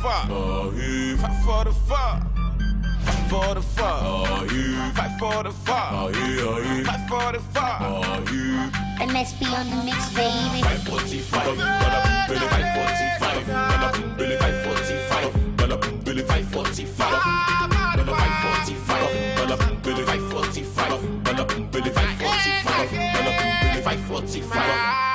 fuck. Fight for the fuck. Fight for the fuck. Fight for the fuck. Fight for the fuck. MSP on the mix, baby. 545. Dollar Billy 545. Dollar Billy 545. Dollar Billy 545. Dollar 545. Dollar Billy 545. Dollar Billy 545. Dollar Billy 545.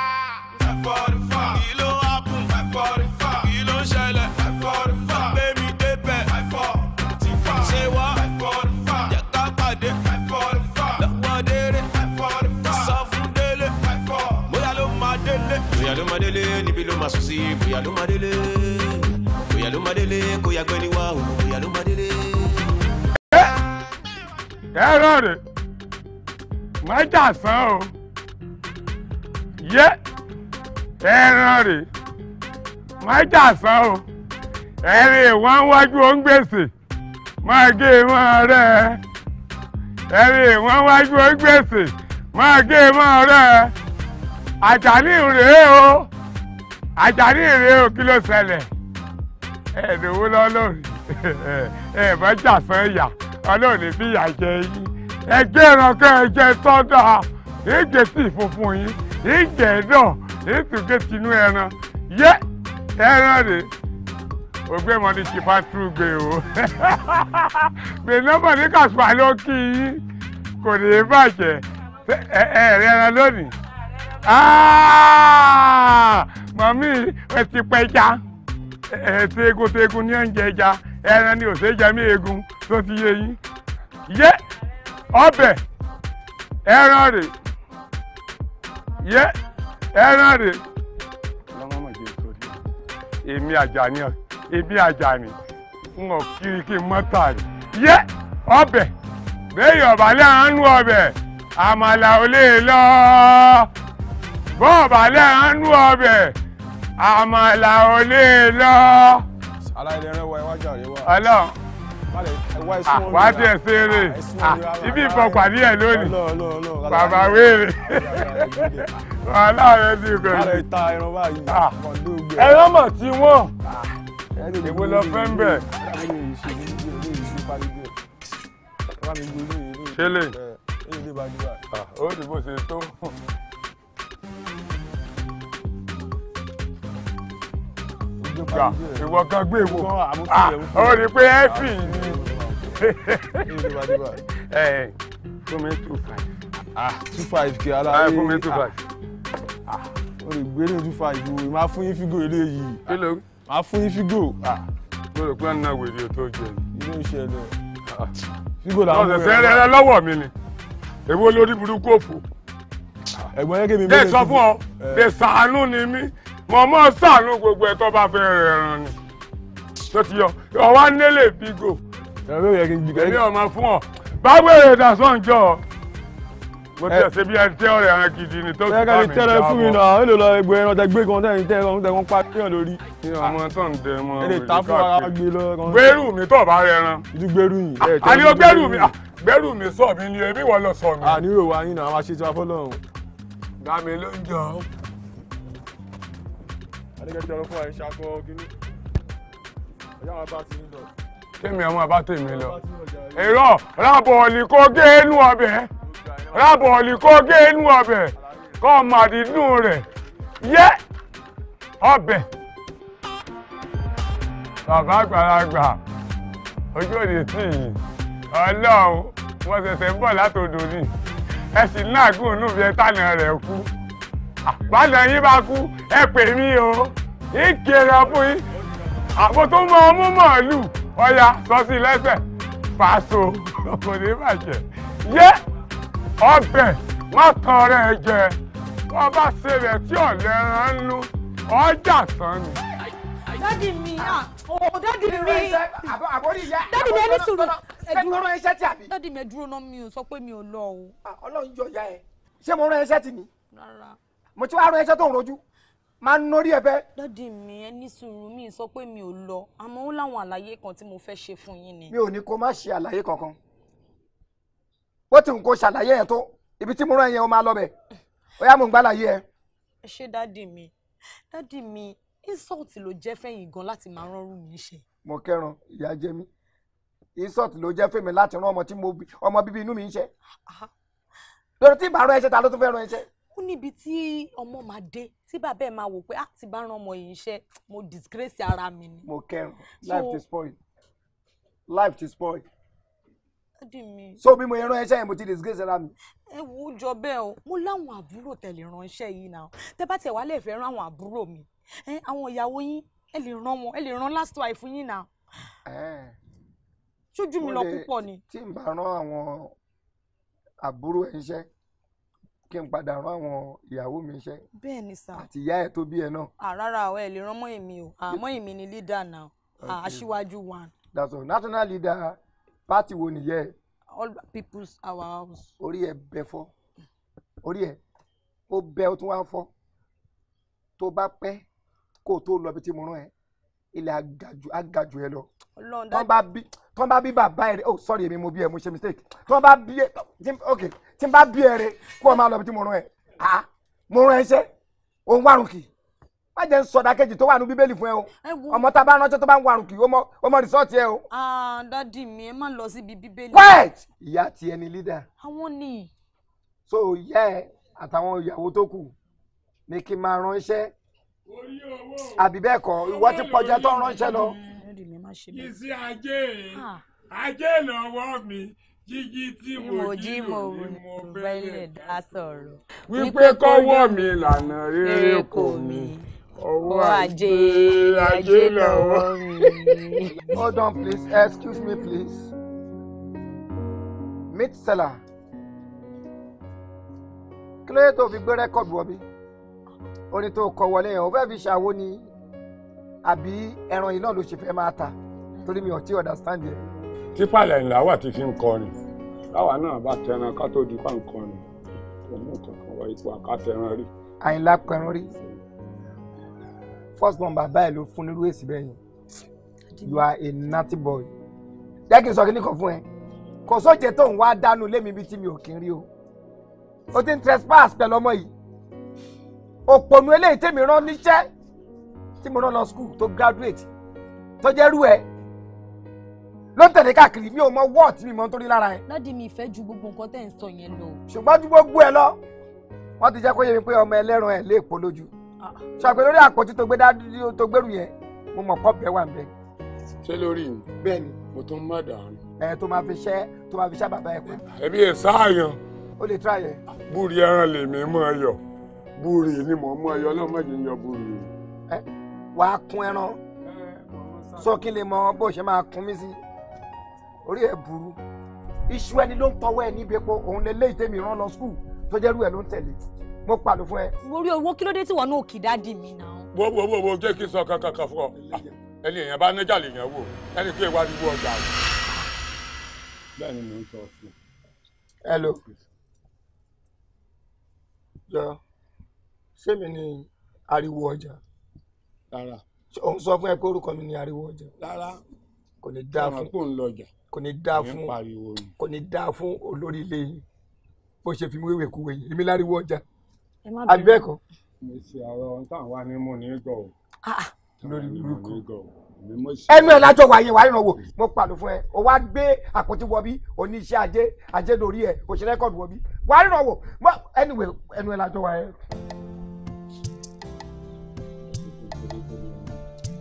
máa sùn sí bóyá ló máa délé bóyá ló máa délé kó yá gbẹ́ni wá o bóyá ló máa délé. ẹ̀rọ rẹ̀ má jà sán o yé ẹ̀rọ rẹ̀ má jà o ẹ̀rìn ìwà wájú ó ń gbèsè máa gé e máa rẹ̀ ẹ̀rìn ìwà wájú ó ń gbèsè máa gé e máa rẹ̀ àjàní rèé o àjàní rèé o kí ló ṣẹlẹ̀ ẹ̀ẹ́dínwó lọ́lọ́run ẹ̀ẹ́dínwó jàsán ìyà ọlọ́run fi ìyà jẹ yín ẹgbẹ́ ìrànkẹ́ ẹ̀jẹ̀ tọ́dọ̀ ìjẹ́ sí ìfunfun yín ìjẹ́ ẹ̀dọ̀ ìtúgé tinú ẹran yẹ ẹran rèé ògbé mọ ní ṣìfà túgbé o gbẹ̀nàmọ̀ ní kàṣùpà ló kí yín kò ní bàjẹ́ ẹ̀ẹ́dẹ̀ẹ́ran lónìí. Ah! mọ̀mí ẹ ti pẹ́ já ẹ tegun tegun ní oúnjẹ ẹja ẹran ni òsè jẹ mí eegun tó ti yé yín yé ọbẹ̀ ẹran rè yé ẹran rè lọ́mọ́mọ́jẹ sórí èmi àjàní èmi àjàní ń kiri kí n mọ́ tààrí yé ọbẹ̀ bẹ́ẹ̀ yọ̀bá lẹ́hàn nú ọbẹ̀ àmàlà ò lè lọ bọ́ọ̀bà lẹ́hàn nú ọbẹ̀ àmàlà ò ní lọ. aláìlẹ̀ rẹ̀ wọ iwájú àríwá. ọlọ́run wá ah, tiẹ̀ sèrè ah, ah, ibi ìfọ̀pàdé ẹ̀ lónìí bàbá wéèrè wàhálà rẹ̀ ti gbẹ̀yìn. ẹran mọ̀ tí wọ́n èwo lọ fẹ́ ń bẹ̀. ṣẹlẹ̀ eh, ó dìbò ṣe tó. gbà ìwọ kan gbé wo ah, ó rí pé ẹ fì ní. fún mi two five. ah two five kí aláàyè eh, fún mi two five. o ah. ah. lè gbé ní two five o máa fún yín fígò eléyìí. kí ló máa fún yín fígò. mo rò pé ọ̀nà wèrè ò tó jẹ. ilé iṣẹ́ lọ. fígò làwọn ọ̀rẹ́ rẹ. ọ̀sẹ̀ sẹ́rẹ̀ lọ́wọ́ mi ni èwo lórí burúkú òfò. ẹ̀gbọ́n yẹ́gẹ́ mi. bẹ́ẹ̀ sọ fún ọ eh. bẹ́ẹ̀ sàánú ni mí mọ̀mọ́ sàánú gbogbo ẹ̀ tó bá fẹ́ rẹ̀ràn ni tó ti yọ ọ̀wá nílé bígò èmi ọmọ fún ọ bá wẹ̀rẹ̀ dàsán jọ mo ti ṣe bí ẹni tẹ́ ọ̀rẹ́ ẹran gidi ni tó ti bá mi fún mi náà ẹ lò lọ egbò ẹran tẹ gbé kan tẹ tẹ kan tẹ kan pa kéèyàn lórí. ọmọ tó ń dẹ mọ èdè káàkiri gbẹrù mi tó bá rẹran. ìdí gbẹrù yìí. àní o gbẹrù mi gbẹrù ah, mi sọ mi ni èmi wọ lọ sọ mi. àní ìròwà yín náà a máa ṣe tí wàá fọlọ́run. dá mi lóúnjẹ adékẹ́jọ́ ló fún ẹ̀ ṣàkọ kínní ọjà wọn bá ti ń lọ. kémi àwọn àbá tèmi lọ èrò rábọ̀ọ̀lì kó gé inú ọbẹ̀ rábọ̀ọ̀lì kó gé inú ọbẹ̀ kọ́ ọmọ àdídùn rẹ̀ yẹ ọbẹ̀ bàbá àgbàlagbà ojú òde tí yìí ọlọ́run wọ́n ṣẹ̀ṣẹ̀ ń bọ̀ látòdò ni ẹ sì náà gùn nù bí ẹ tànà rẹ̀ kú gbàdàn yín bá kú ẹ pè mí o ìkẹrẹ fún yín àbò tó mọ ọmú màálù ọya sọ sí lẹ́sẹ̀ fàṣọ kò ní bàjẹ́ yé ọbẹ̀ wọn kan rẹ jẹ wọn bá ṣe rẹ tí ọ̀lẹ́ rán ń lu ọjà tán ni. dádì mi ọ̀ ah, dádì mi dádì mi ẹni sùúrù ẹdúró iṣẹ́ tí àbí. dádì mi ẹdúró náà mi ò sọ pé mi ò lọ o. Ah, ọlọ́run yọ ìyá ẹ ṣé mo rán iṣẹ́ tì mí. rárá mo ti wá rán ẹṣẹ́ tó ń rojú máa ń norí ẹ fẹ́. dádì mi ẹ ní sùúrù mi sọ pé mi ò lọ àmọ́ ó láwọn àlàyé kan tí mo fẹ́ ṣe fún yín ni. mi ò ní kó má ṣe àlàyé kankan bó ti ń kó ṣàlàyé yẹn tó ibi tí mo rán yẹn o máa lọ bẹ̀ ó yá mo ń gbàlàyé ẹ. ẹ ṣé dádì mi dádì mi insult ló jẹ́ fẹ́yìn gan láti máa rọrùn mi ṣe. mo kẹ́ran ìyá jẹ mí insult ló jẹ́ fẹ́mi láti rán ọmọ bíbí inú mi ń ṣe ah, ah. lórí tí ìbá ó níbi tí ọmọ máa dé tí bàbá ẹ máa wò pé ah bá rán ọmọ yìí iṣẹ́ mo disgrace ara mi ni. mo kẹrun life ti spoil life ti spoil. so bí mo yẹ rán iṣẹ́ yẹn mo ti disgrace ara mi. ẹ wo jọ bẹ́ẹ̀ o mo láwọn àbúrò tẹ̀lé ránṣẹ́ yìí náà tẹ bá tẹ̀ wá lè fẹ́ rán àwọn àbúrò mi àwọn ìyàwó yín ẹ lè rán wọn ẹ lè rán last wife yín náà. ṣojú mi lọ púpọ̀ ni. tí n bá rán àwọn àbúrò ẹ̀ ń ṣe kí n padà rán àwọn ìyàwó mi iṣẹ́. bẹ́ẹ̀ ni sà. àti ìyá ẹ̀ tó bí ẹ náà. àràrà ọ̀ ẹ̀ lè rán mọ́ èmi o àmọ́ èmi ni leader now aṣíwájú one. that's all national leader party wo nìyẹn. all people's our house. orí ẹ bẹ fọ́ orí ẹ ó bẹ ó tún wá ń fọ́ tó bá pẹ́ kó o tó lọ bí tí mo rán ẹ ilẹ̀ agajù ẹ lọ tọ́n bá bí bàbá ẹ rẹ oh sorry èmi mo bí ẹ mo ṣe mistake tọ́n bá bí ẹ ok tí n bá bí ẹ rẹ kó o máa lọ bí tí mo rán ẹ ah mo rán ẹ ṣẹ́ òun wárùn kì í má jẹ́ ń sọdá kejì tó wà ní bíbélì fún ẹ o ọmọ tá a bá ránṣẹ́ tó bá ń warùn kì í ó mọ rìsọ́ọ̀tì ẹ o. dádì mi ẹ má lọ síbi bíbélì. quiet ìyá ti ẹni leader. àwọn ni. so ìyá ẹ àtàwọn ìyàwó tó kù ni kí n máa ránṣẹ́ àbí bẹ́ẹ̀ kọ́ ìwọ ti pọ̀jẹ́ tó ń ránṣẹ́ lọ. ìsì ajé ajé lọ́wọ́ mi jíjí tí mo jí mo mo bẹ́lẹ̀ dá sọ̀rọ̀. wípé kọ́wọ́ mi lànà rere kò mí ọwọ́ ajé ajé lọ́wọ́ mi. hold on please excuse me please meat seller kí ló yẹ tó fi gbé rẹ́kọ̀dù wọ̀ orin tó kọ wọlé yẹn o fẹ́ fi ṣàwo ni àbí ẹran yìí náà ló ṣe fẹ́ máa ta torí mi ò tí understand yẹn. típàlẹ̀ ńlá wà tí fi ń kọrin láwa náà bá tẹran ká tó di pa ń kọrin kò mú kankan wọ ipò àkátẹran rí. àyìnlá pẹran rí first born bàbá ẹ ló fún nírú èsì bẹ́ẹ̀ yẹn you are a naughty boy jẹ́ kí n sọ kí ni kò fún ẹ kò sóòjẹ́ tó ń wá dánú lémi ibi tí mi ò kí ń rí o o ti ń trespass pẹ̀lú ọmọ yìí òpònú eléyìí tèmi rán níṣẹ́ tí mo rán lọ school tó graduate tó jẹ́ rú ẹ ló ń tẹ̀lé káàkiri mi ò mọ wọ́ọ̀tì mi mọ́ nítorí lára ẹ. dádì mi ìfẹ́ ju gbogbo nǹkan tẹ̀ ń sọ yẹn lọ. ṣùgbọ́n ju gbogbo ẹ lọ wọ́n ti jẹ́ kó yé mi pé ọmọ ẹlẹ́ran ẹ̀ lè pọ̀ lójú. Ah. ṣàpè lórí àpótí tó gbé dádì tó gbèrú yẹn mo mọ̀ pọ́ bẹ́ẹ̀ wà ń bẹ́ẹ̀. ṣé lórí mi. bẹ́ẹ̀ni. mo tún má dàrú. ẹ tó máa fi ṣẹ́ tó máa fi ṣá bàbá ẹ pẹ́. ẹbí ẹ sáàyàn. ó lè tó búrí ẹran lèmi mọ́ ẹ yọ búrì ni mò ń mú ẹyọ ọlọ́run mọ̀jẹ̀ ń yọ búrì. ẹ wà á kun ẹran sọ kí lè mọ bó ṣe máa kun mí sí orí ẹ burú iṣu ẹni ló ń tọwọ́ ẹ níbi epo òun lè lé ìtẹ́mi rán lọ skul tó jẹ́rú ẹ ló ń tẹ̀lé mo pàlọ́ fún ẹ. orí owó kí ló dé tí wọn náà kì í dáàdì mi náà. wo wo wo wo jẹ́ kí n sọ kankan kan fún ọ ẹni èèyàn bá nájà lè yàn wò ẹni pé wàá dúró ọjà rẹ. bẹ́ẹ̀ ni mò ń sọ fún ẹ. hello. Yeah ṣémi ni ariwo ọjà rárá òun sọ fún ẹ pé orúkọ mi ni ariwo ọjà rárá kò ní dáa fún kò ní dáa fún kò ní dáa fún olórí ilé yìí bó ṣe fi mú ìwé kúwe yìí èmi láriwo ọjà àbí mo ṣe àrọ ohun táwọn wá ní mò ní gọ o lórí ah, ah. burúkú ẹnu ẹ lájọ wàyẹ wàá ìrànwọ mo pàlọ fún ẹ o wá gbé àpótí wọbí oníṣẹ́ ajé ajé lórí ẹ òṣèré kọọdù wọbí wàá ìrànwọ ẹnu ẹ lájọ wàyẹ.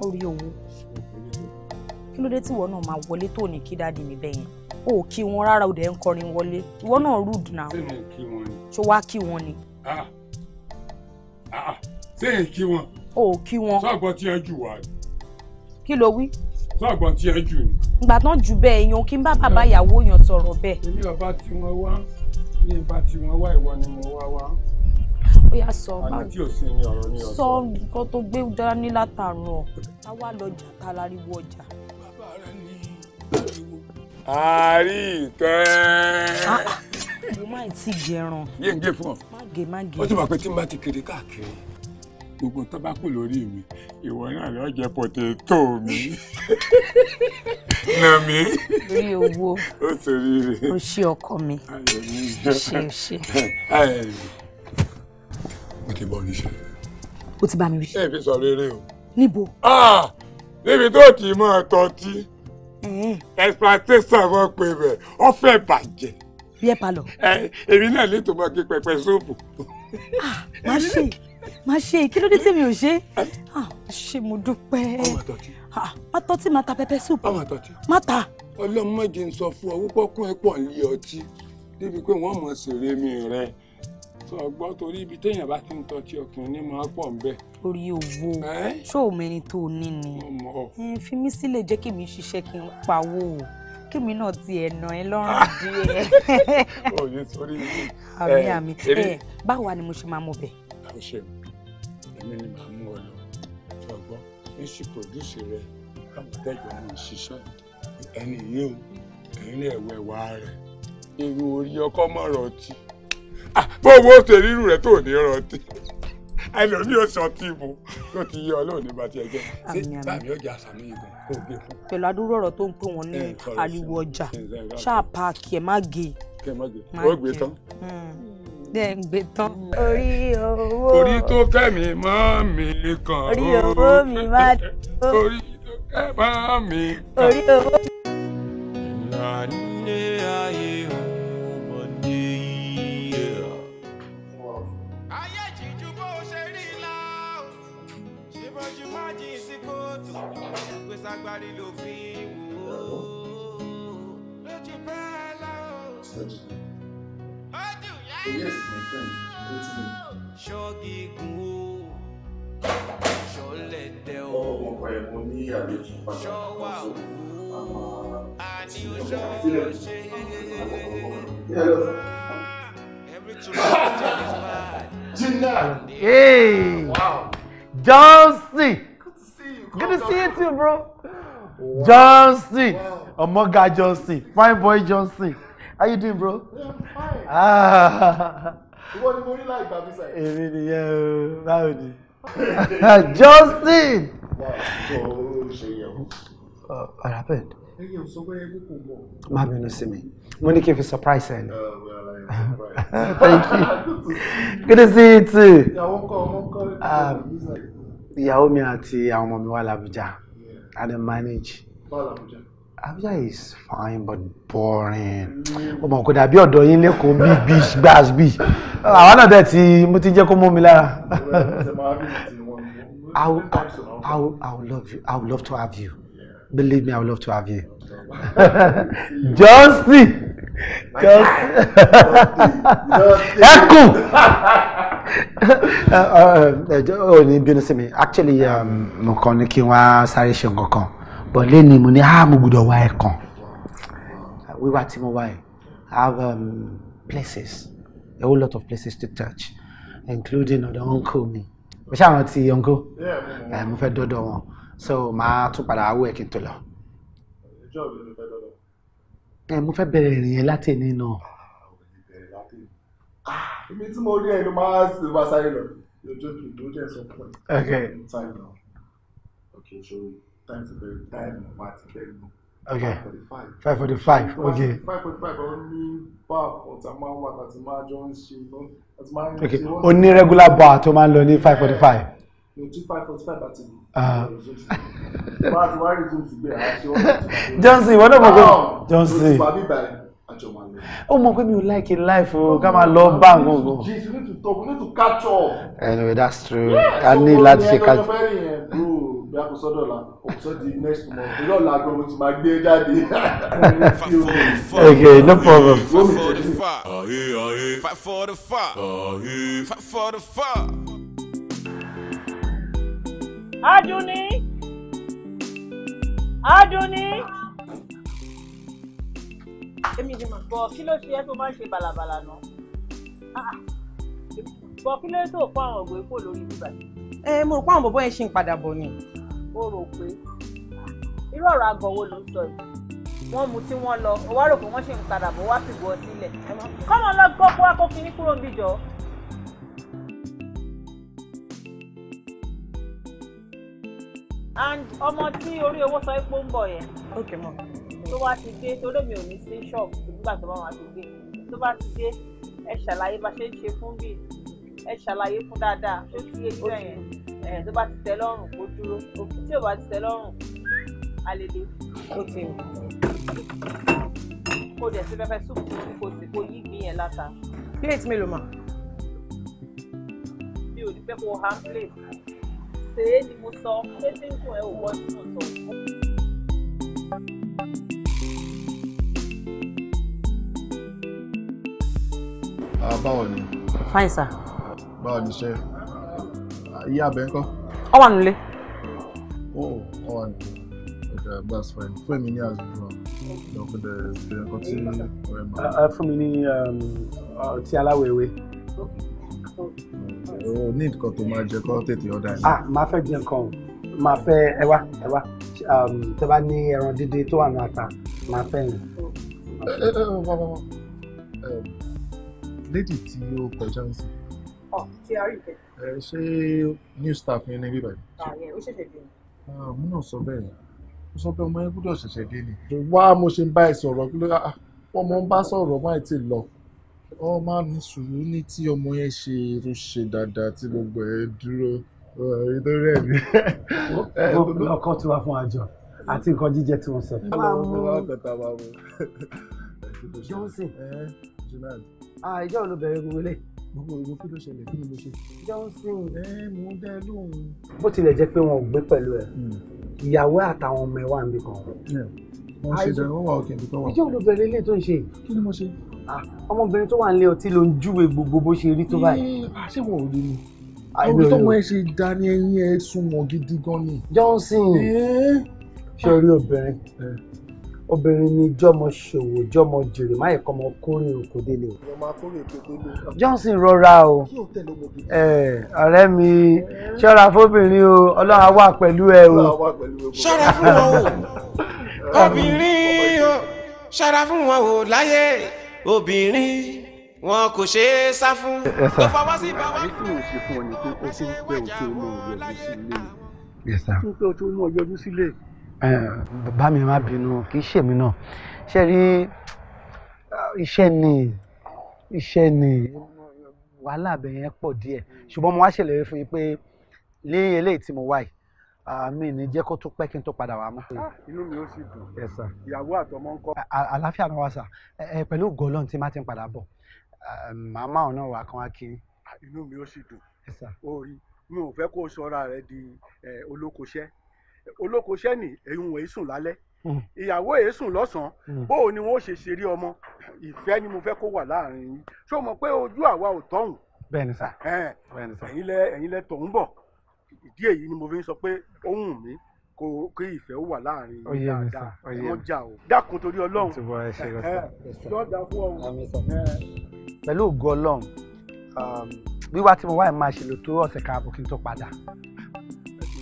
orí owó kí ló dé tí ìwọ náà máa wọlé tó ní kí dáàdi mi bẹ́yẹn o ò kí wọn rárá o dẹ̀ ń kọrin wọlé ìwọ náà rude náà ṣó wá kí wọn ni. Ah, ah, ah. ṣé kí wọn. o ò kí wọn. sọ́ọ̀gbọ́n tí ẹ jù wá. kí ló wí. sọ́ọ̀gbọ́n tí ẹ jù ni. ìgbà tán jù bẹ́ẹ̀ yan kí n bá bàbá ìyàwó yan sọ̀rọ̀ bẹ́ẹ̀. èmi bàbá tiwọn wá ní bàbá tiwọn wá ìwọ ni mo wá wá ó yà sọ sọ nǹkan tó gbé dání látàrun ọ tá wà lọjà tá a láriwo ọjà. àárí ìtẹ́. Ah, ah. mo máa ti jẹran. yé ń gé fún ọ. má gé má gé. ó ti mọ̀ pé tí n bá ti kiri káàkiri gbogbo tó lórí mi ìwọ náà lọ jẹ pọtẹtọ mi nà mí. lórí owó o ṣe ọkọ mi ṣe ṣe mo ti bọ́ rí ṣe. o ti bá mi rí. ṣé ìfi sọ rere o. níbo. Ah! níbi tó ti máa tọ́tí exploitation wọn pe bẹ ọfẹ bàjẹ́. bí ẹ palọ. èmi náà lè tó máa kí pẹpẹ sóòpù. Ah, má ṣe má ṣe kí ló dé tí mi ò ṣe ah, ṣe mo dúpẹ́ má tọ́tí má ta pẹpẹ sóòpù má ta. ọlọ́mọdé ń sọ fún ọ wípé ọkùnrin pọ̀ ń lé ọtí débi pé wọ́n mọ̀ sí rèmi rẹ̀ sọ ọgbọ́n torí ibi téèyàn bá ti ń tọ́ tí ọkùnrin máa pọ̀ ń bẹ̀. orí owó ṣó o mẹni tó o ní ni fi mí sílẹ̀ jẹ́ kí mi ṣiṣẹ́ kí n pawó o kí mi náà ti ẹ̀nà ẹ lọ́rùn ah! díẹ̀. òye sórí mi. àmì àmì ẹ báwo ni mo ṣe máa mú bẹ. àwọn ṣe èmi ni màá mú ọ lọ ọgbọ́n ní sí pòdúsì rẹ káwọn tẹ́jọ́ mi ṣiṣẹ́ ẹni yìí o ẹ̀yin náà ẹ̀wẹ̀ wá rẹ̀ èrò orí ọkọ mọ̀rọ̀ ti bó o bó o ṣe rírù rẹ tó ò ní rántí ẹlòmíì ò sọ tí mo tó ti yé ọlọ́run nígbà tí ẹ jẹ́ sí tàbí ọjà àsàmì ìgbọ̀n kò gbé fún. pẹ̀lú adúrú ọ̀rọ̀ tó ń pè wọ́n ní ariwo ọjà ṣáà paaki ẹ̀ má ge. ó gbé tán. Hmm. dẹ́ ń gbé tán. orí owó orí tó kẹ́ mi mọ́ mi kan. orí owó mi má. orí tó kẹ́ mọ́ mi kan. orí owó mi. mo ní àlejò padà lọ́sọ̀ ah, ah, Jinna. Hey. Wow. John C. Good to see you. Good to see you too, bro. Wow. Johnson. Wow. John C. Fine boy John C. How you doing, bro? Yeah, I'm fine. Ah. Ìwọ ni mo rí láì gbàgbé John C. What happened? Má bínú sí mi. Mo ní kí n fi surprise ẹ ni. Oh, Thank you. Good to see you too. Um, ìyàwó mi àti àwọn ọmọ mi wà l'Abuja. I dey manage. Abuja is fine but boring. Mo mọ̀ kó you? ọ̀dọ̀ yín lẹ́kọ̀ọ́ bíi bíi gbàgbì. Àwọn náà dẹ̀ ti I'm ti jẹ́ kó you? mi lára. I will, I, I, will, I will love you. I would love to have you. Believe me, I would love to have you. Johnson! Ẹkùn! Ó Oh, bínú sí mi. Actually, um, mo kàn ní kí n wá sáré ṣe nǹkan kan. But lẹ́ni mo ní á ah, mo gbọ́dọ̀ wá ẹ̀kan. Wíwá tí mo wá yìí, I have um, places, a whole lot of places to touch, including the uncle mi mo ṣe àwọn ti yonko mo fẹ́ dọ́dọ̀ wọn so màá tún padà awọ ẹ̀ kí n tó lọ. Eh, mo fẹ́ bẹ̀rẹ̀ ìrìn yẹn láti ẹni náà. Ah, ah, ibi tí mo rí ẹ ló máa ṣe wá sáré lọ lójú kì í lójú ẹ sọ fún ẹ. ok time now ok so time to bẹ̀rẹ̀ time wa ti bẹ̀rẹ̀ nù. ok five forty five ok. five forty five ọ̀hún ní bá ọ̀tá máa ń wà láti máa jọ ń ṣe náà okay o ní regular bar tó máa ń lọ ní five forty five. Ah. johnson ìwọ náà mọ̀ pé ah, johnson ó mọ̀ pé mi ò like life o ká máa lọ bá nǹkan gan. jesus we need to talk we need to catch up. anyway that's true I need láti ṣe catch up bí kò sọ́dọ̀ la kò di next month ìlọ́ la gbọ́ mo ti máa gbé jáde. okay no problem. Adunni Adunni. èmi ni mo gbọ́ kí ló ṣe ẹ́ tó máa ń ṣe bàlàbàlà náà ah, ah. gbọ́ kí ló tó fún àwọn ògbó epo lórí bíbá. ẹ eh, mo rò pé àwọn bọ̀bọ́ yẹn ṣì ń padà bọ̀ ni ó rò pé irú ọ̀rọ̀ àgọ̀ wo ló ń sọ yìí wọ́n mu tí wọ́n lọ wá rò pé wọ́n ṣì ń padà bọ̀ wá fìbò ọtí lẹ̀ kọ́mọ lọ gbọ́ pé wá kó kinní kúrò níbí jọ. and ọmọ tí orí owó sọ pé ń bọ̀ yẹn tó wá ti dé torí mi ò ní sí ṣọ́ọ̀bù nígbà tó bá wà ti dé tó bá ti dé ẹ ṣàlàyé bá ṣe ń ṣe fún bíi ẹ ṣàlàyé fún dáadáa ó ti yé yín yẹn tó bá ti tẹ́ lọ́rùn kó dúró òkú tí ò bá ti tẹ́ lọ́rùn a lè lè ó ti kó dẹ̀ sí pẹpẹ súpù tó ní kó sì kó yí gbìn yẹn láta. plate mélòó mà. mi ò ní pẹ́ kó hand plate ṣe é ni mo sọ pé tí ń kún ẹ ò wọ́n tí mo sọ. Ah, báwo ni. fine sir. báwo ni ṣe ìyá abẹ ńkọ́. ọ wà nílé. ó ọ wà nílé okay that's fine fún èmi ní àzùmọ̀ lọ́kọ̀ dẹ̀ ṣe ẹ̀kọ́ tí ọ̀rẹ́ máa. Uh, fún mi ní ọtí um, uh, aláwọ̀ ewé. o ní nǹkan tó máa jẹ kó tètè ọ̀dà yìí. ah máa fẹ́ jẹ nǹkan o máa fẹ́ ẹ wá ẹ wá um, tẹ bá ní ẹran dídín tó wà ní ata máa fẹ́ yìí. Um, lady tí ó kọjá ń sìn. ọ̀ oh, tí a rí bẹ́ẹ̀ ẹ ṣé new staff yẹn ní bíbá yìí. ààyè ah, ó ṣẹ̀ṣẹ̀ dé ni. Ah, mo náà sọ bẹ́ẹ̀ mo sọ pé ọmọ yẹn gbọ́dọ̀ ṣẹ̀ṣẹ̀ dé ni. wá mo ṣe ń bá ẹ sọ̀rọ̀ pé ah, wọ́n mọ̀ ń bá sọ̀rọ̀ máì tí lọ. ọmọ mi sùúrù ní tí ọmọ yẹn ṣe tó ṣe dáadáa tí gbogbo ẹ dúró nítorí ẹ ní. ọkọ tí wàá fún àjọ àti nǹkan jíjẹ tí wọ́n sọ. johnson ìjọba ló bẹ̀rẹ̀ gbogbo eléyìí gbogbo ìwọ kí ló ṣẹlẹ̀ kí ni mo ṣe. johnson ẹ mò ń dá ẹ lóhùn. bó tilẹ̀ jẹ́ pé wọn ò gbé pẹ̀lú ẹ̀ hmm. ìyàwó àtàwọn ọmọ ẹ̀ wà níbí kan. wọ́n ṣe jẹ́ wọ́n wà òkè nípa wà. ìjọba obìnrin ilé tó ń ṣe. kí ni mo ṣe. Ah, ọmọbìnrin tó wà nílé ọtí ló ń júwe gbogbo bó ṣe rí tó báyìí. Ah, ṣé wọn ò rí ni àwọn tó mọ ẹ ṣe da ni ẹyin ẹ sunwọ̀n gidi gan ni. johnson ṣe orí obìnrin obìnrin ni jọmọ ṣòwò jọmọ jèrè má yẹ kórè òkò délé johnson rọra o ọ̀rẹ́ mi ṣọ́ra fóbìnrin o ọlọ́run á wà pẹ̀lú ẹ o. ṣọ́ra fún wọn o obìnrin o ṣọ́ra fún wọn o láyé obìnrin wọn kò ṣe é sá fún. tó fọwọ́ àbí tí mo ṣe fún ọ ni pé ó ti ń pẹ́ òkè mọ́ ọ yọjú sílé. tí ń pẹ́ òkè mọ́ ọ sílé bàbá mi má bínú kì í ṣèmi náà ṣe rí iṣẹ́ ni iṣẹ́ ni wàhálà abẹ yẹn pọ̀ díẹ̀ ṣùgbọ́n mo wá ṣèlérí fún yín pé lé eléyìí tí mo wá yìí mi ní jẹ́ kó tó pẹ́ kí n tó padà wá mọ́. Ah, inú mi ó sì dùn ìyàwó àtọmọ ń kọ́. àlàáfíà náà wà sà pẹ̀lú gọ́lọ́n tí má ti ń padà bọ̀ màmá ọ̀nà wà kan wá kiri. Ah, inú mi ó sì dùn orí mi ò fẹ́ kó sọ́ra rẹ di olókoṣẹ́ olóko sẹ́ni ẹ̀yìn wọ̀nyí sùn lálẹ́ hmm. ìyàwó èyí sùn lọ́sàn-án hmm. bóò ni wọ́n ṣe ṣeré ọmọ ìfẹ́ ni mo fẹ́ kó wà láàrin yín ṣó mọ̀ pé ojú àwa ò tọ̀hún. bẹ́ẹ̀ni sà bẹ́ẹ̀ni sà ẹ̀yin lẹ ẹ̀yin lẹ tọ̀hún bọ̀ ìdí èyí ni mo fi ń sọ pé ó wùn mí kó kí ìfẹ́ wà láàrin yín dáadáa ẹ̀wọ̀n jà o dákun torí ọlọ́run lọ́dà fún ọ̀hún. pẹ̀lú ògo ọlọ́run um, wíwá tí mo wá ẹ̀ máa ṣèlò tó ọ̀sẹ̀ kan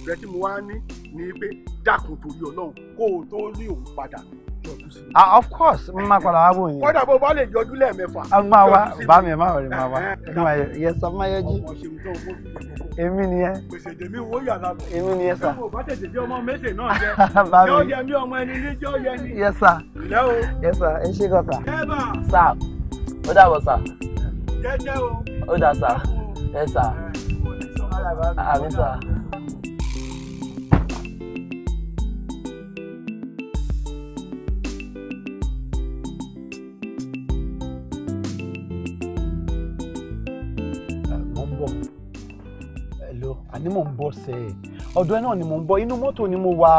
ìfẹ́ tí mo wá ní ni pé dákun torí ọlọ́run kó o tó ní òun padà yọjú sí i. Ah, of course n máa padà wá bò yín. kódà bó bá lè yọjú lẹ́ẹ̀mẹ́fà. a máa wá bá mi ẹ máa wọlé máa wá yẹ sọ máa yọjú. èmi nìyẹn. pèsè tèmi wo yàrá bọ̀. èmi nìyẹn sà. bó o bá ọmọ méjì náà jẹ. bá mi ọmọ ẹni níjọ́ yẹ ni. yẹ sà. ẹ ṣe kọ sà. sà ó dàbọ̀ sà. jẹ́jẹ́ o. ó dà sà. ẹ sà. àmì sà. ni mò ń bọ̀ sẹ́ ọ̀dọ̀ ẹ náà ni mò ń bọ̀ inú mọ́tò ni mo wà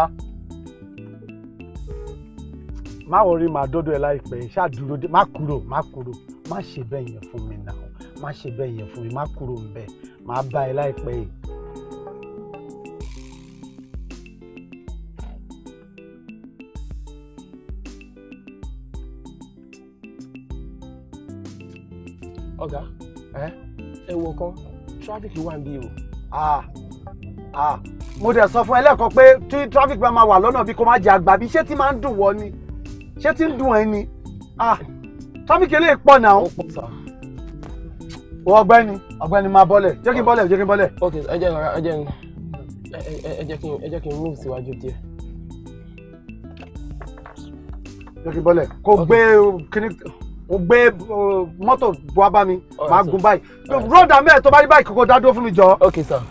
má wọrí má dọ́dọ̀ ẹ láìpẹ́ ṣáàdúró dé má kúrò má kúrò má ṣe bẹ́ẹ̀ yẹn fún mi náà má ṣe bẹ́ẹ̀ yẹn fún mi má kúrò ń bẹ̀ má bá ẹ láìpẹ́ ọ̀gá ẹ wọ kan tráfíkì wà ń bí o. Ah, ah, mo dẹ̀ sọ fún ẹlẹ́kọ̀ọ́ pé tí traffic bá máa wà lọ́nà bí kò má jẹ́ àgbà bí ṣé tí máa ń dùn wọ́ ni ṣé tí ń dùn ẹ ni ah, traffic eléyìí pọ̀ náà o ọ̀gbẹ́ni ọ̀gbẹ́ni máa bọ́lẹ̀ jẹ́ kí n bọ́lẹ̀ jẹ́ kí n bọ́lẹ̀. ok ẹ jẹ́ ẹ jẹ́ ẹ jẹ́ kí n ẹ jẹ́ kí n move síwájú díẹ̀. jẹ́ kí n bọ́lẹ̀ kó gbé kíní o gbé mọ́tò bọ́ abá mi máa gun báyìí road amẹ́ tó bá rí báyìí kókó dá dúró fún mi jọ. ok sir.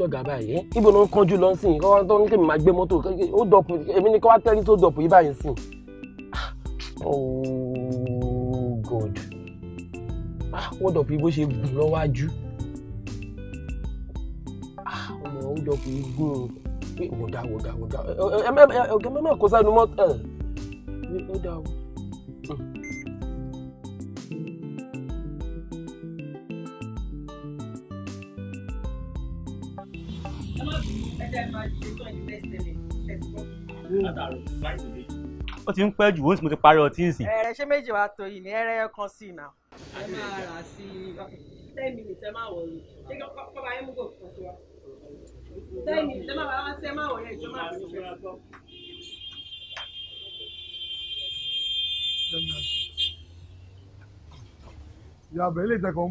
ṣọ̀gá báyìí ibo ló ń kánjú lọ sí i kọ́kọ́ tó ní kèmí máa gbé mọ́tò ó dọ̀pù èmi ni kọ́wá tẹ́rí tó dọ̀pù yìí báyìí sí i oh god ah, ó dọ̀pù yìí bó ṣe gùn lọ́wájú ah, ọmọ ó dọ̀pù yìí gùn wòdà wòdà wòdà ẹ ẹ ẹ ọ̀gá mẹ́mẹ́ kó sẹ́nu mọ́ ẹ ó dà wò. ó ti ń pẹ́ jù ó sì mo ti parí ọtí nsìn. ẹrẹ ṣé méjì wàá tó yìí ní ẹrẹ kan sí i náà. ẹ máa rà sí i ten minutes ẹ máa wọ̀ ọ́ ṣé kí wọ́n bá yẹn mú kò fún wa ten minutes ẹ máa bá wá sí ẹ máa wọ̀ yẹn ìjọba àti ìṣẹ̀lẹ̀ gbọ́. yàbẹ̀ ilé ìtẹ̀kọ̀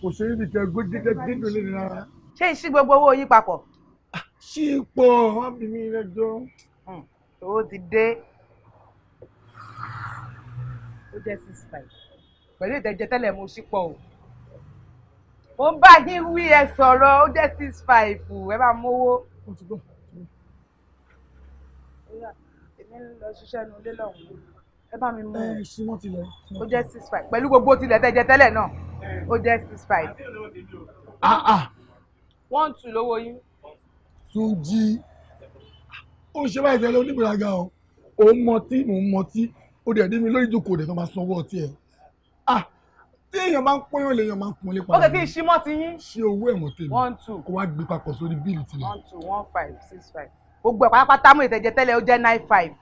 kò ṣe é ní kẹ gbẹ́gbẹ́ dídùn lé nira. ṣé ìṣí gbogbo owó yín papọ̀. ṣí pọ̀ wọ́n bí mi rẹ̀ jọ. Hmm. owó ti dé ó jẹ́ six five pẹ̀lú ìtẹ́jẹ tẹ́lẹ̀ mo ṣí pọ̀ o mo ń bá yín wí ẹ sọ̀rọ̀ ó jẹ́ six five ẹ bá mówó. èmi ń lọ ṣiṣẹ́ nu ilé lọ́hùn-ún ẹ bá mi mú ó jẹ́ six five pẹ̀lú gbogbo tilẹ̀ tẹ́jẹ tẹ́lẹ̀ náà ó jẹ́ six five. Ah, ah. Ah, one two lówó yín. tún jí ó ṣe báyìí fẹ́ onígbèraga o òun mọtí mò ń mọtí ó dẹ̀ dé mi lórí ìjókòó rẹ̀ tó máa sanwó ọtí ẹ̀ ah tí èèyàn máa ń pọ́yàn lè èèyàn máa ń kun lé padà. ó kè ìṣímọ́ ti yín. ṣé owó ẹ̀ mọ̀ tèmi one two kó wá gbé papọ̀ sórí bíìlì tilẹ̀. one two one five six five gbogbo ẹ̀ pátápátá mú ìtẹ̀jẹ̀ tẹ́lẹ̀ ó jẹ́ nine five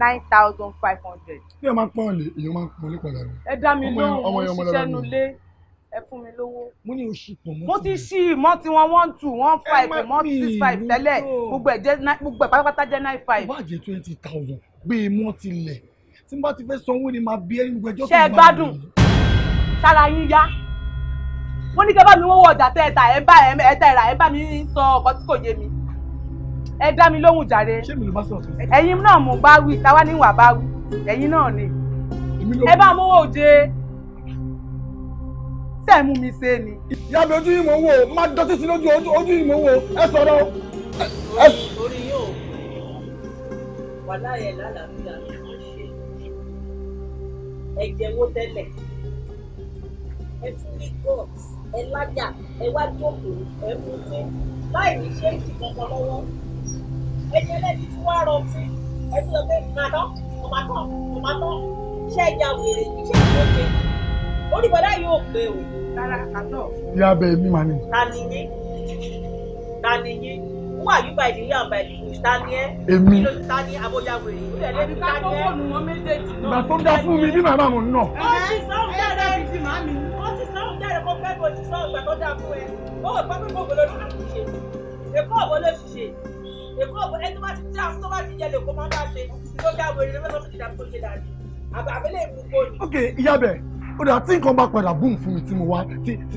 nine thousand five hundred. tí èèyàn máa ń pọ́yàn lè èèyàn máa ń kun lé padà. ẹ dá mi lóhùn mo ń ṣiṣẹ́ nulẹ̀ ẹ fún mi lówó. mo ní oṣù pọ̀ mọ́. mo ti ṣí ìmọ̀ tí wọ́n one two one five ìmọ̀ six five tẹ́lẹ̀ gbogbo ẹ̀ jẹ́ gbogbo ẹ̀ pátápátá jẹ́ nine five. má jẹ twenty thousand gbé e mọ́ tilẹ̀ tí n bá ti fẹ́ sanwó ni màá bí ẹni gbogbo ẹjọ́ tó máa lò. ṣé ẹ gbádùn sára yín yá wọ́n ní kí ẹ bá mi wọ́wọ́ ọjà tẹ́ ẹ ta ẹ bá ẹ ta ẹ rà ẹ bá mi sọ ọkọ tí kò yé mi ẹ dá mi lóhùn jàre ẹ̀yin náà mo bá wí táwa ní ìwà bá wí ẹ̀yin náà ni ẹ bá mówó òde tẹ́ ẹ̀ mú mi ṣe ni. ìyá mi ojú yìí mò ń wò má dọ́tí sí lójú ojú yìí mò ń wò ẹ sọ̀rọ̀. orí yóò wà láyé lálàáfíà ẹ jẹ́wọ́ tẹ́lẹ̀ ẹ tún ní gọ́ọ̀t ẹ lájà ẹ wá jókòó ẹ mú tí láì ní ṣe é jì kankan lọ́wọ́ ẹ jẹ́ lẹ́ni tí wàá rọ tí ẹ tún lọ pé màtọ́ tòmátọ́ tòmátọ́ ṣé ẹ jà wèrè ní ṣé ìwọ́n ṣe orí bọ̀dá yóò pé o rárá àná. ìyá abẹ mi máa ní. ta ni yín ta ni yín who are you by the way and by the way ta ni ẹ. èmi kí ló ti ta ni wọn méjèèjì náà. ìgbà tó dá fún mi bí màmá mi nà. ó ti sọ́hún jáde ó ti màmí. ó ti sọ́hún jáde kó fẹ́ kó ti sọ́hún ìgbà tó dá fún ẹ. ó wò pé kókó òbò ló ló èkó òbò ló ti èkó òbò ẹni tó bá ti tí àwọn tó bá ti jẹ lè kó máa bá ṣe ló tó ti dà tó ó dà tí nǹkan bá padà bùn fún mi tí mo wá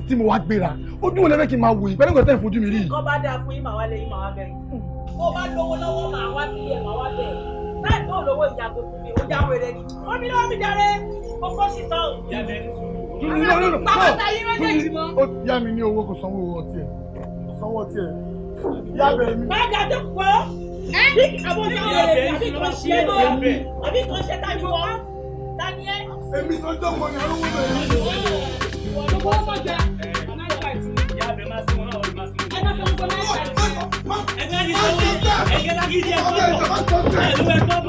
tí mo wá gbéra ojú wo lẹ́fẹ̀ kí n máa wò yìí pẹ̀lú nǹkan tẹ̀ ń fojú mi rí. nǹkan bá dáa fún yín màá wá lé yín màá wá bẹ̀rẹ̀ bó bá lówó lọ́wọ́ màá wá sí ẹ̀ màá wá bẹ̀rẹ̀ láì tó lówó ìyàgò fún mi ó já wèrè ni wọ́n mi lọ́wọ́ mi jàre mo fọ́ sí sọ́ọ̀. yá mi ní owó kò sanwó ọtí ẹ̀ sanwó ọtí ẹ̀ yá bẹ̀rẹ̀ mi. má gàdé pọ̀ àbí kan ṣe tájú ọ èmi sọjọ́ kan ní arúgbó bẹ̀rẹ̀. ọ̀dọ́gbọ́n ọmọ jà ọ̀nàyẹ̀ká ìtumọ̀. ìyá abẹ máa sí wọn náà ọ̀rẹ́ máa sí wọn. ẹgbẹ́ sọ fún ọ̀nàyẹ̀ká ìtumọ̀. ẹgbẹ́ ní sọ́wọ́ ẹgbẹ́ lágídí ẹ̀kọ́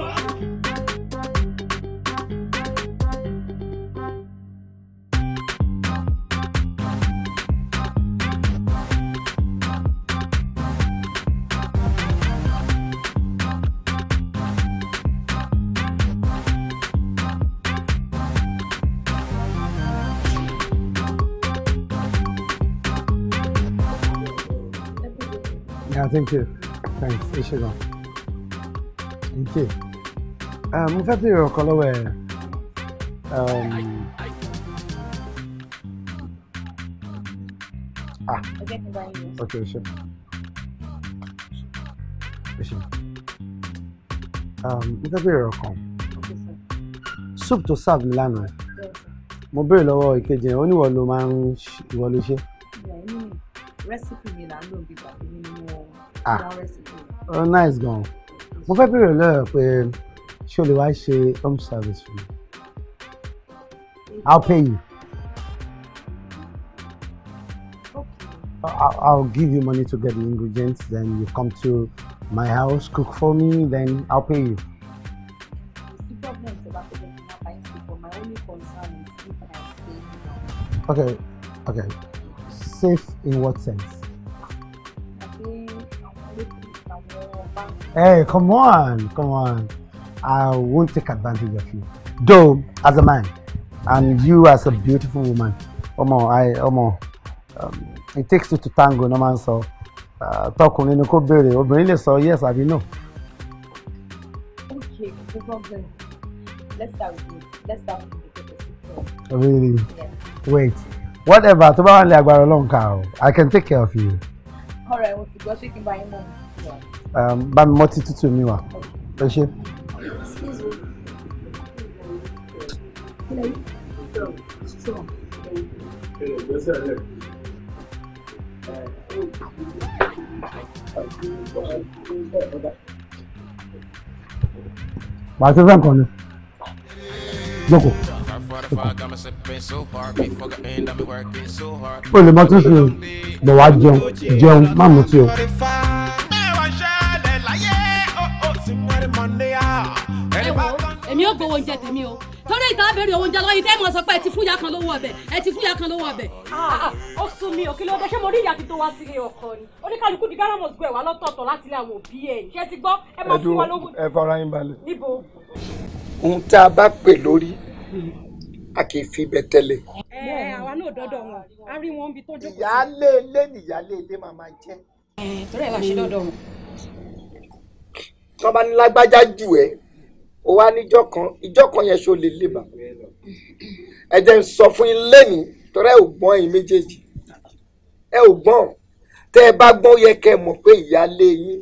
thank you thanks ẹ ṣe gan thank you ah, mo fẹ́ bèrè ọ̀kan lọ́wọ́ ẹ̀ um, ah ok ṣe ṣe um, mo fẹ́ bèrè ọ̀kan soup to serve lánàá mo béèrè lọ́wọ́ ìkejì ẹ̀ ó ní ìwọ ló máa ń ìwọ ló ṣe. Recipe mi là ń lò bíbá mi nínú wọn rẹ́sípì. ọ nice gan mo fẹ́ bèrè lọ́yọ̀ pé ṣé o lè wá ṣe home service fún mi I'll pay you. I'll, I'll give you money to get the ingredients, then you come to my house, cook for me, then I'll pay you. Okay, okay safe in what sense? Hey, come on, come on. I won't take advantage of you. Though, as a man, and you as a beautiful woman, Omo, I, Omo, um, it takes two to tango, no man, so tọkùnrin ni kó béèrè obìnrin lè sọ yes àbí know. okay no problem let's start with let's start with the really yeah. wait whatever tó bá wà ní agbára ọlọ́run ká o i can take care of you. ọ̀rẹ́ mo ti gbọ́ ṣé kí n bá yín mọ̀ mi um, wá. bá mi mọ́tí tútù mi wá ẹ ṣe. màá ṣe fẹ́ nǹkan jókòó o lè mọ tún sùn bọ̀ wá jẹun jẹun má mú tí o. èmi ò gbowó oúnjẹ tèmi o torí ìta oúnjẹ lọ́wọ́ yìí tẹ́ mọ̀ sọ pé ẹ ti fún ìyá kan lówó ọbẹ̀ ẹ ti fún ìyá kan lówó ọbẹ̀. Ah, ah, ah, ó sún mi òkè lóde ṣé mo rí ìyá ti tó wá sílé ọkọ ni oníkàlùkù di gáràmọ̀ gbọ́ ẹ̀ wá láti ilé àwọn òbí ẹ̀ ṣé ti gbọ́ ẹ máa fún wa lówó. ẹ fara yín balẹ̀. níbo. ohun tá a bá pè lórí a kì í fi bẹ tẹ́lẹ̀. ẹ ẹ àwa náà dọ́dọ̀ wọn a rí wọn bí tó jókòó. ìyáálé ilé nìyáálé ilé máa máa jẹ. torí ẹ wá ṣe dọ́dọ̀ wọn. tọ́ba ní lágbájá jù ẹ́ o wá níjọ́ kan ìjọ́ kan yẹn ṣo lè lè bà. ẹ jẹ́ n sọ fún yín lẹ́nu torí ẹ ò gbọ́n yín méjèèjì ẹ ò gbọ́n tẹ́ ẹ bá gbọ́n yẹ kẹ́ ẹ mọ̀ pé ìyáálé yín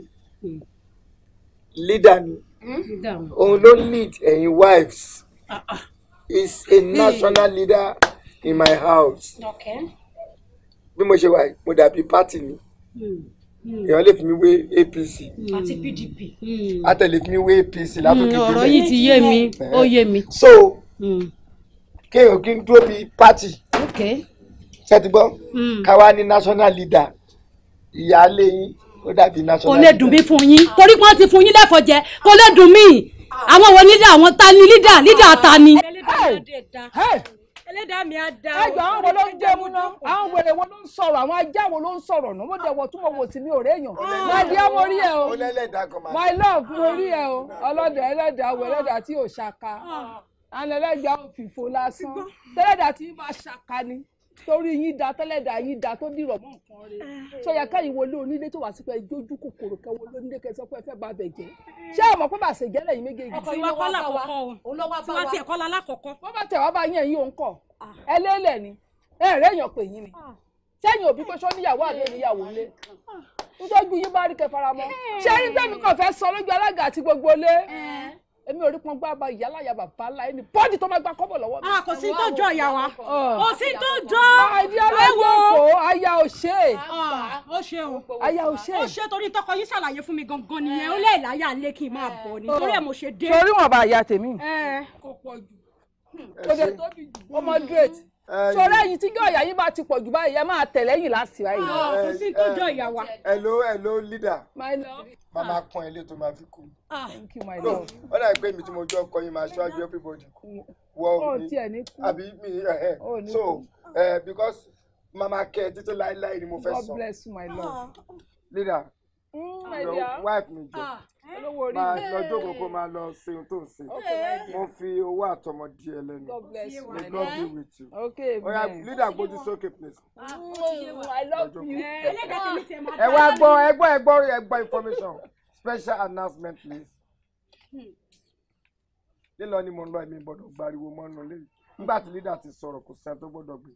leader ni hmm? òun ló lead ẹ̀yin wives. Uh -uh is a national leader in my house. bí mo ṣe wà mo dàbí pátì ni hmm. Hmm. èèyàn lè fi mi wé APC. Hmm. àti PDP. àtẹ̀lé fi mi wé APC látòkè délẹ̀. ọ̀rọ̀ yìí ti yé mi eh. ó yé mi. so kéèyàn kí n dúró bíi party? ṣé ti gbọ́ káwa ní national leader ìyáálé yín ó dàbí national leader. kò lè dùn mí fún yín torí pé wọ́n ti fún yín lẹ́fọ̀ọ́ jẹ kò lè dùn mí àwọn wo leader àwọn ta ni leader leader ta ni ẹlẹ́dàá mi á da. ẹjọ àwọn wo ló ń jẹ mu náà àwọn wèrè wo ló ń sọ̀rọ̀ àwọn ajá wo ló ń sọ̀rọ̀ náà mo dẹwọ tún mo wò sí mi ò réèyàn máa di ọmọ orí ẹ o my love mo rí ẹ o ah. ọlọ́dẹ ẹlẹ́dàá wo ẹlẹ́dàá tí ò ṣaka ah. àwọn ẹlẹ́dàá òfìfo lásán ẹlẹ́dàá tí máa ṣaka ni torí yín da tẹ́lẹ̀dà yín da tó dìrọ̀ mọ́ nǹkan rẹ̀ sọyà ah. káyìn wo lé onílé tó wà sí pé jójú kòkòrò kan wo lónílé kẹsàn pé fẹ́ bá bẹ̀ jẹ́ ṣé ọmọ pé bá ṣe jẹ́lẹ̀ yín méjèèjì. ọkọ ìwà kọ́là kọ̀kọ́ o tiwa tiẹ̀ kọ́là lákọ̀ọ́kọ́. wọ́n bá tẹ̀ wá bá yẹn yín òun kọ̀ ah. ẹ lélẹ̀ ni ẹ rẹ̀ yàn pé yín ni ah. sẹ́yìn òbí pé sọ níyàwó àbí oníyàwó lé nítorí yín bá rí kẹfàrà mọ́ eh. ṣé rí tẹ́mi kàn èmi ò rí pọn gbá ba ìyá láyà bàbá ńlá ẹni bọ́ọ̀dì tó máa gba kọ́bọ̀ lọ́wọ́ mi. Ah, kò sí tó jọ ìyá kò sí tó jọ ẹwọ aya òṣè òṣè ah, o aya òṣè òṣè torí tọkọ yìí ṣàlàyé fún mi gangan nìyẹn ó lè láyà lé kí n máa bọ̀ ni torí ẹ̀ mo ṣe dé. torí wọn bá ya tèmi. Eh. kò pọ̀ jù ọmọ dúró sọ̀rọ̀ ẹ̀yìn tí jọ̀ọ̀yà yín bá ti pọ̀ jù báyìí ẹ máa tẹ̀lé yìí láti ra yìí. kò sí tó ìyá wa. hello hello leader. my love. màmá kan ẹ lé tó máa fi kú. Ah. thank you my love. ó dà pé èmi tí mo jọ ọkọ yín máa ṣáájú everybody kú. wọ́n ò ní àbí mi so because màmá kẹ́ títí láéláé ni mo fẹ́ sọ. God bless you my love. leader. Mm, my dear. wife mi jọ. Ah. Eh? máa lọ jókòó kó eh. máa lọ ṣe ohun tó ń ṣe mo fi owó àtọmọ di ẹ lẹ́nu may God be with you oya leader gbójú sókè please. Ah, ẹ wá gbọ́ ẹ gbọ́ ẹ gbọ́ ẹ gbọ́ information special announcement please. lílọ ni mo ń lọ ẹ̀mí gbọ́dọ̀ gbariwo mọ́ nù lẹ́yìn nígbà tí leader ti sọ̀rọ̀ kò sẹ́ni tó gbọ́dọ̀ gbé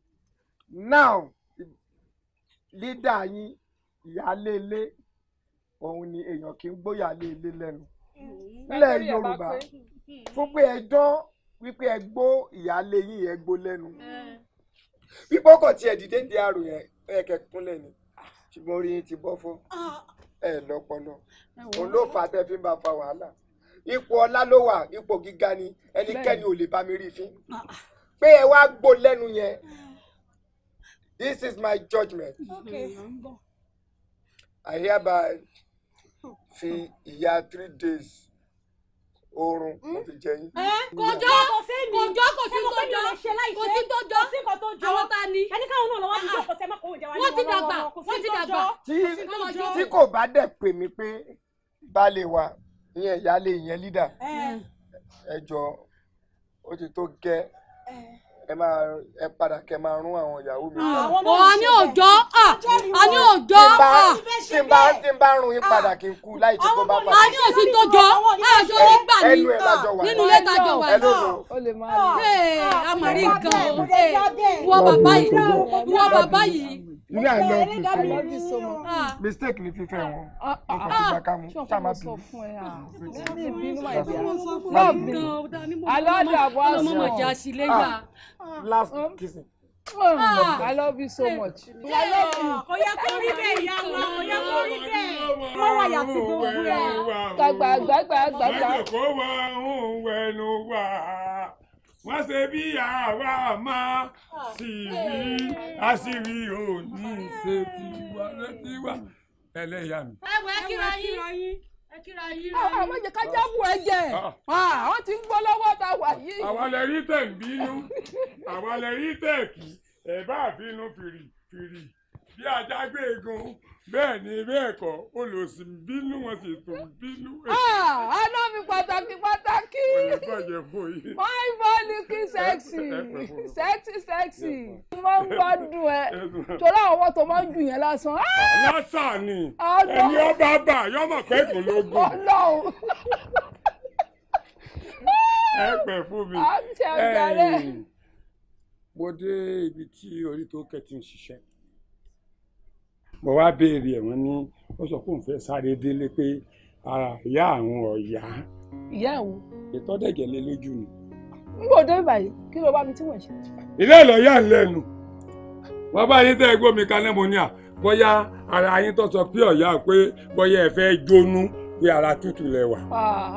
now leader yín ìyáálé ilé òun ni èèyàn kì í gbóyà lé ilé e lẹ́nu mm. nílẹ̀ Yorùbá fún pé ẹ dán wípé ẹ gbó ìyáálé yín ẹ gbó lẹ́nu mm. bíbọ́ kọ̀ tiẹ̀ dìde ń di àrò yẹn ẹ kẹ kúnlẹ̀ ṣùgbọ́n orí yín ti bọ́ fọ́ ah. ẹ lọ́pọlọ òun ló fà á tẹ́ fi ń bá fa wàhálà ipò ọlá ló wà ipò gíga ni ẹnikẹ́ni ò lè bá mi rí i fín ah. pé ẹ wá gbó lẹ́nu yẹn mm. this is my judgement okay. I hereby fi ìyá three days oorun wọn hmm? fi jẹ yín. Eh, kòjọ́ kòjọ́ kò sí kòjọ́ kò sí kòjọ́ àwọn ta ni. ẹni káwọn náà lọ́wọ́ ah, ah. àdúgbò kò sẹ́mọ́ kò jẹ́ wá ní wọ́n ti dàgbà wọ́n ti dàgbà. tí kò bá dẹ̀ pè mí pé baálé wa ìyẹn ìyáálé ìyẹn lídà eh. ẹ jọ ó ti tó gẹ́. Eh ẹ máa ẹ padà kẹ máa rún àwọn ìyàwó mi. Ah, ọ ah, a ní òjọ́ a ní òjọ́. tí n bá ah. tí n bá rún yín padà kí n kú láì tí kò bá padà. a òsì tó jọ àjọ ní gbà ní nínú ilé tajọ wà ní. ó lè nǹkan o wọ bàbá yìí wọ bàbá yìí ilé i love you so much so much mistake ni fífẹ́ wọn ọkàn tó gbà ká mú ṣá má bì í. aládàbọ̀ àṣọ last kissing. I love you so much. I love you. Kò yẹ kó rí bẹ́ẹ̀ ìyá wa, kò rí bẹ́ẹ̀. Kó wà yàtí gbogbo ẹ̀. Gbàgbà gbàgbà gbàgbà. Ẹ̀jẹ̀ kó wá òun wẹnu wá wọ́n ṣe bí àwa máa sì rí ah, àṣírí eh. òní eh. ṣe tiwa lẹ́tiwa ẹlẹ́yà mi. ẹ wọ ẹ kíra yín ah, àwọn jẹ ká jábù ẹ̀jẹ̀ àwọn ah. tí ń gbọ́ lọ́wọ́ ta wà yìí. àwa lè rí tẹ̀ ń bínú àwa lè rí tẹ̀ kí ẹ̀ bá bínú fìrì fìrì bí adágbé egun bẹ́ẹ̀ ni bẹ́ẹ̀ kọ́ olùsì bínú wọn sì tún bínú. ọlọ́mi ah, pàtàkì pàtàkì my body kí sexy sexy sexy mo ń gbọ́dún ẹ torí àwọn tó máa ń jù yẹn lásán. Ah! lásán ni ẹni ọba bá yọmọ pé kò ló gùn. ẹ pẹ fún mi ẹyìn mo dé ibi tí orí tó kẹ ti ń ṣiṣẹ́ mo wá béèrè ẹ̀ wọ́n ní ó sọ pé òun fẹ́ sáré délé pé ara ìyá àwọn ọ̀yá. ìyá àwọn. ètò ọ̀dẹ̀jẹ̀ lé lójú ni. n kò dé ìbàyí kí ló bá mi tí wọ́n ṣe. ilé ìlọ́yà lẹ́nu wọ́n bá yín tẹ́ ẹ gbómi kaná mo ní à bóyá ara yín tó sọ pé ọ̀yá pé bóyá ẹ fẹ́ jónú pé ara tútù lẹ wà.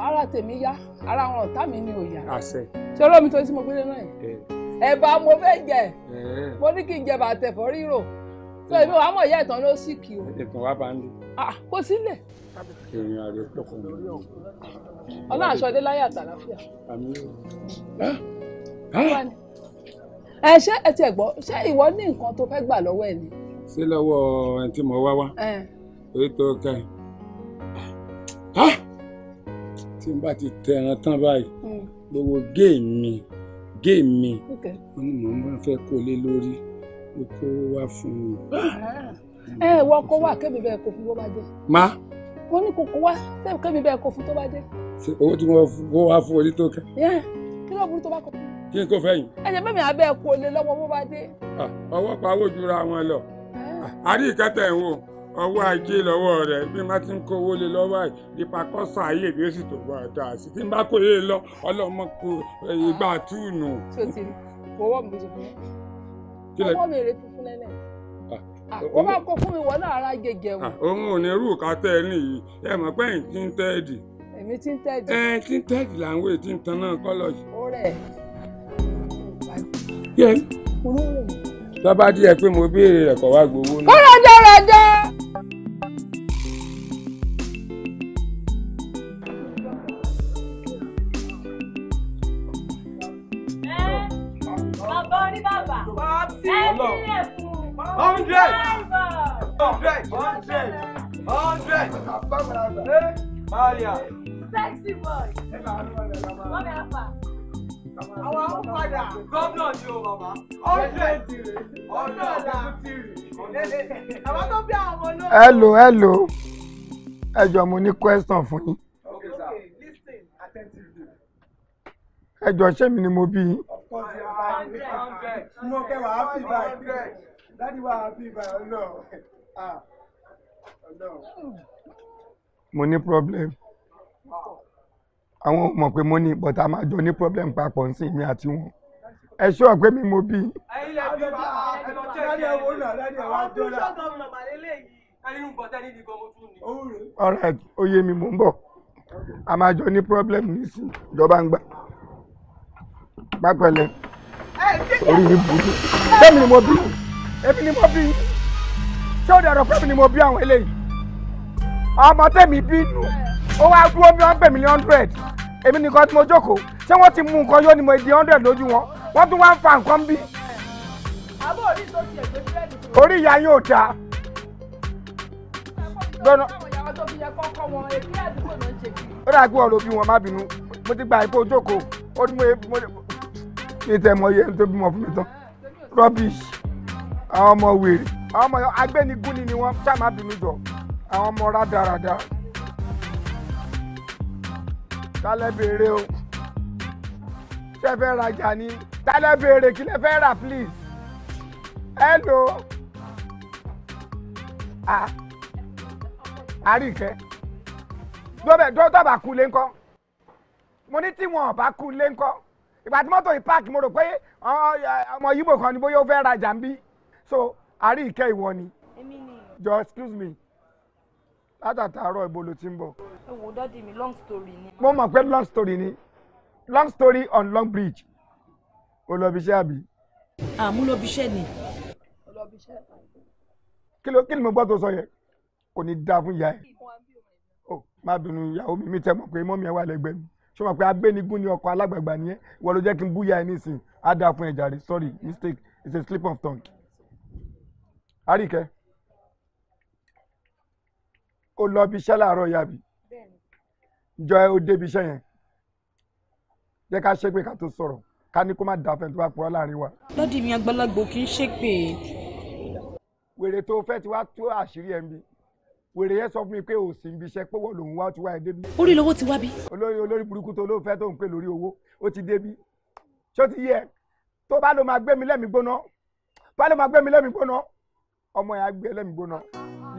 ara tèmi yá ara àwọn ọ̀tá mi ni ò yá. àṣẹ. ṣé olómi tó ti mo gbélé náà yẹn. ẹ̀bà mo fẹ́ jẹ mo ní kí n jẹ bàtẹ̀ fọ́ tó èmi wàá mọ̀ ìyá ìtàn ló sì kì o. ìtàn wa bá ń a kò sílẹ̀. èèyàn àrè pọkàn mi. ọlọ́run aṣọ́dé láyé àtàlàfíà. ẹ ṣé ẹ tiẹ̀ gbọ́ ṣé ìwọ ní nǹkan tó fẹ́ gbà lọ́wọ́ ẹ ni. ṣé lọ́wọ́ ẹni tí mo wá wá torí tó ká ẹ tí n bá ti tẹ ẹran tán báyìí hmm. gbogbo géèmì géèmì wọn ni mò ń bá fẹ́ kólé lórí kó wá fún mi. ẹ ẹ wọ ọkọ wá kébì bẹ́ẹ̀ kó fún tó bá dé. má. mo ní kókó wá kébì bẹ́ẹ̀ kó fún tó bá dé. owó tí wọ́n kó wá fún orí tó kẹ. Eh, kí ló burú tó bá kọ. kí n kò fẹ́ yín. ẹ jẹ́ mẹ́mi abẹ́ kó lé lọ́wọ́ bó bá dé. Ah, ọwọ́ pa owó jura wọn lọ. àrí eh. ah, ìkẹtẹ̀ ń wò ọwọ́ ajé lọ́wọ́ rẹ̀ bí má ti ń kówó lé lọ́wọ́ ẹ̀ nípa kọ́sà ayé bí ó sì tó bọ̀ ọ̀dà sí tí n bá kó yé lọ ọlọ́mọ kó eh, ìgbà túùnù. tí o ti rí owó mi ló ṣe fún mi ọmọ mi rè tuntun lẹ́lẹ̀ ah, ah, oh, ó bá oh. kó fún mi wọ náà ara gègé wò. Ah, òun ò ní irú kátẹ́ ẹ nìyí ẹ mọ̀ pé ẹ̀yìn tí ń tẹ́ẹ̀dì. èmi tí ń tẹ́ẹ̀dì. ẹ tí ń tẹ́ẹ̀dì là ń wé tí ń tan náà kọ́lọ̀ yìí. ó rẹ̀ yẹ. bàbá díẹ̀ pé mo béèrè rẹ̀ wá gbowó náà. kó rọjò rọjò. hundred hundred hundred hundred maria. hello hello ẹ jọ̀ọ́ mo ní question fún yín ẹjọ ṣé mi ni mo bí. mo ní problem àwọn mọ̀ pé mo ní but a máa jọ ní problem papọ̀ nsìn mi àti wọn ẹ ṣọ́ ọ̀pẹ́ mi mo bí. ẹ̀yin lè bí bá ẹ mi mo ń bọ̀ a máa jọ ní problem nísìnyí ìjọba ń gbà má pẹ̀lẹ́ orí mi bù ú sẹ́mi ni mo bí èmi ni mo bí ṣé ó dẹ̀rọ̀ fẹ́mi ni mo bí àwọn eléyìí ọmọ tẹ̀mí bí ó wá dúró mi wọ́n pè mí ní hundred èmi nìkan tí mo jókòó ṣé wọ́n ti mú nǹkan yóò ní mo di hundred lójú wọn wọ́n tún wá ń fa nǹkan bí. orí ìyá yín ò ọjọ́ bí yẹ kọ́kọ́ bí wọn má bínú mo ti gba ipò ojókòó ó ní mo ní tẹ mọ iye tó bímọ fún mi tán rubbish àwọn ọmọ wèrè àwọn ọmọ agbẹnigún ni wọn ṣáà má bínú jọ àwọn ọmọ rádaràda tálẹ̀ béèrè o ṣe fẹ́ rajà ni tálẹ̀ béèrè kí lẹ fẹ́ rà please hello. Ah àríkẹ́ lọ́bẹ̀ dọ́tọ̀ bá kú lé ńkọ́ mo ní tí wọn bá kú lé ńkọ́ ìgbà tí mọ́tò yìí páàkì mo rò pé ọmọ yìbò kan ni bóyá ó fẹ́ rajà ń bí so àríkẹ́ ìwọ ni jọ excuse me látàtàárọ̀ ibo ló ti ń bọ̀. ẹ wò dádì mi long story ni. mo mọ̀ pé long story ni long story on long bridge o lọ ibiṣẹ́ àbí. àmúlò ibiṣẹ́ ni. kí ló kí ni mo gbọ́ tó sọ yẹn kò ní dá fún ìyá ẹ ó oh, má bínú ìyàwó mi mi tẹ mọ̀ pé mọ́mí ẹ wà lẹ́gbẹ̀ẹ́ mi ṣé mọ̀ pé abénigún ni ọkọ alágbàgbà ni ẹ ìwọ ló jẹ́ kí n búyà ẹ nísìn á dá fún ẹ jàre sorry mistake it's a slip of tongue. àríkẹ́ o lọ bí iṣẹ́ láàárọ̀ ìyá mi jọ ẹ ó débi iṣẹ́ yẹn jẹ́ ká ṣépè ká tó sọ̀rọ̀ ká ní kó má dà fẹ́ tó bá pọ̀ láàrin wa. lọ́dì mi àgbàlagbò kì í ṣépè. wèrè tó fẹ́ ti wá tó àṣírí ẹ̀ ń bí wèrè yẹn sọ fún mi pé o sì ń bi iṣẹ́ pé wọ́n lòun wá ti wá ẹ débi. orí lowó ti wá bí. olórí olórí burúkú tó ló fẹ́ tó ń pè lórí owó ó ti débi o ti yẹ tó bá ló máa gbé mi lẹ́mìí gbóná bá ló máa gbé mi lẹ́mìí gbóná ọmọ yẹn á gbé e lẹ́mìí gbóná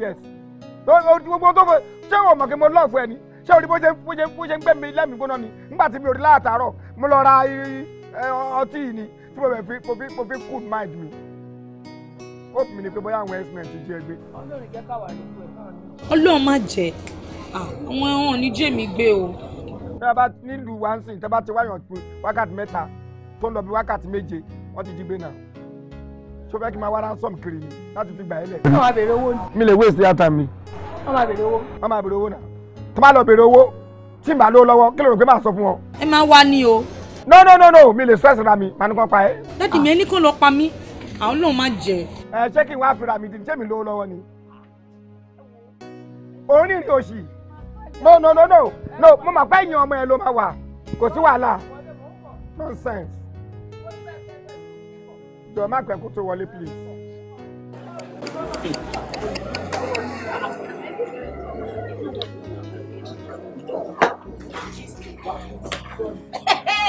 yes gbogbo tó fẹ́ ṣé o mọ̀ kí mo lọ́ọ̀fù ẹ ni ṣé o rí bó ṣe bó ṣe bó ṣe ń gbé mi lẹ́mìí gbóná ni nígbà tí mi ò rí láàtàárọ̀ mo lọ ra ọtí yìí ni tí mo fi mo fi mo fi cool mind mi hope mi ni pé bóyá àwọn x-men ti jẹ́ gbé. ọlọ́run jẹ́ káwa ló pẹ́ náà ni. ọlọ́run má jẹ́ ah, àwọn ẹran ò ní jẹ́ mi gbé o. tẹ́ bá nílùú wa ń sìn tẹ́ bá ti wáyàn pé wákàtí mẹ́ta tó ń lọ bí wákàtí méje wọ́n ti jí gbé náà tó fẹ́ kí n máa wá ransom kiri ni láti fi gbà ẹ́ lẹ̀. wọ́n máa bèrè owó ni. mi lè wéèsì ata mi. wọ́n máa bèrè owó. wọ́n máa bèrè owó náà tó bá lọ bèrè owó tí n bá lọ́wọ́ kí ló rò máa sọ fún ọ. ẹ máa wá ní o. no no no no mi lè sọ ẹ̀sìn ra mi màá ní kàn pa ẹ́. dádì mi ẹni kò lọ ẹ ṣé kí n wá fira mi di jẹ́mi lówó lọ́wọ́ ni onírìn òsì no no no no no mo mà pé ẹ̀yìn ọmọ ẹ ló máa wà kò sí wàhálà nonsense jọ má pẹ́ kó tó wọlé please. Thank you.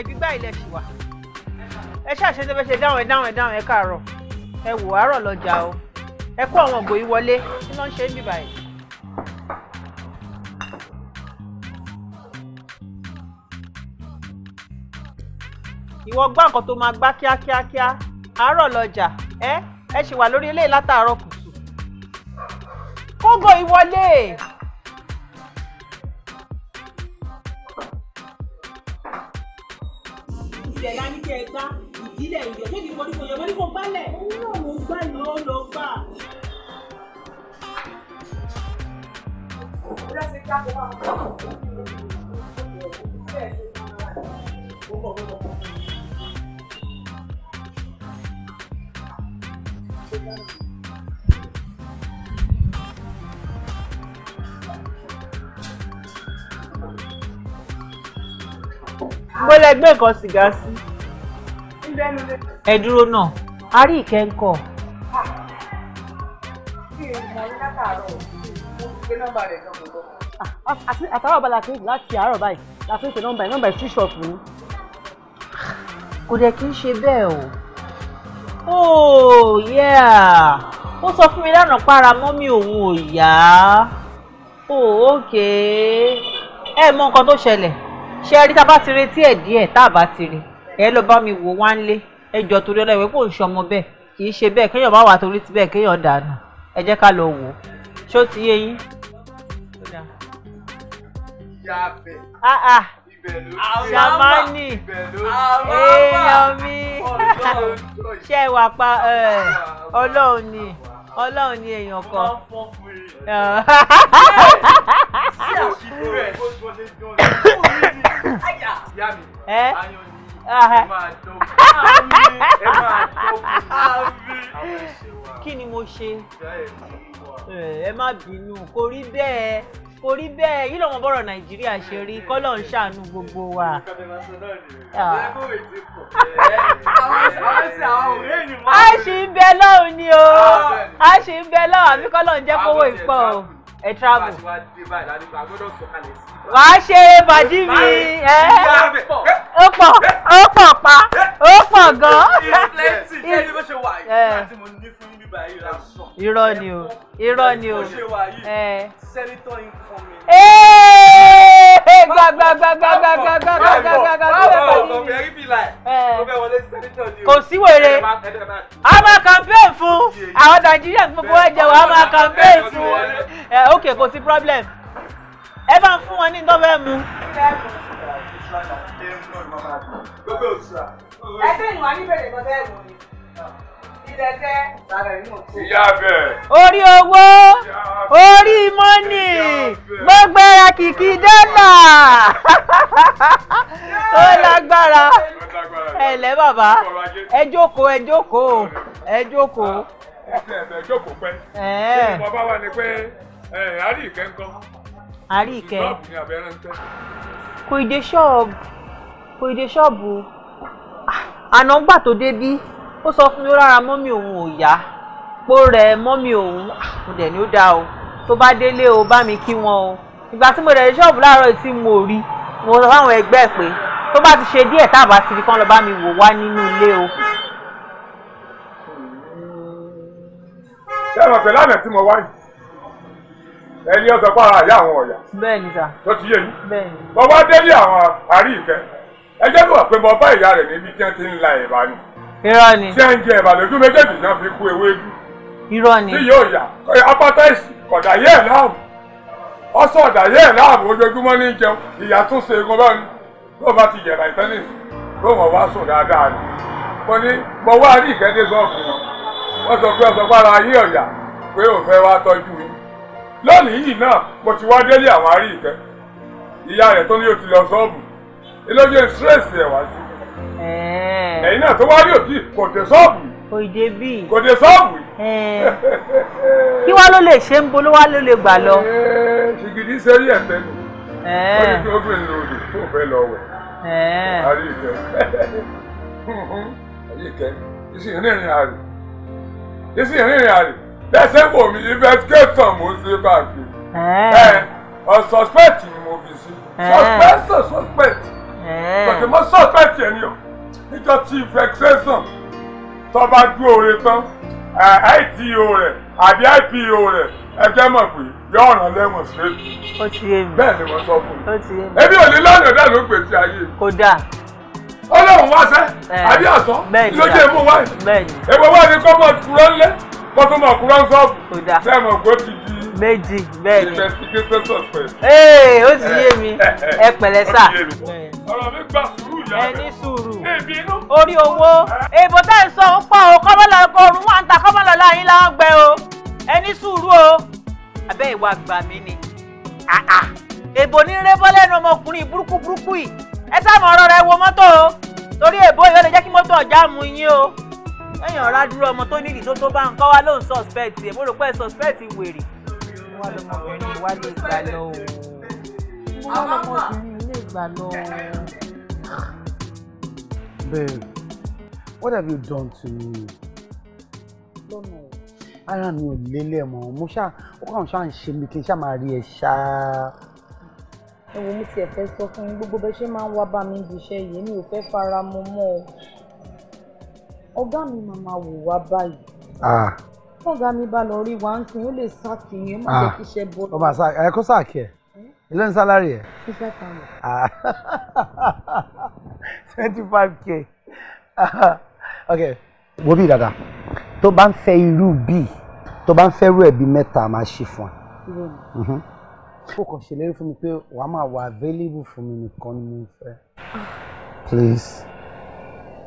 ilẹ̀ gbígbá ilẹ̀ ṣì wà ẹ ṣàṣẹ tó fẹ́ ṣe dáhùn ẹ dáhùn ẹ dáhùn ẹ káàárọ̀ ẹ wò àárọ̀ lọ́jà o ẹ kó àwọn ògbò yìí wọlé kí ló ń ṣe ń bì báyìí. ìwọ gbá nǹkan tó máa gbá kíákíákíá àárọ̀ lọ́jà ẹ ẹ ṣì wà lórí eléyìí látàárọ̀ kùtù kó gbọ́ ìwọlé. ìdílé la ní kẹ́ ẹ gbá ìdílé ìyọ̀ tó kì í mọ́ni kò yọ mọ́ni kò gbálẹ̀ òun náà ló gbá ìlú ó lọ gbà. Thank you. mo lẹ gbé nǹkan sìgá sí. ẹ dúró náà a rí ìkẹ́ ń kọ̀. àtàwọn ọba làtí láti àárọ̀ báyìí láti ń pè nọ́mbà yìí nọ́mbà yìí switch off ni. kò dẹ̀ kí n ṣe bẹ́ẹ̀ o. oh yeah ó sọ fún mi lánàá para mọ́mí òun ò yá. oh okay ẹ mọ nǹkan tó ṣẹlẹ̀ ṣé ẹ rí tá a bá ti retí ẹ̀ díẹ̀ tá a bá ti rí ẹ lọ bá mi wò wá ń lé ẹ jọ torí ọlọ́ọ̀ ìwé kò ń ṣọmọ bẹ́ẹ̀ kì í ṣe bẹ́ẹ̀ kéèyàn bá wà torí ti bẹ́ẹ̀ kéèyàn dànù ẹ jẹ́ ká lọ wò ó ṣó ti yé yín. Ṣàmánì ah, ah. èèyàn mi ṣe wà pa ọlọ́run ni ọlọ́run ni èèyàn kan. ṣé àṣìṣe rẹ̀ ó ti wọlé jọ ní yá mi ayọ̀ ni ẹ máa dọ́gbọ́n ẹ máa dọ́gbọ́n kí ni mo ṣe ẹ má bínú kò rí bẹ́ẹ̀ kò rí bẹ́ẹ̀ yìí lọ́wọ́ bọ́rọ̀ nàìjíríà ṣe rí kọ́lọ̀ ń ṣàánú gbogbo wa. Ah. a ṣì ń bẹ lọ́hùn ni o ah. a ṣì ń bẹ lọ́hùn àbí kọ́lọ̀ ń jẹ́ kówó ìpọ̀ o ẹ travel. wà á ṣe bàjí mi ẹ ó pọ̀ ó pọ̀ pa ó pọ̀ gan. irọ́ ni o irọ́ ni o. sẹ́nitọ́ kò sí wèrè a máa campaign fún àwọn nàìjíríà gbogbo ẹ̀jẹ̀ wa a máa campaign fún Ah, okay, kò sí problem ẹ bá ń fún wọn ní tó fẹ́ mu. ẹsẹ̀ ìwà níbẹ̀rẹ̀ tó fẹ́ wò ni orí owó orí mọ́nì gbogbo ẹ̀rọ kìkì dọ́là ó lágbára ẹ̀lẹ́ bàbá ẹ jókòó ẹ jókòó ẹ jókòó. ẹ jókòó pẹ́ ṣé ìwọ bá wà ní pé ẹ àrí ìkẹ́ ńkọ́. àrí ìkẹ́ ṣọ́ọ̀bù ni àbẹ̀rẹ̀ ń tẹ́. kò ì dé ṣọ́ọ̀bù kò ì dé ṣọ́ọ̀bù àná gbà tó débí ó sọ fún mi rárá mọ́mì òun ò yá pó rẹ mọ́mì òun mo dẹ̀ ní ó dáa o tó bá délé o bá mi kí wọn o ìgbà tí mo dẹ̀ dé ṣọ́ọ̀bù láàárọ̀ tí mo rí mo sọ fáwọn ẹgbẹ́ pé tó bá ti ṣe díẹ̀ táàbà ti rí kán lọ bá mi wò wá nínú ilé o. ṣé ẹ mọ̀ pẹ̀lú àmì tí mo wá yìí ẹni ọsọ pa àyà àwọn ọ̀yà. bẹ́ẹ̀ni sà. tó ti yé mi. bẹ́ẹ̀ni. mo wá délé àwọn àrí ìkẹ́ ẹ jẹ́ kí wọ́n pe mo bá ìyá rẹ̀ níbi tí wọ́n ti ń la ẹ̀bà ni. irọ́ ni. tí ẹ ń jẹ ẹ̀bà lójú méjèèjì náà fi kú ewédú. irọ́ ni. tí yóò yà apáta ìsì kọ̀dà yé ẹ̀ láàmú ọsọ ọ̀dà yé ẹ̀ láàmú ojoojúmọ́ ní jẹun ìyá tún ṣe egun báyìí ló bá ti yẹ̀rà ìtẹ́nìsì ló mọ̀ wá sùn dáadáa ni. mo ní mo wá rí ìkẹ́dé sọ́ọ̀kù wọn wọ́n sọ pé ọ̀sọ̀ gbára ayé ọ̀yà lónìí yìí náà mo ti wá délé àwọn arí ìtẹ́ ìyá rẹ̀ tó ní o ti lọ sọ́ọ̀bù ilóye stress ẹ̀ wá sí ẹ̀yin náà tó wá rí òbí kò dé sọ́ọ̀bù kò dé bí kò dé sọ́ọ̀bù kí wá ló lè ṣe ń bo ló wá ló lè gbà lọ. ṣìgìdì sẹ́rí ẹ̀ tẹ́lẹ̀ wọ́n ní kí obìnrin lòdì tó fẹ́ lọ wẹ̀ arí ìtẹ́ arí ìtẹ́ ìsìn ìrìnrìn àrè ìsìn ìrìnrìn àrè lẹ́sẹ̀ wò mí investigation mo ṣe báàgì ẹ ọ suspect ni mo fi sí suspect suspect tọ̀tẹ̀ mọ́ suspect ẹni o níjọ tí investigation tó bá dúró re tán ITO rẹ̀ àbí IPO rẹ̀ ẹ jẹ́ mọ̀ pé yóò ràn lẹ́wọ̀n síréètì. ó ti yé mi bẹ́ẹ̀ ni wọ́n sọ fún mi. ó ti yé mi. èmi ò ní lọ́nà náà ló gbèsè ayé. kódà. ó lóun wá sẹ́ àbí àsán ló dé mú wáyé. bẹ́ẹ̀ ni. èwo wá ní kọ́mọ̀ kúrọ́ ńlẹ́ kó tún mọ̀ kúrọ́ sọ́ọ̀bù sẹ́mọ̀ kó ti di méjì bẹ́ẹ̀ ni investigator suspect. ee ó ti yé mi eh, eh, eh. ẹ pẹ̀lẹ́ sà. ọ̀rọ̀ mi gba sùúrù ìyá rẹ̀. ẹ ní sùúrù orí owó èèbò tẹ́ ẹ̀ sọ ń pọ̀ o kọ́mọ́lọ́ ọrùn wà ń ta kọ́mọ́lọ́ láyín láwọn gbẹ o ẹ ní sùúrù o abẹ́ ìwà àgbà mi ni èèbò ní rébọ́ lẹ́nu ọmọkùnrin burúkú burúkú yìí ẹ sáà mọ̀ ọ̀rọ̀ rẹ wo mọ́tò o torí èèbò yóò lè jẹ́ kí mọ́tò ọ̀já mu yín o ẹ̀yìn ọ̀rá dúró ọmọ tó nídìí tó tó bá ń kọ́ wá ló suspect ẹ̀ mo rò pé suspect wèrè. wọ́n lọmọbìnrin wá lè gbà lọ o wọ́n lọmọbìnrin lè gbà lọ o. Babe, what have you done to me? lọ́nà ara mi ò lélẹ̀ mọ́ mo ṣáà ó kàn ṣáà ń ṣe mi kí n ṣáà máa rí ẹ ṣáá ẹ wo mo tiẹ̀ fẹ́ sọ fún yín gbogbo bẹ́ẹ̀ ṣe máa ń wá bá mi ibi yìí mi ò fẹ́ fara mọ́ mọ́ o ọ̀gá mi màmá wò wá báyìí. ọ̀gá mi bá lọ rí wa ń sìn ó lè sáàkì mi ó má jẹ́ kí iṣẹ́ bọ́. ọba sáàkì ẹ kó sáàkì ẹ hmm? ilé ní sálárì ẹ. twenty five k ok wo bí dada tó bá ń fẹ́ irú bíi tó bá ń fẹ́ irú ẹ̀ bíi mẹ́ta máa ṣe fún ẹ mhm. ó kàn ṣèlérí fún mi pé wàá máa wà available fún mi nìkan ni mo fẹ́. Ah. please.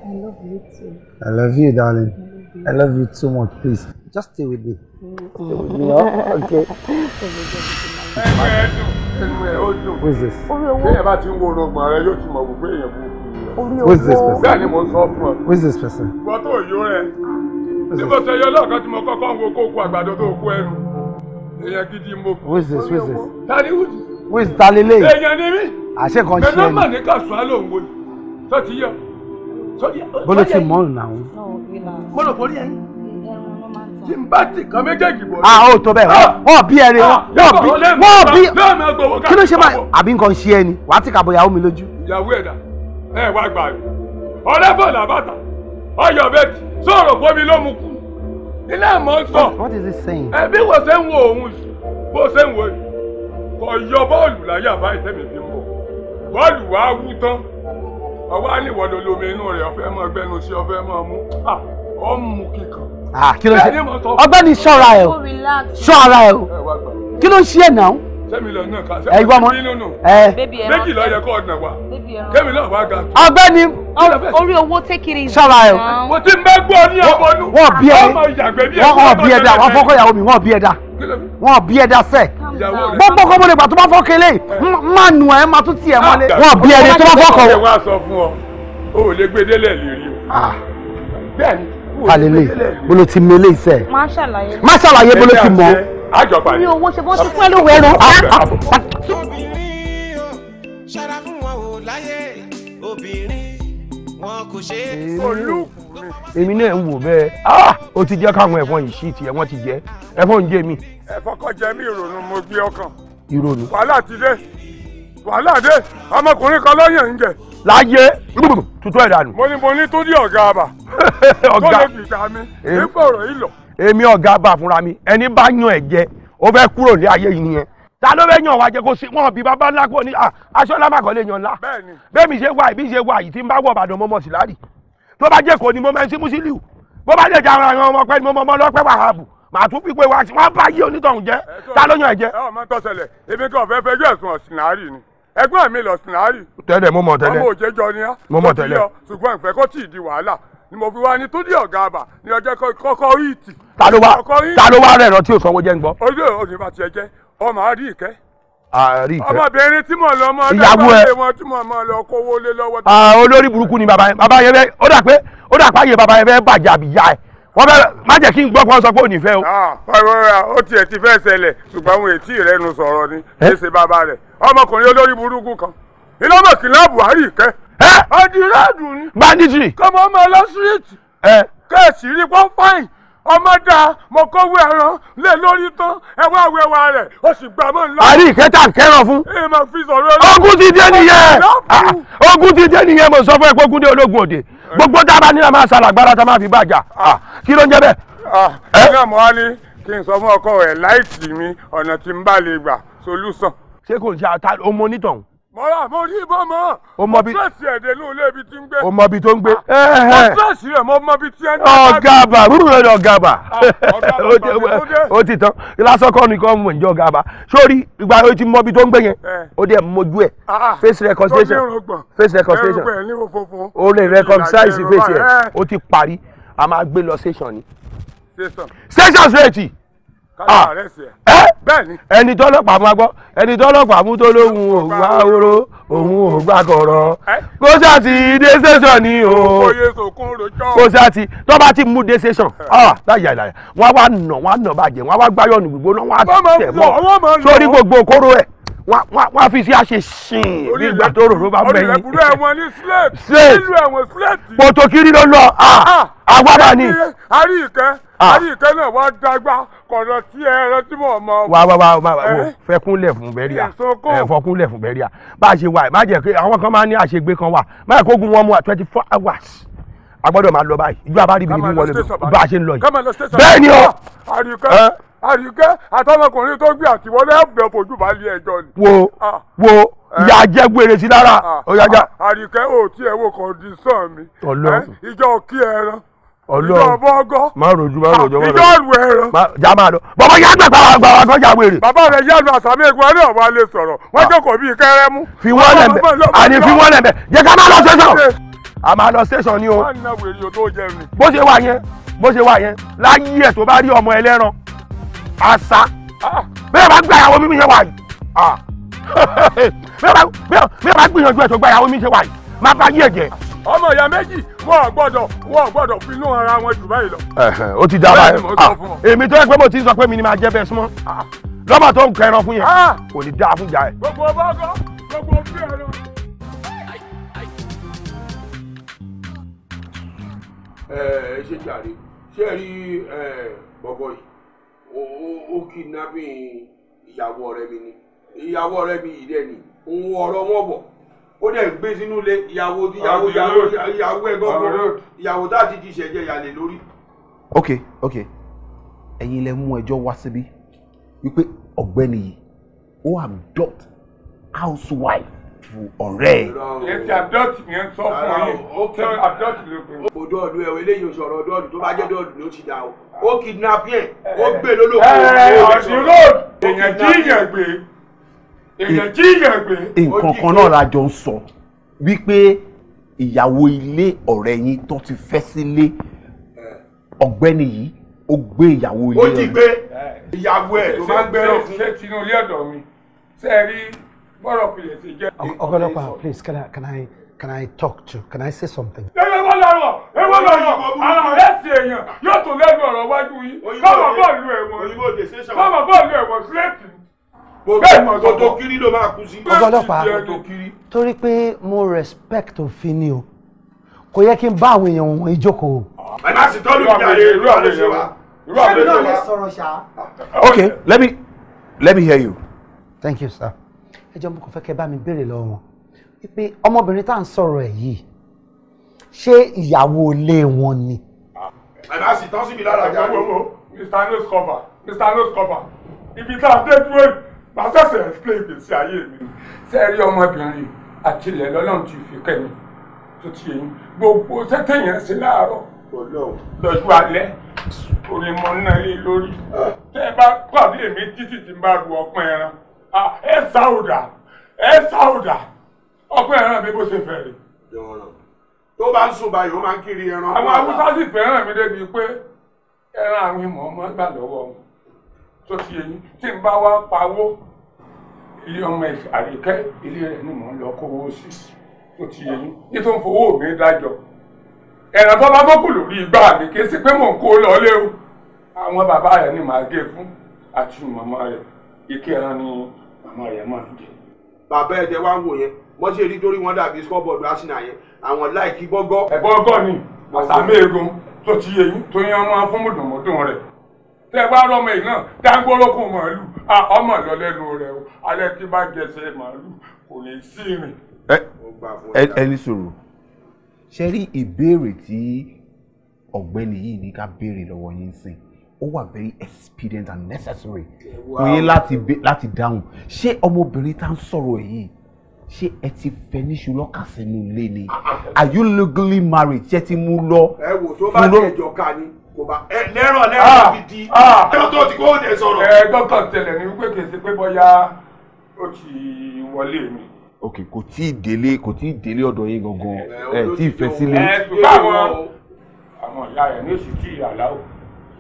I love you too. I love you, darling. I love you, I love you too much. Please, just stay with me. Mm. Stay with me, oh? okay? Who is this? Who is this person? Who is this person? èèyàn gidi mo. who is this who is this. tani who is. who is talile. èèyàn ni mí. àṣẹ kan ṣe é ni. bẹ́ẹ̀ ló mà ní kàṣùá lòun wo ni tó ti yọ bọ́lá ti mọ́ ọ̀nà àwọn. mo lò borí tí n bá ti kan méjèèjì bọ̀. a ah, ó tó bẹ́ẹ̀ ah! wọ́n bí ẹni ah! wọ́n bí wọ́n bí kí ló ṣe máa àbí nǹkan ṣe ẹni wàá ti kà bọ̀ ìyàwó mi lójú. ìyàwó ẹ̀dá ẹ wá gbà mí ọ̀rẹ́ làbàtà ọyọ̀ bẹ́ẹ̀tì sọ̀rọ̀ bómi ló mu kú ilé àmọ́ sọ ẹbí wò ṣe ń wo òun bó ṣe ń wo yìí kò yọ bọ́ọ̀lù láyà báyìí tẹ́mi fi ń bọ̀ bọ́ọ̀lù wàá wú tán ọwọ́ àníwọ̀dọ̀ lomi inú rẹ̀ ọ̀fẹ́ mọ́ ọgbẹ́nu sí ọfẹ́ mọ́ mú ọ ń mú kíkan. kí ló ṣe ọgbẹ́ni ṣọ́ra ẹ̀ o ṣọ́ra ẹ̀ o kí ló ṣe ẹ̀ náà. sẹ́mi lọ náà ká sẹ́mi lọ nínú nù méjì lọ yẹ kó ọ̀nà wa kẹ́mi náà wá ga. ọgbẹ́ni orí owó tẹ́kiri yìí. ṣọ́ra ẹ̀ o. mo ti ń bẹ́ gbọ́ ní ọ̀bọ̀nú. wọ́n bí ẹ wọ́n bí ẹ dá wọ́n fọ́kọ́ ìyàwó mi wọ́n bí ẹ dá wọn bí ẹ dasẹ gbogbo kọ́ mo lè gbà tó bá fọ́ kele má nù ẹ má tún tiẹ̀ mọ́lé ah. wọn bí ẹ ní tó bá fọ́ kọ́. wọn sọ fún ọ o ò lè gbé délẹ̀ lérí o ah. bẹ́ẹ̀ni o ò lè gbé délẹ̀ lérí o. bolo ti mele iṣẹ má ṣàlàyé bolo ti mọ. àjọpá ni owó ṣe bó ti fún ẹ lówó ẹrọ. obìnrin o ṣara fún wọn o láyé obìnrin wọn kò ṣe é. olùkùnrin èmi náà ń wò bẹ́ẹ̀ ó ah! ti jẹ́ káwọn ẹ̀fọn yìí ṣì tiẹ̀ wọ́n ti jẹ́ ẹ̀fọn ń jẹ mí. ẹ̀fọn kan jẹ mí ìrònú mo gbé ọkàn. ìrònú. wàhálà ti dé wàhálà dé ọmọkùnrin kan lọ́yàn ń jẹ. láyé tutù ẹ̀ dànù. mo ní mo ní tó dí ọ̀gá àbà. ọ̀gá tó lè gbìgbà mi nígbà ọ̀rọ̀ yìí lọ. èmi ọ̀gá àbà fúnra mi ẹni bá yan ẹ̀ jẹ ó fẹ́ kúrò ní ayé yìí nìyẹn ta ló fẹ́ yàn wá jẹ kó sí wọn bí bàbá ńlá kó ní aṣọ ńlá màkàn lè yàn ńlá bẹ́ẹ̀ mi ṣe wà ìbí ṣe wà yìí tí ń bá wọ̀ ọ̀bàdàn mọ́mọ́ sí láàrì tó bá jẹ́ kò ní mo máa ń sí Musiliu bó bá lè jà àwọn ọmọ pẹ́ ni mo mọ́ ọlọ́pẹ́ Wàhábù màá tún pípé wá sí wọn bá yí onítọ̀hún jẹ́ ta ló yàn ẹ̀ jẹ́. ọmọ tó ṣẹlẹ̀ èmi kan fẹ́ fẹ́ yóò sùn ọ̀sìnárì ni ẹ̀gbọ́n mi lọ ọ̀sìnárì. tẹ́lẹ̀ mo mọ̀ tẹ́lẹ̀ ni á mo mọ̀ tẹ́lẹ̀ ṣùgbọ́n ìfẹ́ kó tì í di wàhálà ni mo fi wá ní túndí ọ̀gá àbà ní ọjọ́ kọ́kọ́ ìtì. ta ló wá ta ló wá rẹ̀ rọ tí ò sanwó jẹ́ ń gbọ́. ojú òní bá tiẹ̀ jẹ́ ọmọ àrí ìkẹ́ àrí ìkẹ́ ọmọbìnrin tí mò ń lọ ọmọ ọlọ́wọ́ lé wọn tí mò ń lọ kówó lé lọ́wọ́. olórí burúkú ni bàbá yẹn bàbá yẹn fẹ́ ó dà pé ó dà páyé bàbá yẹn fẹ́ bàjẹ́ àbíyá ẹ̀ wọ́n fẹ́ má jẹ́ kí n gbọ́ kó sọ pé ò ní fẹ́ o. ó tiẹ̀ ti fẹ́ ṣẹlẹ̀ ṣùgbọ́n àwọn ètí rẹ̀ nu sọ̀rọ̀ ni ṣe bàbá rẹ̀ ọmọkùnrin olórí burúkú kan iná mọ̀ kí láàbù àrí ìkẹ́. ọdún rẹ̀ dùn ní. banditry. kọ́mọ́ ọmọ lọ síríìtì. kẹ́ẹ̀sì rí pọ́ńpáì ọmọdà mo kówó ẹran lé lórí tán ẹwà wẹwà rẹ o sì gbà mọ ńlá. àrí ìkẹta kẹràn fún. èyí máa fi sọ̀rọ̀ ẹ̀rọ. ogun ti dé nìyẹn ah, ah, ogun ti dé nìyẹn mo sọ fún ẹ pé ogun dé ológun òde eh. gbogbo dábàá nílà máa ṣàlàgbára tá máa fi bàjá ah. kí ló ń jẹ bẹ́ẹ̀. Eh? ẹ ẹ mọ wálé kí n sọ fún ọkọ rẹ láìsí mi ọ̀nà tí n bá lè gbà solúsàn. ṣé kò ń ṣe ọmọ onítọ̀hún mọ́ra mo rí ibò mọ́ mo fẹ́ẹ̀sì ẹ̀dẹ̀ ní olú ibi tí ń gbé o mọ ibi tó ń gbé mo fẹ́ẹ̀sì eh, eh. rẹ̀ mo mọ ibi tí ẹ̀ ń gbé. ọ̀gàbà rúrú rẹ̀ ni ọ̀gàbà ó ti tán lásọkọ nìkan mọ̀ ní ọ̀gàbà sórí ìgbà tó ti mọ ibi tó ń gbé yẹn eh. ó dẹ̀ mojú ẹ̀ ah, ah. face reconciliation face reconciliation ó lè reconcile face ẹ̀ O ti parí a máa gbé lọ station ni station straight. Ah. ẹni tọ́lọ́pàá mú agbọ́ ẹni tọ́lọ́pàá mú tó lóhun ògbà oró òhun ògbà kọ̀rọ̀ kó ṣáàtì dé station ni o kó ṣáàtì tó bá ti mú dé station láyà ah, láyà wọ́n á wá nà wọ́n á nà bàjẹ́ wọ́n á wá gbáyọ̀nù gbígbóná wọ́n á tẹ̀ mọ́ sórí gbogbo kóró ẹ̀ wọ́n á fi sí àṣeṣin ní ìgbà tó rò ló bá mẹ́yìn. olùdàbúrò ẹ̀wọ̀n ní slate nílùú ẹ̀wọ̀n slate. pòtòkiri ló lọ ah, ah. àwàdà ni. àrí ìkẹ́ àrí ìkẹ́ náà wá dágbà kọ̀dọ̀ tí ẹran tí mò ń mọ. wà wà wà wà wò fẹkúnlẹ̀ fún bẹ́ríà fọkúnlẹ̀ fún bẹ́ríà bá a ṣe wà má jẹ́ pé àwọn kan máa ní àṣegbé kan wà má yẹ kógun wọn mú wa twenty four hours a gbọ́dọ̀ máa lọ báyìí ìjọba rí bíi bí wọlé bá a ṣe ń lọ yìí bẹ́ẹ̀ ni o. àrí ìkẹ́ àríkẹ́ àtọmọkùnrin tó gbé àtiwọlé ẹ̀fẹ̀ fojú balẹ̀ ẹjọ́ ni. wo ah. wo eh. ìyá jẹ́ gbére sí lára ọ̀yájà. Ah. Ah, àríkẹ́ ò tí ẹ wo kọ̀ǹdíṣàn mi eh, ìjọ kí ẹran ìjọ bọ́gọ́ má rojú má rojú má rojú ìjọ ìlú ẹran. já máa lọ bàbá yá gbà gbàgbà gbàgbà sọ́jà wèrè. bàbá rẹ̀ yá lu àsàmì egun ẹni ọ̀bá lè sọ̀rọ̀ wọ́n jókòó bíi kẹ́rẹ́mú. fi wọ́n lẹ̀ bẹ̀ àní fi wọ́n lẹ̀ bẹ̀ jẹ́ ká má lọ sẹ́sọ̀ a máa lọ station ni o. bó ṣe wà yẹn bó ṣe wà yẹn láyé ẹ̀ tó bá rí ọmọ ẹlẹ́ran àṣà bẹ́ẹ̀ bá gba ìyàwó mímí yẹn wà yìí bẹ́ẹ̀ bá gbìyànjú ẹ̀ tó gba ìyàwó mímí yẹn wà yìí má bá yí ẹ̀jẹ̀. ọmọ ìyá méjì wọn ò gbọ́dọ̀ wọn ò gbọ́dọ̀ fi inú ara wọn jù báyìí lọ. ó ti dára ah, èmi tó yẹ pé mo ti sọ pé mi ni máa jẹ́ bẹ́ẹ̀ súnmọ́ ah, lọ́mọ tó ń kẹran fún yẹn ah! kò ní dáa fún ìjà ẹ̀. gbogbo ọba gbogbo ọbí ẹ ṣe jàre ṣé rí bọ̀bọ̀ yìí ó kidnapping ìyàwó ọ̀rẹ́ mi ni ìyàwó ọ̀rẹ́ mi yìí dẹ̀ ni òun ọ̀rọ̀ wọn bọ̀ ó dẹ̀ gbé sínú ilé ìyàwó ìyàwó ìyàwó ẹ̀gbọ́n kan ìyàwó tá a ti ti ìṣẹ̀jẹ̀ ìyàlè lórí. ok ok ẹ̀yin lẹ mú ẹjọ́ wá síbí wípé ọ̀gbẹ́ni yìí ó abduct housewife fún ọ̀rẹ́ ẹ̀. ẹ ti abduct yẹn sọ fún ọ yẹn ó kẹ́ abduct lópin. odò ọdún ẹ̀wọ̀ eléyìí oṣù ọ̀rọ̀ ọdún tó bá jẹ́ ọdún ló ti dà o ó kidnap yẹn ó gbé e lólókò. ọ̀sìn road èèyàn tí yẹn gbé èèyàn tí yẹn gbé. nǹkan kan náà la jọ ń sọ wípé ìyàwó ilé ọ̀rẹ́ yín tó ti fẹ́ sílé ọ̀gbẹ́ni yìí ó gbé ìyàwó ilé rẹ̀. ó ti gbé ìyàwó ẹ̀ tó máa ń gbẹ́rọ̀ fún. ṣé tinú ilé ọ̀dọ̀ mi ṣe rí bọ́rọ̀ pilẹ̀ ṣe jẹ́. ọgọlọpàá please can I, can I, can I talk to can I say something. lọ́yọ̀ wọ́n lọ́rọ̀ lọ́rọ̀ àwọn ọ̀rẹ́sì èèyàn yóò tó lẹ́nu ọ̀rọ̀ wájú yín kọ́mọ̀ bọ́ọ̀lù ẹ̀wọ̀n kọ́mọ̀ bọ́ọ̀lù ẹ̀wọ̀n sílẹ̀tì kòtò kiri ló máa kú sí. ọgá ọlọ́pàá torí pé mo respect òfin ni o kò yẹ kí n bá àwọn èèyàn wọn ìjókòó. ẹ má sì tọ́lú ìjà rẹ irú àwọn wa. ṣé náà lè sọ̀rọ̀ okay let me let me hear you. thank you sir. ẹ jọ̀ọ́ mo kàn fẹ́ kẹ́ bá mi béèrè lọ́wọ́ wọn wípé ọmọbìnrin tá à ń sọ̀rọ̀ ẹ̀ yìí ṣé ìyàwó ilé wọn ni. àná sì tán síbi lára ajá wo wo mr nose cover mr nose cover ibi tá a dé dúró màá ṣẹ̀ṣẹ̀ explain ìgbésí ayé mi. ṣé ẹ rí ọmọbìnrin àtìlẹ̀ lọ́lọ́run ti fi kẹ́ mi tó ti yẹn gbogbo sẹ́tẹ̀yìn ṣe láàárọ̀ lọ́jọ́ alẹ́ orin mọ náà lé lórí ah. tẹ́ ẹ bá pàdé mi títí tí n bá ru ọpọ́n ẹran ah, ẹ sáòdà ẹ sáòdà ọpọ́n ẹran mi bó ṣe fẹ́ rè tó bá ń sùn báyìí ó máa ń kiri ẹran. àwọn haúsá sì fẹ́ràn mi débi pé ẹran àwọn ìmọ̀ ọmọ gbà lọ́wọ́ wọn tó ti yẹ tí n bá wá pawó ilé ọmọ àríkẹ́ ilé rẹ̀ ni mò ń lọ kówó sí tó ti yẹ ní tó ń fowó mi dájọ́ ẹran tó bá bọ́kù lórí igbá mi kì í ṣe pé mò ń kó lọ lé o àwọn bàbá rẹ̀ ni màá gé fún àti màmá rẹ̀ ike ẹran ni màmá rẹ̀ máa ń jẹ. bàbá ẹ̀jẹ̀ wá ń wò yẹn wọ́n ṣe rí torí wọ́n dàbí scoreboard arsenal yẹn àwọn láìkí gbọ́gbọ́. ẹ̀bọ́ ọgọ́ ni àsàmì egun tó ti yẹ yín tó yẹ ọmọ fún mùdùnmọ́dún rẹ̀ tẹ bá rọmọ yìí náà dáńgbórókùn màálù ọmọ lọ lẹ́nu rẹ̀ o alẹ́ tí bá jẹsẹ̀ màálù kò ní sí rìn. ẹni sọ̀rọ̀ ṣe rí ìbéèrè tí ọ̀gbẹ́ni yìí ní ká béèrè lọ́wọ́ yín sìn ó wà very expedient and necessary fún yín láti dáhùn ṣé ọmọbìnrin tá ń sọ̀rọ̀ yìí ṣé ẹ ti fẹ́ níṣu lọ́kà sínú ilé ni are you legally married ṣé ti mú lọ. ẹ wò tó bá tẹ̀ jọ ká ni kò bá. ẹ lẹ́rọ̀ lẹ́rọ̀ mi ah, di ẹ̀rọ ah. tó ti kó dẹ̀ sọ̀rọ̀. ẹ gbọ́dọ̀ tẹ̀lẹ̀ ní wípé kèsì pé bóyá ó ti wọlé mi. ok kò tí ì délé kò tí ì délé ọ̀dọ̀ yín gangan ẹ tí ì fẹ́ sílé. ẹ báwọn àwọn ìyá rẹ̀ ní oṣù tí ìyàlá o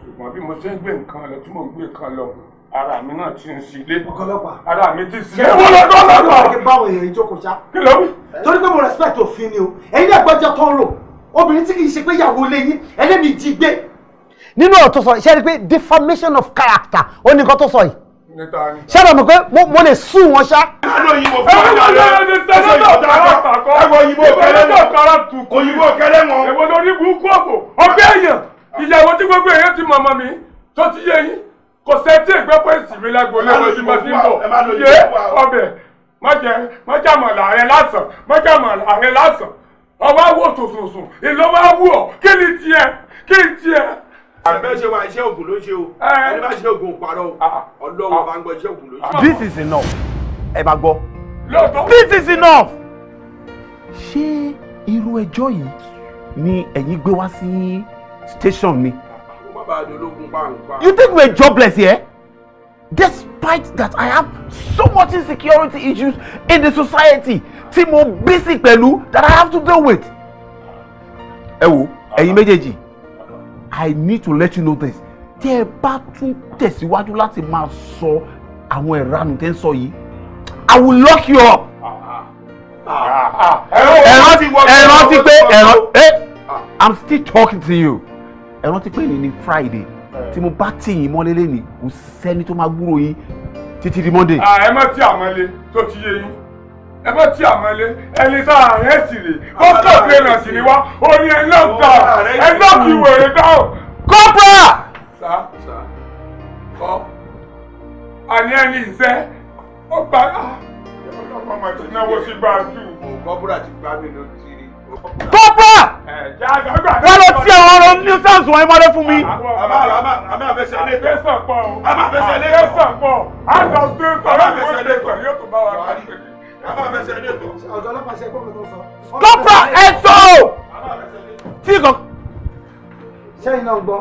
ṣùgbọ́n bí mo ṣe ń gbé nǹkan lọ tí mò ń gbé nǹkan lọ ara mi náà ti ń sílé. ọ̀gọ́lọ́pàá ara mi ti sílé. kí wọ́n lọ dọ́lọ́pàá. kí báwo èèyàn jókòó sá. kí ló wí. torí pé mo respect òfin ni o ẹ̀yin náà gbọ́jọ́ tó ń rò obìnrin tí kì í ṣe pé ìyàwó lé yín ẹlẹ́mìí jí gbé. nínú ọ̀tọ̀ sọ ṣe rí pé defamation of character ó ní nǹkan tó sọ yìí ṣáàbà mọ̀ pé mo lè sùn wọn ṣá. ìyàwó tí gbogbo èèyàn ti mọ̀mọ́ mi tó ti yé yín kò sẹ́tí ìgbẹ́ pẹ́sì mi lágbo lẹ́wọ̀n tí mo ń bọ̀ yé ọbẹ̀ mọ̀jẹ̀ mọ̀jàmọ̀ làárẹ̀ lásán mọ̀jàmọ̀ làárẹ̀ lásán ọba wò sòsòsò ìlú wa wù ọ kí ni tiẹ̀ kí ni tiẹ̀. àbẹ̀ ṣe wa iṣẹ́ ògùn ló ṣe o ẹni bá ṣe ògùn òparọ́ o ah. ọlọ́wọ́ ah. bá ń gbọ́ iṣẹ́ ògùn ló ṣe. this is enough ẹ bá gbọ́ this is enough. ṣé irú ẹjọ́ yìí ni ẹ̀yin gbé wá sí station mi. You think we're jobless here? Despite that I have so much insecurity issues in the society tí mo busy Pelu, that I have to deal with. Ẹ wo, ẹ̀yin I need to let you know this. Tí ẹ bá tún tẹ̀síwájú láti máa sọ àwọn ìranù tẹ́ ń sọ yìí, I will lock you up. Ẹ̀rọ ti pé eh. I'm still talking to you ẹ rántí pé ní ní friday tí mo bá tì yín mọ́lé lé ní kò sẹ́ni tó máa gbúrò yín títí di monday. ẹ má tí àwọn ilé tó ti yé yín ẹ má tí àwọn ilé ẹni tá a rẹ sì rè kó kọ̀ọ̀kan èèyàn sì ni wá orí ẹ náà ta ẹ náà fi wèrè dáhùn. kọ́pà. sá sá kọ́ àní ẹni ìṣe ó gbà á ah. ọmọ ìtìnáwó sí gbàdúrà. kọ́pà ti gbà mí lójú. kọ́pà wọ́n lọ tí àwọn ọ̀rọ̀ ní sẹ́ǹsì wọn ẹ máa lé fún mi. àmà àfẹsẹ̀ lé kẹsàn pọ̀ àmà àfẹsẹ̀ lé kẹsàn pọ̀ àgbà gbé kọ̀ọ̀rọ̀ àfẹsẹ̀ lé kọ̀ yóò tún bá wa parí pẹ̀lú. àmà àfẹsẹ̀ lé kọ̀. ọ̀gá ọlọ́pàá ṣe kókò tó sọ. kọ́pà ẹ sọ o tí kò. sẹ́yìn náà gbọ́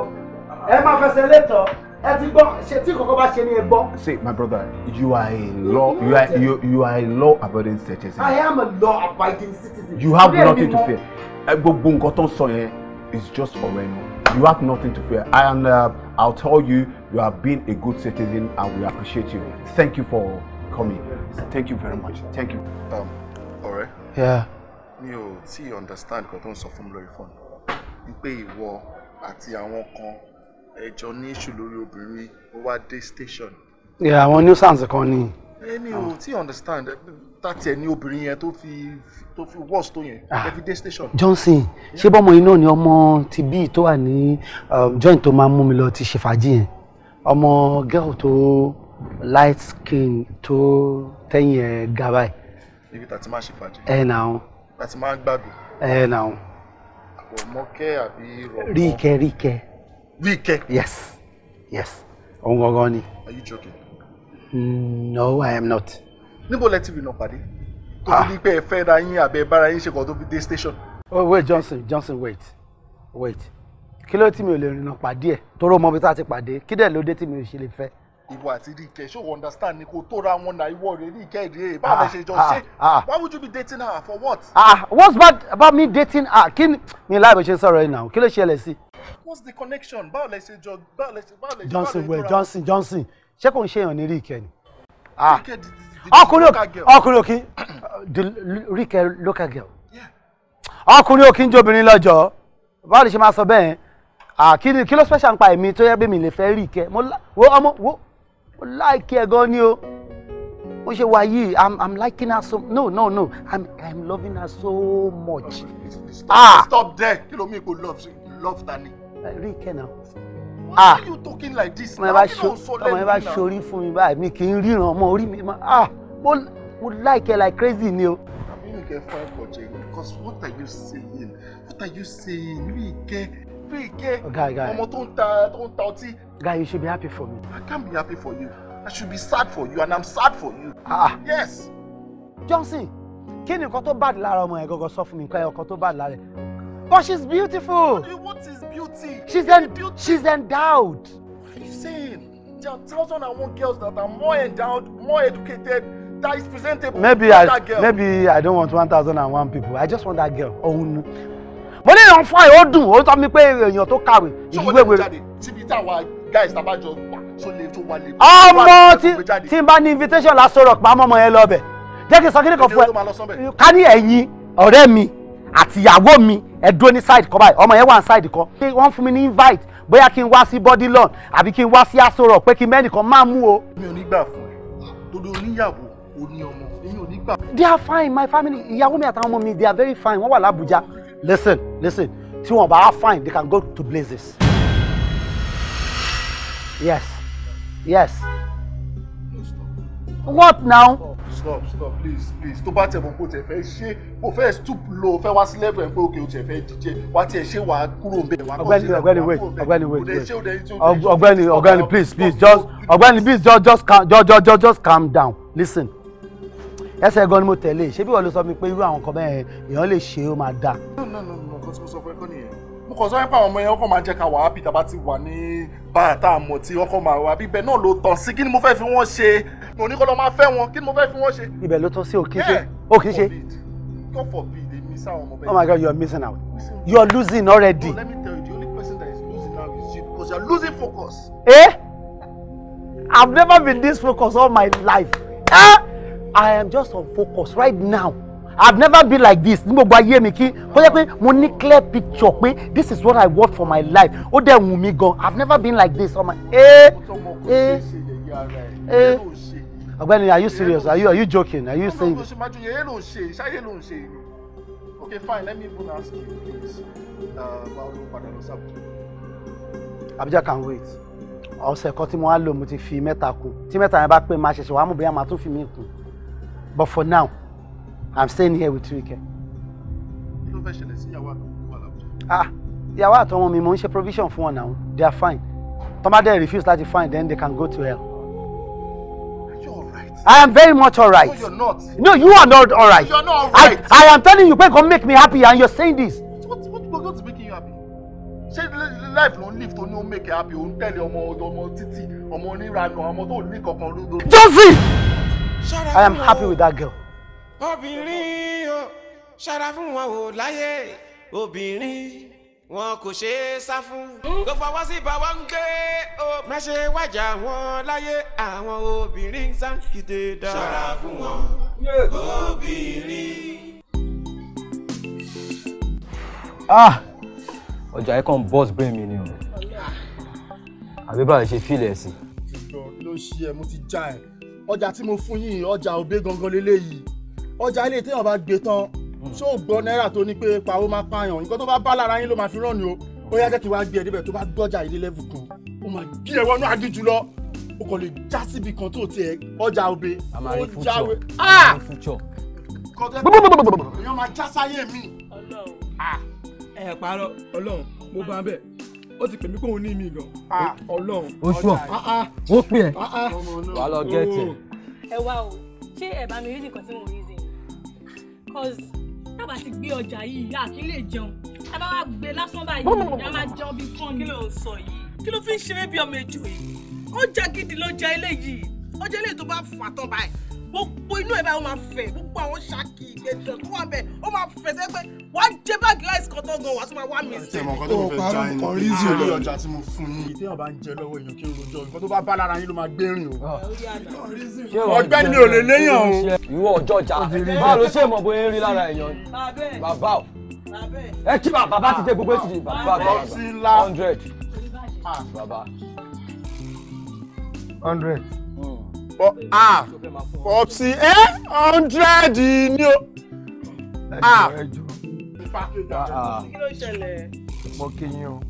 ẹ máa fẹsẹ̀ lé tọ̀ ẹ ti gbọ́ ṣe tí kòkó bá ṣe ni ẹ gbọ́. say my brother you are a law you are you, you are a law abiding citizen. I am a law abiding citizen. you have nothing to fear. Eh, gbogbo nǹkan tó ń sọ yẹn is just ọ̀rọ̀ ẹnu you have nothing to fear and uh, I'll tell you you have been a good citizen and we appreciate you thank you for coming thank you very much thank you. Um, ọ̀rẹ́. Yeah. mi ò tí ì understand nǹkan tó ń sọ fún mi lórí fóònù ni pé ìwọ àti àwọn kan ẹjọ́ ní ìṣù lórí obìnrin ó wá dé station. yeah àwọn nuisance kan ni. èmi eh, ò tí ì understand tàtí ẹ ní obìnrin yẹn tó fi tó fi worst tó yẹn ah. ẹ station. Johnson ṣé bọ́mọ iná ni ọmọ ti bí tó wà ní um, joint tó máa mú mi lọ ti ṣe fàájì yẹn ọmọ girl tó light skin tó tẹ̀yìn ẹ̀ ga báyìí. ibi tàti máa ṣe fàájì. ẹ nà ó. tàti máa gbádùn. ẹ nà ó. àpòmọ́kẹ́ àbí rọ̀mọ́. rí ìkẹ́ rí ìkẹ́. rí ìkẹ́. yes yes òun gangan ni. are you joking. no i am not. níbo lẹ ti pàdé tó fi pé ẹ fẹ́ ra yín àbẹ bára yín ṣe kàn tó fi dé station. oh wait Johnson Johnson wait wait kí ló tí mi ò lè rìnnà pàdé ẹ tóró mọ ibi tá a ti pàdé kí dẹ̀ ló dé tí mi ò ṣe lè fẹ́. ìwọ àti Ríkẹ́ ṣó o understand ni kò tóra wọn náà ìwọ rẹ Ríkẹ́ rẹ báwo ah, ṣe jọ ṣe ah, ah. why would you be dating her for what. ah what's bad about me dating her kí ni mi láì bẹ ṣe sọ̀rọ̀ yìí náà kí ló ṣẹlẹ̀ sí. what's the connection báwo lẹ ṣe jọ báwo lẹ ṣe báwo lẹ ṣe. Johnson wẹ Johnson Johnson ṣé kò ń ṣe èèyàn ní Ríkẹ́ ni. Ríkẹ́ ọkùnrin òkín ọkùnrin òkín the rike local girl ọkùnrin òkín jóbìnrin lọ́jọ́ báwo ni ṣe máa sọ bẹ́ẹ̀ àkíní kí ló special ń pa èmi tó yẹ bí mi lè fẹ́ rí ìkẹ́ mo wo ọmọ wo mo láìkí ẹ̀ gan ni o mo ṣe wá yìí i'm i'm liking her so no no no i'm i'm loving her so much. stop stop ah! there kí ló mú ipò love love ta ni. rí ìkẹ́ náà ah ọmọ ẹ bá ṣe ọmọ ẹ bá ṣorí fún mi báyìí mi kì í ríran ọmọ orí mi ma ah mo mo like ẹ like crazy ni o. àbí mi kẹ́ fún ẹ̀kọ́ because what are you saying what are you saying mi kẹ́ mi kẹ́ ọmọ tó ń ta tó ń ta ọtí. guy you should be happy for me. I can't be happy for you I should be sad for you and I'm sad for you. ah, ah. yes. Johnson kí ni nǹkan tó bad lára ọmọ ẹ gọgọ sọ fún mi nǹkan ẹ ọkọ tó bad lára ẹ But she's beautiful. What is beauty? She's en beauty. she's endowed. What are you saying? There are thousand and one girls that are more endowed, more educated, that is presentable. Maybe I that girl. maybe I don't want one thousand and one people. I just want that girl. Oh no! But ìyàn fún àyè ó do. ó sọ mi pé èèyàn tó kàwé. Ìwé wèrè. Síbi tí àwa guys tá a bá jọ wà tó lè tó wà lè. Ọmọ tí invitation lásán rọ̀ pa mo yẹn lọ bẹ̀. Jẹ́ kí n sọ kí ni kan fún ẹ. Ká ní ẹ̀yin ọ̀rẹ́ mi àtìyàwó mi ẹ dúró ní side kan báyìí ọmọ yẹn wà ní side kan pé wọ́n fún mi ní invite bóyá kí n wá sí body lawn àbí kí n wá sí Aso Rock pé kí mẹ́nìkan máa mú o. mi ò ní gbà fún ẹ dodo oníyàwó o ní ọmọ èyí ò ní gbà. they are fine my family ìyàwó mi àtàwọn ọmọ mi they are very fine wọ́n wà lábújá listen listen tí wọ́n bá wá fine they can go to blazes. yes yes what now stop stop please please tó bá tẹ̀ mọ́ kó tẹ̀ fẹ́ ṣe kó fẹ́ stoop low fẹ́ wá sí level ẹ̀ pé òkè o tẹ̀ fẹ́ jíjẹ wá tiẹ̀ ṣe wàá kúrò bẹ́ẹ̀ wá kọ́ ṣe ọ̀gbẹ́ni wait ọ̀gbẹ́ni wait ọ̀gbẹ́ni ọ̀gbẹ́ni please please just ọ̀gbẹ́ni please just just just just just calm down listen ẹsẹ̀ gan ni mo tẹ̀lé ṣé bí wọ́n ló sọ mi pé irú àwọn kan bẹ́ẹ̀ èèyàn lè ṣe ó máa dáa. no no no no kò tí mo sọ fún ẹ kọ́ nìyẹn mo kàn sọ ẹ pé àwọn ọmọ yẹn ó kàn máa jẹ́ ká wàá bìtà bá ti wà ní bá tá a mọ̀ tí ọkọ máa wá bíbẹ̀ náà ló tàn sí kí ni mo fẹ́ fi wọ́n ṣe mo ní kọ́ lọ́ máa fẹ́ wọn kí ni mo fẹ́ fi wọ́n ṣe. ibẹ̀ ló tọ́ sí o ṣe o ṣe. God forbid they miss out ọmọ Oh my God you are missing out you are losing already. No, let me tell you the only person that is losing now is you because you are losing focus. Eh? I've never been this focused all my life. Eh? I am just on focus right now. I've never been like this ní gbogbo ayé mi kí kó jẹ́ pé mo ní clear picture pé this is what I want for my life ó dẹ̀ wù mí gan I've never been like this ọmọ ee ee ee ọ̀gbẹ́ni are you serious are you are you joking are you saying. okay fine let me even ask you please báwo uh, ló padà lọ sábà. Abuja can wait ọ̀sẹ̀ kan tí mo wá lò mo ti fi mẹ́ta kù tí mẹ́ta yẹn bá pé máa ṣẹ̀ṣẹ̀ wàá mú bóyá máa tún fi mí kù but for now I'm staying here with Rike. Ah, they are what? mò ń ṣe provision for one now. They are fine. they refuse láti fine then they can go to hell. I am very much alright. No, you're not. No, you are not alright. You're not alright. I, I am telling you, come make me happy, and you're saying this. What, what, what, is making you happy? Ṣé life ló ń live tó ní make you happy? Ó ń tẹ̀lé ọmọ ọmọ títì, ọmọ onírànà, ọmọ tó ní Joseph, lódò. Josie! I am happy with that girl obìnrin o ṣọ́ra fún wọn o láyé obìnrin wọn kò ṣe é sá fún. kò fọwọ́ sí bá wọn gé o. má ṣe wájà wọn láyé àwọn obìnrin sáǹkìtì dá. ṣọ́ra fún wọn obìnrin. ah ọjà yìí kàn bọ́s brain mi ni o àbí báyìí ṣe fílẹ̀ sí. ṣùgbọ́n ló ṣe é mo ti já ẹ ọjà tí mo fún yìí ọjà òbí gangan lélẹ́yìí ọjà ilé téèyàn bá gbé tán hmm. ṣó gbọ́ náírà tó ní pé pàwọ́ máa pààyàn nǹkan tó bá bá lára yín ló máa fi rán ni o ó yá jẹ́ kí wàá gbé ẹ débẹ̀ tó bá gbọ́jà ilé level kan ó máa gbé ẹ wọnú aginjù lọ o kò lè já síbi kan tó tiẹ̀ ọjà obe ó jáwé ah! èèyàn máa já sáyé mi. Ah! ẹ parọ́ ọlọ́run mo bá bẹ́ẹ̀ ó ti pè mí kóun ní mi gan. Ah! ọlọ́run oṣù ọ ó pè ẹ wà á lọ gẹ́tì. Oh. ẹ wá o ṣé ẹ bá mi rí nǹkan tí mo rí cause tábà ti gbé ọjà yìí a kì í lè jẹun tábà wá gbé lásán báyìí a máa jẹun bíi kán ni. kí ló ń sọ yìí kí ló fi ń ṣeré bí ọmọ ejò yìí ó jẹ gidi ló jẹ eléyìí ó jẹ eléyìí tó bá fà tán báyìí gbogbo inú ẹ̀ báyìí ó máa fẹ̀ gbogbo àwọn ṣáàkì ìgbẹ́jọ tó wà bẹ́ẹ̀ ó máa fẹ̀ sẹ́ pé wàá jẹ báàgì ráìsì kan tó gan wàá tún máa wá mi sí. ọ̀pọ̀ ọ̀pọ̀ kan rí sí olórí ọjà tí mo fún yín. ìdí ọba ń jẹ lọ́wọ́ èèyàn kí n rojọ́ nǹkan tó bá bá lára yín ló máa gbé rìn o. Ah. ọ̀gbẹ́ni ò lè léyàn o. ìwọ ọjọ́ ọjà máa ló ṣe mọ̀ bóyá ń rí lára èèyàn bàbá o ẹ kí bàbá bá ti dé gbogbo ètùtù bàbá bàbá hundred bàbá hundred popsi ẹ ah, eh, hundred ni o. Ah. Ah, mo kí yín o.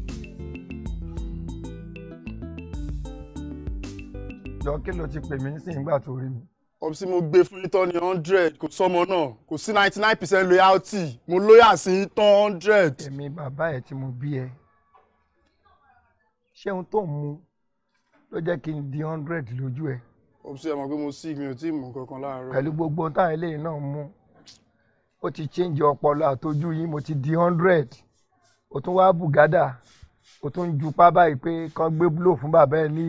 jọ kí ló ti pè mí nísìnyí nígbà tó rí mi ọbísí mo gbé fún yín ní hundred kò sọmọ náà kò sí ninety nine percent loyalty mo lóyà sí yín hundred. èmi bàbá ẹ tí mo bí ẹ ṣé ohun tó ń mu ló jẹ́ kí n di hundred lójú ẹ ó sì mọ̀ pé mo sick mi ò tí ì mọ̀ kankan láàárọ̀. pẹ̀lú gbogbo ohun táwọn eléyìí náà mú ó ti change ọpọlọ àtọjú yín mo ti di hundred ó tún wá bùgádà ó tún ju pábà yìí pé kán gbé blow fún bàbá ẹ ní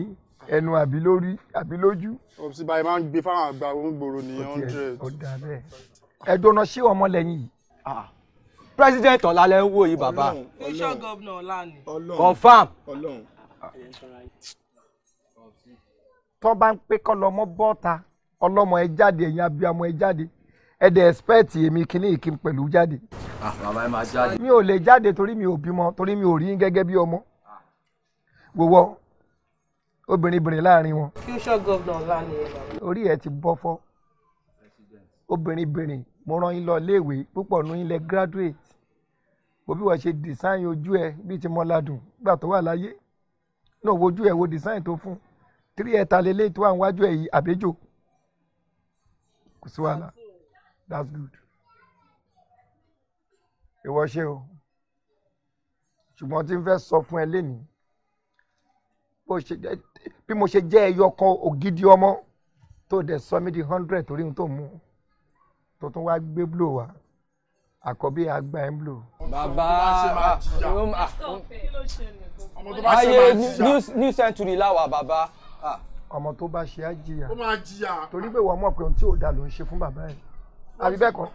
ẹnu àbí lórí àbí lójú. òbísí báyìí máa ń gbé fáwọn àgbà onígboro ní hundred. ó dà bẹ́ẹ̀ ọmọ lẹ́yìn yìí. Ah. president ọ̀la ń wò yìí bàbá. ní sọ́gọ́ọ̀nà ọ̀la ni. confam tó bá ń pé kọ́ lọ́mọ bọ́ta ọlọ́mọ ẹ jáde ẹ̀yin abiyamọ ẹ jáde ẹ dẹ̀ ẹ̀spẹ́ẹ̀tì èmi kìíní ìkíni pẹ̀lú jáde. Ah, bàbá ẹ máa jáde. mi ò lè jáde torí mi ò bímọ torí mi ò rí gẹ́gẹ́ bí ọmọ wòwọ obìnrin bìnrin láàrin wọn. future governor ńlá ni ẹ bàbá. orí ẹ ti bọ́ fọ́ obìnrin bìnrin mo rán yín lọ iléèwé púpọ̀ nù yín lẹ graduate wo bí wọ́n ṣe design ojú ẹ bíi ti mọ́ládùn gbà tó wà láyé náà wojú ẹ wo design tó fún un tírí ẹ̀ta lélẹ́yìí tó wà níwájú ẹ̀ yìí àbẹ́jò kò sí wàhálà that's good ìwọ ṣe o ṣùgbọ́n tí n fẹ́ sọ fún ẹ lénìí bí mo ṣe jẹ́ ẹyọ kan ògidì ọmọ tó dẹ̀ sọ mí di hundred torí ohun tó mú tó tún wá gbé blow wá àkọ́bí àgbà ẹ̀ ń blow. bàbá ayé new century láwa bàbá ọmọ tó bá ṣe á jìyà ó máa jìyà torí pé wọ́n mọ̀ pé ohun tí ò da ló ń ṣe fún bàbá ẹ̀ àbí bẹ́ẹ̀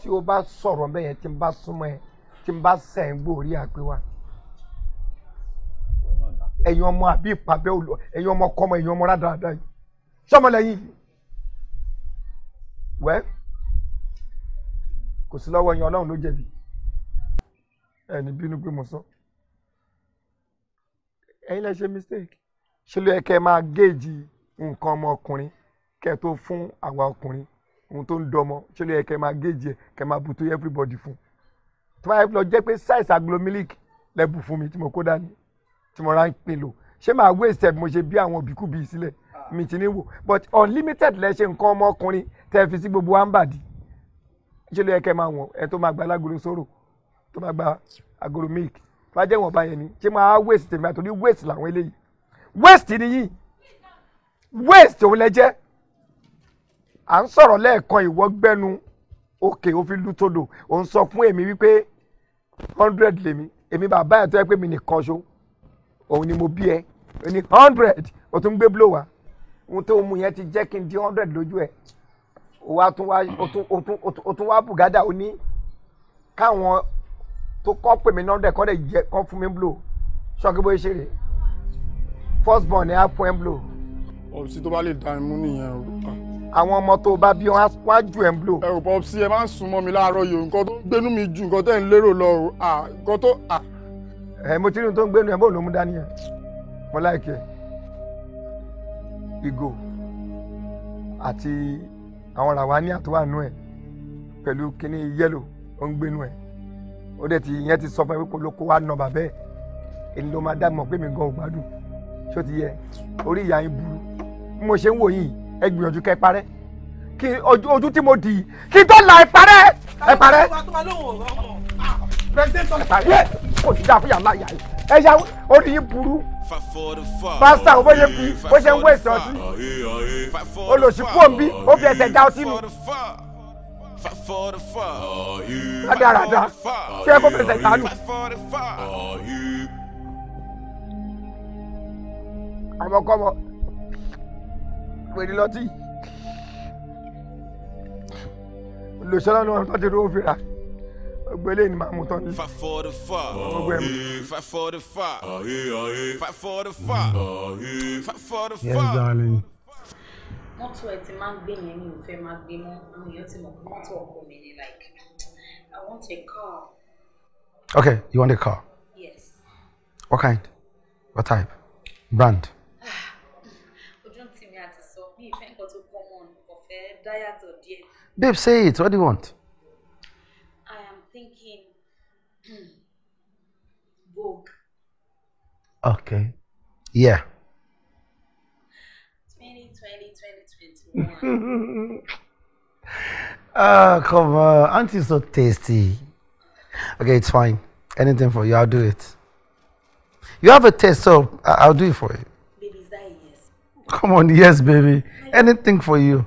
tí o bá sọ̀rọ̀ bẹ́ẹ̀ yẹn tí n bá súnmọ́ ẹ tí n bá sẹ̀ ń gbòórí àpé wa ẹ̀yin ọmọ àbí ìpàbẹ́ olùwà ẹ̀yin ọmọ kọ́mọ ẹ̀yin ọmọ rádaràda yìí sọmọlẹ́yìn yìí wẹ́ kò sí lọ́wọ́ ẹ̀yin ọlọ́run ló jẹ̀bi ẹni bínú pé mo sọ ẹ̀yin lẹ ṣe mistake ṣe ló yẹ kẹ́ ẹ máa géèjì nǹkan ọmọkùnrin kẹ́ ẹ tó fún àwa ọkùnrin ohun tó ń dọmọ ṣe ló yẹ kẹ́ ẹ máa géèjì ẹ kẹ́ ẹ máa bù tó everybody fún tó bá yẹ lọ jẹ́ pé size agolo milk lẹ bù fún mi tí mo kó dání tí mo ra ń pin lò ṣé màá waste ẹ bí mo ṣe bí àwọn òbí kú bí sílẹ̀ ah. mi ti ní wò but unlimited lẹ ṣe nǹkan ọmọkùnrin tẹ́ fi sí gbogbo àǹbàdì ṣe ló yẹ kẹ́ máa wọ̀n ẹ tó máa gba alágolo sóró tó máa gba agolo milk tó bá bá yẹn ni ṣé máa waste tèmi àtòrí waste làwọn eléyìí waste nìyí waste òun lẹ jẹ́ à ń sọ̀rọ̀ lẹ́ẹ̀kan ìwọ gbẹ́nu òkè òfin lùtòdò òun sọ fún èmi wípé hundred lèmi èmi bàbá ẹ̀ tó yẹ pé mi nìkan ṣo òun ni mo bí ẹ ní hundred o tún gbé blow wá ohun tó mu yẹn ti jẹ́ kí n di hundred lójú ẹ̀ o wá tún wá o tún wá bùgádà o ní káwọn tó kọ́ pèmí náà dẹ̀ kọ́ dẹ̀ jẹ́ kọ́ fún mi blow ṣọ́kí bóyá ṣe rèé first born ni a fún ẹ ń blò. ọ̀pọ̀sí tó bá lè dá imú nìyẹn o. àwọn ọmọ tó bá bí wọn á ju ẹ̀ ń blò. ẹ ò pọ̀pọ̀sí ẹ máa ń sún mọ́ mi láàárọ̀ yìí nǹkan tó ń gbénú mi ju nǹkan tẹ́ ń lérò lọ o nǹkan tó. ẹ mo ti rí ohun tó ń gbénú ẹ bó ló mú dání ẹ mo láìkẹ ìgò àti àwọn ràwá ní àtúwà nú ẹ pẹ̀lú kíní yẹ́lò ó ń gbénú ẹ ó dẹ̀ ti ìyẹn ti sọ fún ẹ pé kó ló kó wa nọ bàbẹ́ ẹ̀ èyí ló máa dá mọ̀ pé mi gan ò gbádùn ṣó ti yẹ orí ìyá yín burú bí mo ṣe ń wò yín ẹ gbìyànjú kẹ́ parẹ́ kí ojú tí mo dì í kí tó la ẹ parẹ́ ẹ parẹ́. kò sí dáa fún yàrá ìyá yìí ẹ ṣá orí yín burú pásítà ó bóyá fi bó ṣe ń wé ìsìn ọtí olùsí pọ́ǹbì ó fi ẹsẹ̀ já ọtí mu rádaràda ṣé kó fi ẹsẹ̀ já lù. ọmọkọ́mọ pèrè lọ́tì olùsọ́lá ni wọ́n tọ́jú owó fira gbogbo eléyìí ni màá mú tán ní. five forty five five forty five five forty mọ́tò ẹ̀ ti máa ń gbé yẹn mi ò máa gbé mọ́ àwọn èèyàn ti mọ̀ pé mọ́tò ọkọ mi ni like I want a car. Okay, you want a car? Yes. What kind? What type? Brand? diet or diet. Babe, say it. What do you want? I am thinking Vogue. okay. Yeah. 2020, 2021. Ah, come on. Auntie's so tasty. Okay, it's fine. Anything for you, I'll do it. You have a taste, so I- I'll do it for you. Baby, is that a yes? Come on, yes, baby. Anything for you.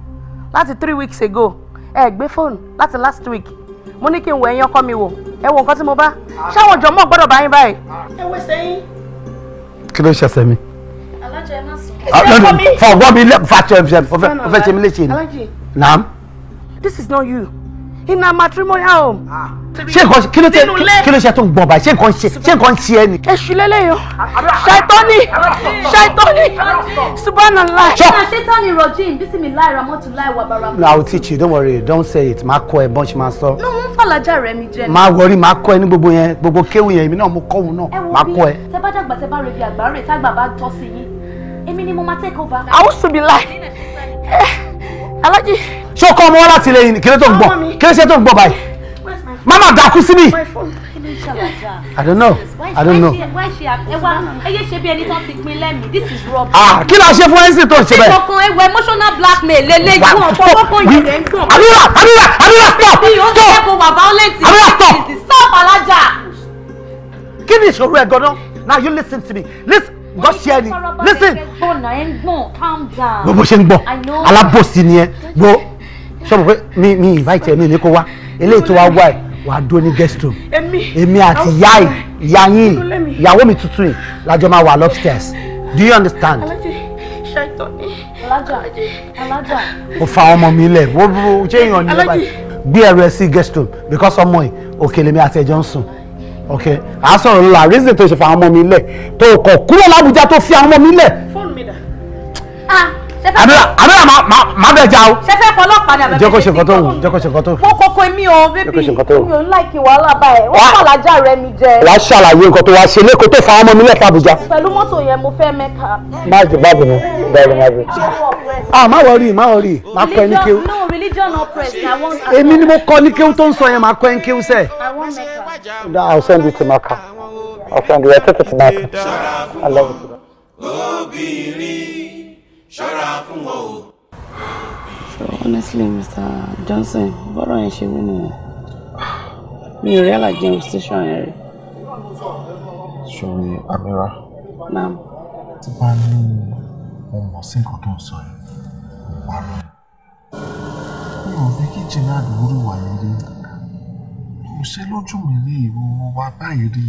láti three weeks ago ẹ gbé fóònù láti last week mo ní kí n wọ ẹyin ọkọ mi wò ẹ wo nǹkan tí mo bá ṣáwọn ọjọ́ mọ̀ gbọ́dọ̀ bá yín báyìí. ẹ wé sẹ́yìn. kí ló ṣẹṣẹ mi. alájọ ẹ má sùn. ọlọ́dún ah, fọwọ́ mi fàṣẹ fẹ́ ṣe mi léṣe ni. naam. this is not you in a matrimonial home. Ah ṣé nǹkan kí ló ṣe kí ló ṣe tó ń gbọ̀n báyìí ṣé nǹkan ṣe ṣé nǹkan ṣe ẹni. èṣù lélẹ́yọ̀ ah, ah, ah, ṣàìtọ́ni ṣàìtọ́ni subhanallah. ṣọ́ ṣàìtọ́ni rojin bisimilayi ramotulayi wabara. na i will teach you don't worry don't say it máa kọ́ ẹ bọ́n ṣe máa sọ. no mo ń fàlàjà rẹ mi jẹ. máa wọrí máa kọ́ ẹ ní gbogbo yẹn gbogbo kéwù yẹn èmi náà mo kọ́ òun náà máa kọ́ ẹ. tẹ bá dàgbà tẹ bá àgbà rẹ tágbà bá tọ́ sí yín èmi ni mo máa take over. àwùsùnbíláì eh, alájí. ṣé o kọ́ ọmọ wọn láti lè yìn kí ló tó ń gbọ́ kí ló ṣe tó ń gbọ́ báyìí mama dákú sí me. i don't know i don't know. Why she have? ẹni tó ti pin lẹ́mìí this is rubbish. ah kí la ṣe fún ẹ̀sìn tó ń ṣe bẹ́ẹ̀. ìṣọ̀kan ẹwà emotional blackmail lélẹ́yìn wọn fọwọ́kàn yìí rẹ̀ ń gbọ̀n. àdúrà àdúrà àdúrà stop stop àdúrà stop stop alájà. kí ni ìṣòro ẹ̀ gan-an now you listen to me listen gbọ́ ṣe ẹ ni listen. gbogbo ṣe ń gbọ́ alábòsí ni ẹ gbọ́ sọ ma pé mi invite ẹ mi ní kó wá eléyìí tó wá wá ẹ wà á dúró ní guest room èmi àti ìyá ìyá yín ìyàwó mi tuntun yìí lájọ máa wà upstairs do you understand. alájà alájà. o fa ọmọ mi lẹ wo ṣé èèyàn ní ọba gbé ẹrù ẹ sí guest room because ọmọ yìí òkèlè mi àti ẹjọ ń sùn ok à á sọ̀rọ̀ ńlá reason to ṣe fa ọmọ mi lẹ̀ tó kọ̀ kúrò lábújá tó fi ọmọ mi lẹ̀. fóònù mi dà. ah àbúrò àbúrò má bẹ jà o. sẹfẹ kọ ọlọ́pàá ni àbẹbẹ jẹ kó ṣe nǹkan tó wù jẹ kó ṣe nǹkan tó wù. mo kókó mi o bébì mi ò ń láìkí wàhálà báyìí wọn kàlájà rẹ mi jẹ. wàá ṣàlàyé nǹkan tó wàá ṣe lẹ́kọ̀ọ́ tó fa ọmọ mi lẹ́ka Àbújá. pẹ̀lú mọ́tò yẹn mo fẹ́ mẹ́ka. má jẹ má bẹ bẹ́ẹ̀ má bẹ. ah má wọrí má wọrí má kọ ẹni kéwú. no religion no press na one. èmi ni mo kọ ní kéwú tó ń sọ yẹn má kọ ẹni kéwú sẹ. I'll send you to Mecca. I'll send you. I took it to Mecca. I so honestly Mr. Johnson what are you wí me? mi ò rí alájẹun station yẹn rí. sori Amira. naam. tí bá ní mo mọ̀ sí nǹkan tó ń sọ yìí mo parọ́ mi ò rí kíjìn náà lórí wàyí rí mo ṣe lójú mi rí ìwọ wa báyìí rí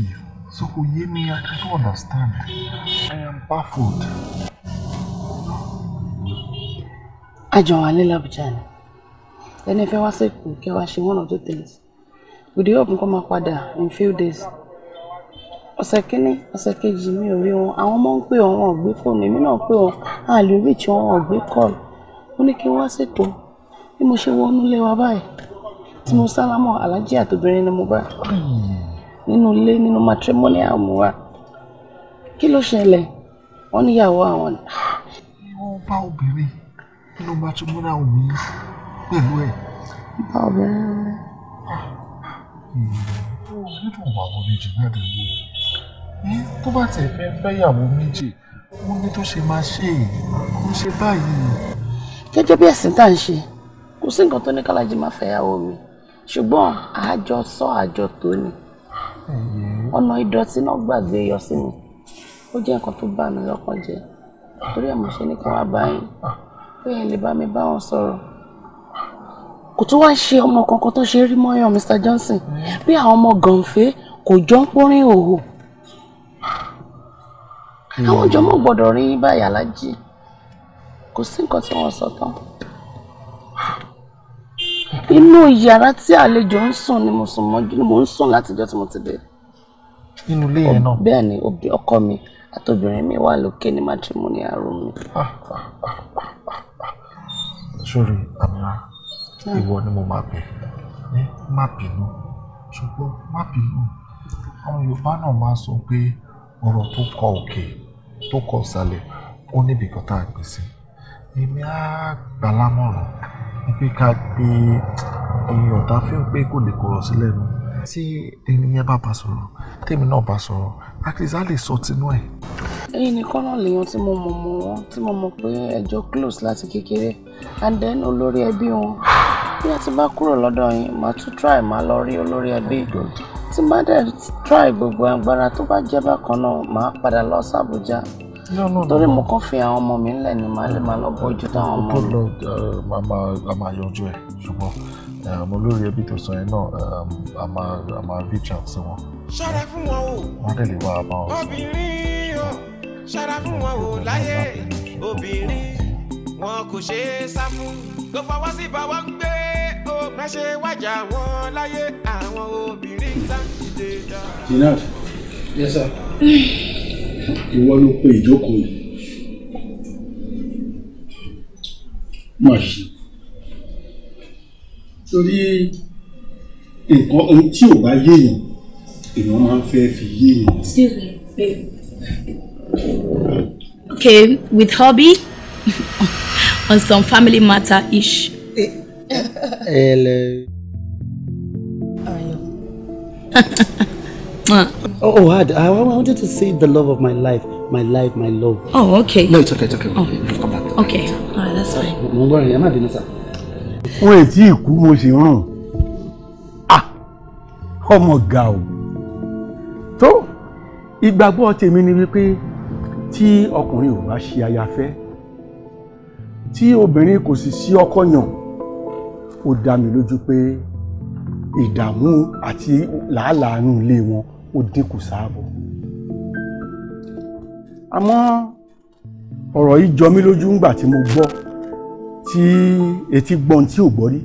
so kò yé mi I don't understand I am baffled. I àjọ wà ní làbújá ni ẹni fẹ́ wá sẹ́kù kẹ́ wá ṣe one of two things with the hope kọ́ máa padà in few days ọ̀sẹ̀ kínní ọ̀sẹ̀ kejì mi ò rí wọn àwọn ọmọ ń pè wọn wọn ò gbé fóònù èmi náà pè wọn a lè reach wọn wọn ò gbé You must ní kí n wá sẹ́kù bí mo ṣe You ilé wa báyìí tí mo sálámọ̀ alájí àtòbìnrin ni matrimonial mu wa kí ló ṣẹlẹ̀ wọ́n níyàwó àwọn. wọ́n no máa tún pelo é pẹ̀lú ẹ̀. bá a bẹ rẹ. nínú àwọn méjì náà lè wò ó tó bá tẹ̀ fẹ́ fẹ́yàwó méjì wọ́n ní tó ṣe máa ṣe é kó ṣe báyìí. gẹ́gẹ́ bí ẹ̀sìn tá à ń ṣe kò sí nǹkan tó ní kálájí máa fẹ́yàwó só ṣùgbọ́n àjọ sọ àjọ tó ni ọ̀nà ìdọ̀tí náà gbàgbé yọ sí mi ó jẹ́ nǹkan tó bá mi lọ́kàn jẹ́ torí ẹ̀ mo ṣe ní pé ẹ lè bá mi bá wọn sọ̀rọ̀ kò tún wáá ṣe ọmọ kankan tó ṣe rí mọ́yàn Mr Johnson bí àwọn ọmọ gànfẹ́ kò jọ ń pórín òhò àwọn jọmọ gbọ́dọ̀ rí báyà lájì kò sí nǹkan tí wọ́n sọ tán inú yàrá tí àlejò ń sùn ni mo sùn mọ́jú ni mo ń sùn látijọ́ tí mo ti dé. nínú ilé yẹn náà. bẹ́ẹ̀ ni ọkọ mi àtobìnrin mi wà lókè ní matrimonial room mi. Ah, ah, ah, sórí àmìlà ìwọ ni mo máa bẹ ní má bínú ṣùgbọ́n má bínú àwọn Yorùbá náà máa sọ pé ọ̀rọ̀ tó kọ òkè tó kọ ìsàlẹ̀ ó níbi kan tá a gbé sí èmi á gbà lámọ̀ràn wípé ká gbé èèyàn tá fi ń pé kò lè kọ̀rọ̀ sílẹ̀ nù tí ènìyàn bá bá sọ̀rọ̀ tèmi náà bá sọ̀rọ̀ at least a lè sọ tinú ẹ̀. ẹ̀yin nìkan náà lèèyàn tí mo mọ̀ mọ̀ wọ́n tí mo mọ̀ pé ẹjọ́ close láti kékeré and then olórí ẹbí wọn bí a ti bá kúrò lọ́dọ̀ yín màá tún try màá lọ rí olórí ẹbí oh tí bá dẹ̀ try gbogbo agbára tó bá jẹ́ bákan náà màá padà lọ sí Àbújá torí mo kàn fi àwọn ọmọ mi ńlẹ̀ ni màá lè máa lọ bójú táwọn oh ọmọ mi. Uh, Um, olórí ẹbí tó sọ yẹn náà um, a máa a máa reach out sí wọn. ṣọ́ra fún wọn o. wọ́n tẹ̀lé wá bá wọn. obìnrin o ṣọ́ra fún wọn o láyé obìnrin wọn kò ṣe é sá fún ló fọwọ́ sí bá gbé o má wájà wọn láyé àwọn obìnrin sáńtìdé dá. Jinad. Yes sir. ìwọ ló pe ìjókòó yìí. má ṣe torí nǹkan ohun tí ò bá yéèyàn èèyàn máa ń fẹ́ fi yéèyàn. excuse me okay with hobby on some family matter ish. Hello. Eh, eh, Ayo. Ah. oh, oh, I, I wanted to say the love of my life, my life, my love. Oh, okay. No, it's okay, it's okay. Oh. We'll come back. Okay. All right, that's fine wọn ètí ìkú mo sì ń rùn ọmọ ga o tó ìgbàgbọ́ tèmi ni wípé tí ọkùnrin ò bá ṣe ayafẹ́ tí obìnrin kò sì sí ọkọ yàn ó dá mi lójú pé ìdààmú àti làálàá inú ilé wọn ó dínkù sáàbọ̀ àmọ́ ọ̀rọ̀ yìí jọ mí lójú ńgbà tí mo gbọ́ tí etí gbọ́n tí ò gbọ́ rí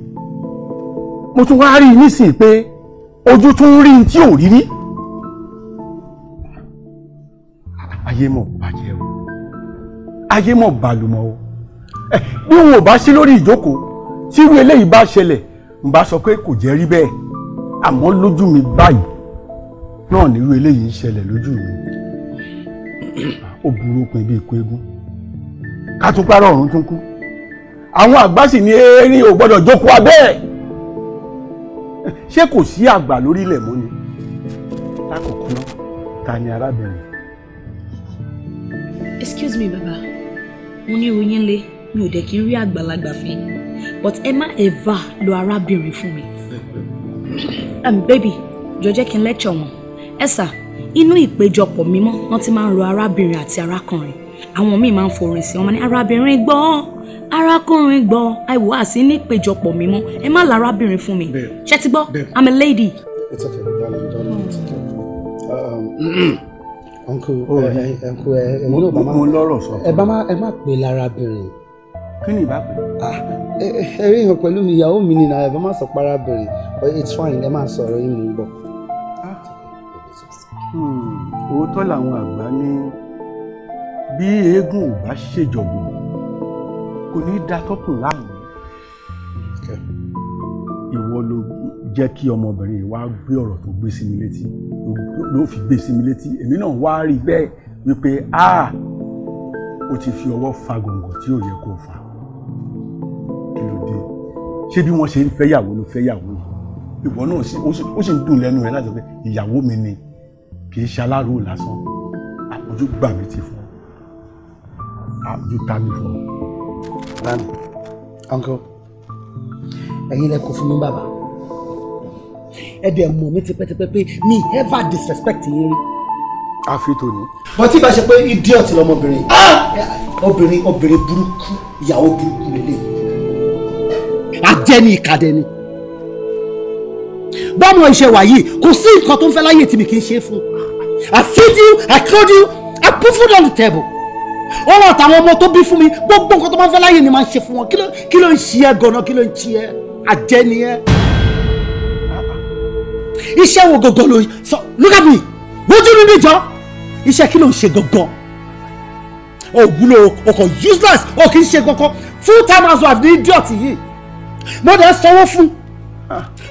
mo tún wá rí i nísìnyí pé ojú tún rí i tí ò rí rí ayé mọ̀ bàjẹ́ o ayé mọ̀ bàlùmọ̀ o eh, bí òun ò bá sí lórí ìjókòó tí irú eléyìí bá ṣẹlẹ̀ n bá sọ pé kò jẹ́ rí bẹ́ẹ̀ àmọ́ lójú mi báyìí náà nírú eléyìí ń ṣẹlẹ̀ lójú mi ó burú pin bíi ikú eégún ká tún párọ̀ ọ̀run tún kú àwọn àgbà sì ní erin ò gbọ́dọ̀ jókòó abẹ́ ẹ̀ ṣé kò sí àgbà lórí ilẹ̀ mọ́ ni lákòókò náà ta ni arábìnrin. excuse me baba mo ní oyin lé mi ò dẹ̀ kí n rí àgbàlagbà fín but ẹ má ẹ̀fà lo arábìnrin fún mi. um, baby jọ kí n lecture wọn ẹ inú ìpéjọpọ̀ mímọ́ wọ́n ti máa ń ro arábìnrin àti arákùnrin àwọn míì máa ń forin sí ọmọ ní arábìnrin gbọ́ arákùnrin gbọ́ àìwò àsí ní ìpéjọpọ̀ mímọ́ ẹ má lárábìnrin fún mi ṣe ti gbọ́ i'm a lady. it's okay darling darling it's okay. Um, uncle ẹ oh, eh, eh, uncle ẹ eh, ẹ mo mo lọ́rọ̀ sọ. ẹ bá má ẹ má pè lárábìnrin. kí ni ìbá pè. Ah, ẹ rí ìhàn pẹ̀lú mi ìyàwó mi ni na ẹ bá má sọ parábìnrin it's fine ẹ má sọ̀rọ̀ yín mú un bọ̀. Ah. Hmm. òótọ́ làwọn àgbà ní bí eégún ò bá ṣèjọ̀gbọ̀n kò ní í da tọ́kùn láàmú ìwọ ló jẹ́ kí ọmọbìnrin wá gbé ọ̀rọ̀ tó gbé sí mi létí ló fi gbé sí mi létí èmi náà wá rí bẹ́ẹ̀ wípé a o ti fi ọwọ́ fa gòǹgò tí ò yẹ kó fa kí ló dé ṣé bí wọ́n ṣe ń fẹ́yàwó ló fẹ́yàwó ìwọ náà ó sì ń dùn lẹ́nu rẹ̀ láti pé ìyàwó mi ni kì í ṣe alárò lásán àpọ̀jù gbà mí ti fún ah you thank me for. Bami, uncle, ẹ̀yin lẹ kó fún mi bàbá. Ẹ dẹ̀ mọ̀ mi tipẹ́tipẹ́ ever disrespect yín rí. Àfi tòní. Bọ̀ tí bá ṣe pé idiot lọmọbìnrin. Ah! Obìnrin obìnrin burúkú ìyàwó burúkú lélẹ̀. Ajẹ́ni ìkàdẹ ni. Bọ́mọ iṣẹ́ wà yìí kò sí nǹkan tó ń fẹ́ láyè tí mi kì í ṣe fún. I feed you, I clothe you, I put food on the table wọn wọ tàwọn ọmọ tó bí fún mi gbogbo nǹkan tó máa ń fẹ́ láyè ni máa ń ṣe fún wọn kí ló ń ṣe ẹ gan-an kí ló ń ṣe ẹ àjẹ́ ni ẹ. iṣẹ́ wo gangan ló sọ look at me wojú mi níjọ́ iṣẹ́ kí ló ń ṣe gangan o wúlò ọkọ̀ useless o kì í ṣe gangan full time as wife ní idiot yìí mo dẹ̀ sanwó fún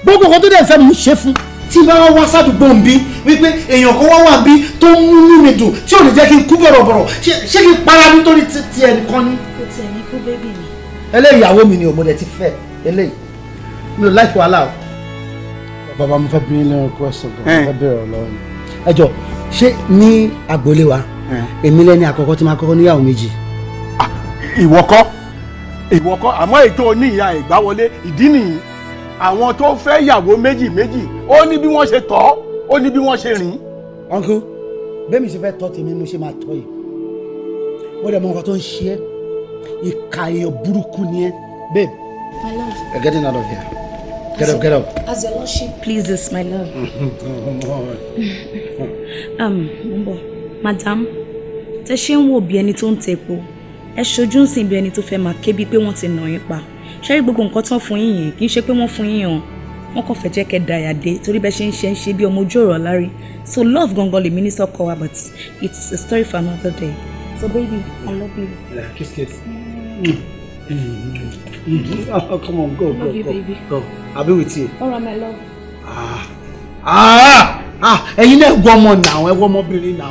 gbogbo nǹkan tó dẹ̀ fẹ́ mi ṣe fún tí bá wá sádùúgbò ń bí wípé èèyàn kan wá wà ń bí tó ń múnú mi dùn tí ò ní jẹ́ kí n kú bọ̀rọ̀bọ̀rọ̀ ṣé kí n para nítorí ti ẹnìkan ni. o ti ẹni kú bébì mi. eléyìí ìyàwó mi ni òmòdè ti fẹ́ eléyìí mi ò láìpẹ́ wàhálà o. bàbá mo fẹ́ bí ilé ẹ̀kọ́ ẹ̀sìn kan mo eh. fẹ́ bẹ̀rẹ̀ lọ́wọ́ ni. ẹ jọ ṣé ní agboolé wa eh. èmi lẹ́ni àkọ́kọ́ tí máa kọ́kọ́ níyàwó méjì. Ah, ìwọ kọ́ ìwọ àwọn tó fẹ́ yàwó méjì méjì ó ní bí wọ́n ṣe tọ́ ó ní bí wọ́n ṣe rìn. uncle bẹ́ẹ̀mi ṣe fẹ́ tọ́ tèmi mo ṣe máa tọ́ yìí wọ́n dẹ̀ mọ nǹkan tó ń ṣe é ìka èèyàn burúkú ni ẹ́ babe. my love. you're getting out of here. Get up, get up. As your lordship pleases, my love. um, madam, tẹ ṣe ń wò bí ẹni tó ń tepo, ẹ ṣojú ń sìn bí ẹni tó fẹ́ máa ké bíi pé wọ́n ti nà yín pa ṣé rí gbogbo nǹkan tán fún yín kì í ṣe pé wọ́n fún yín hàn wọ́n kàn fẹ́ jẹ́ kẹ́ dàyà dé torí bẹ́ẹ̀ ṣe ń ṣe ń ṣe bí ọmọ ojú ọ̀rọ̀ lárí so love gangan lèmi ní sọ́kọ wa but it's a story for another day so baby i love you. kiss kiss. Oh, come on go go go, go baby. i'll be with you. all right my love. ah ah ah ẹ̀yin náà ẹgbọ ọmọ náà ẹgbọ ọmọbìnrin náà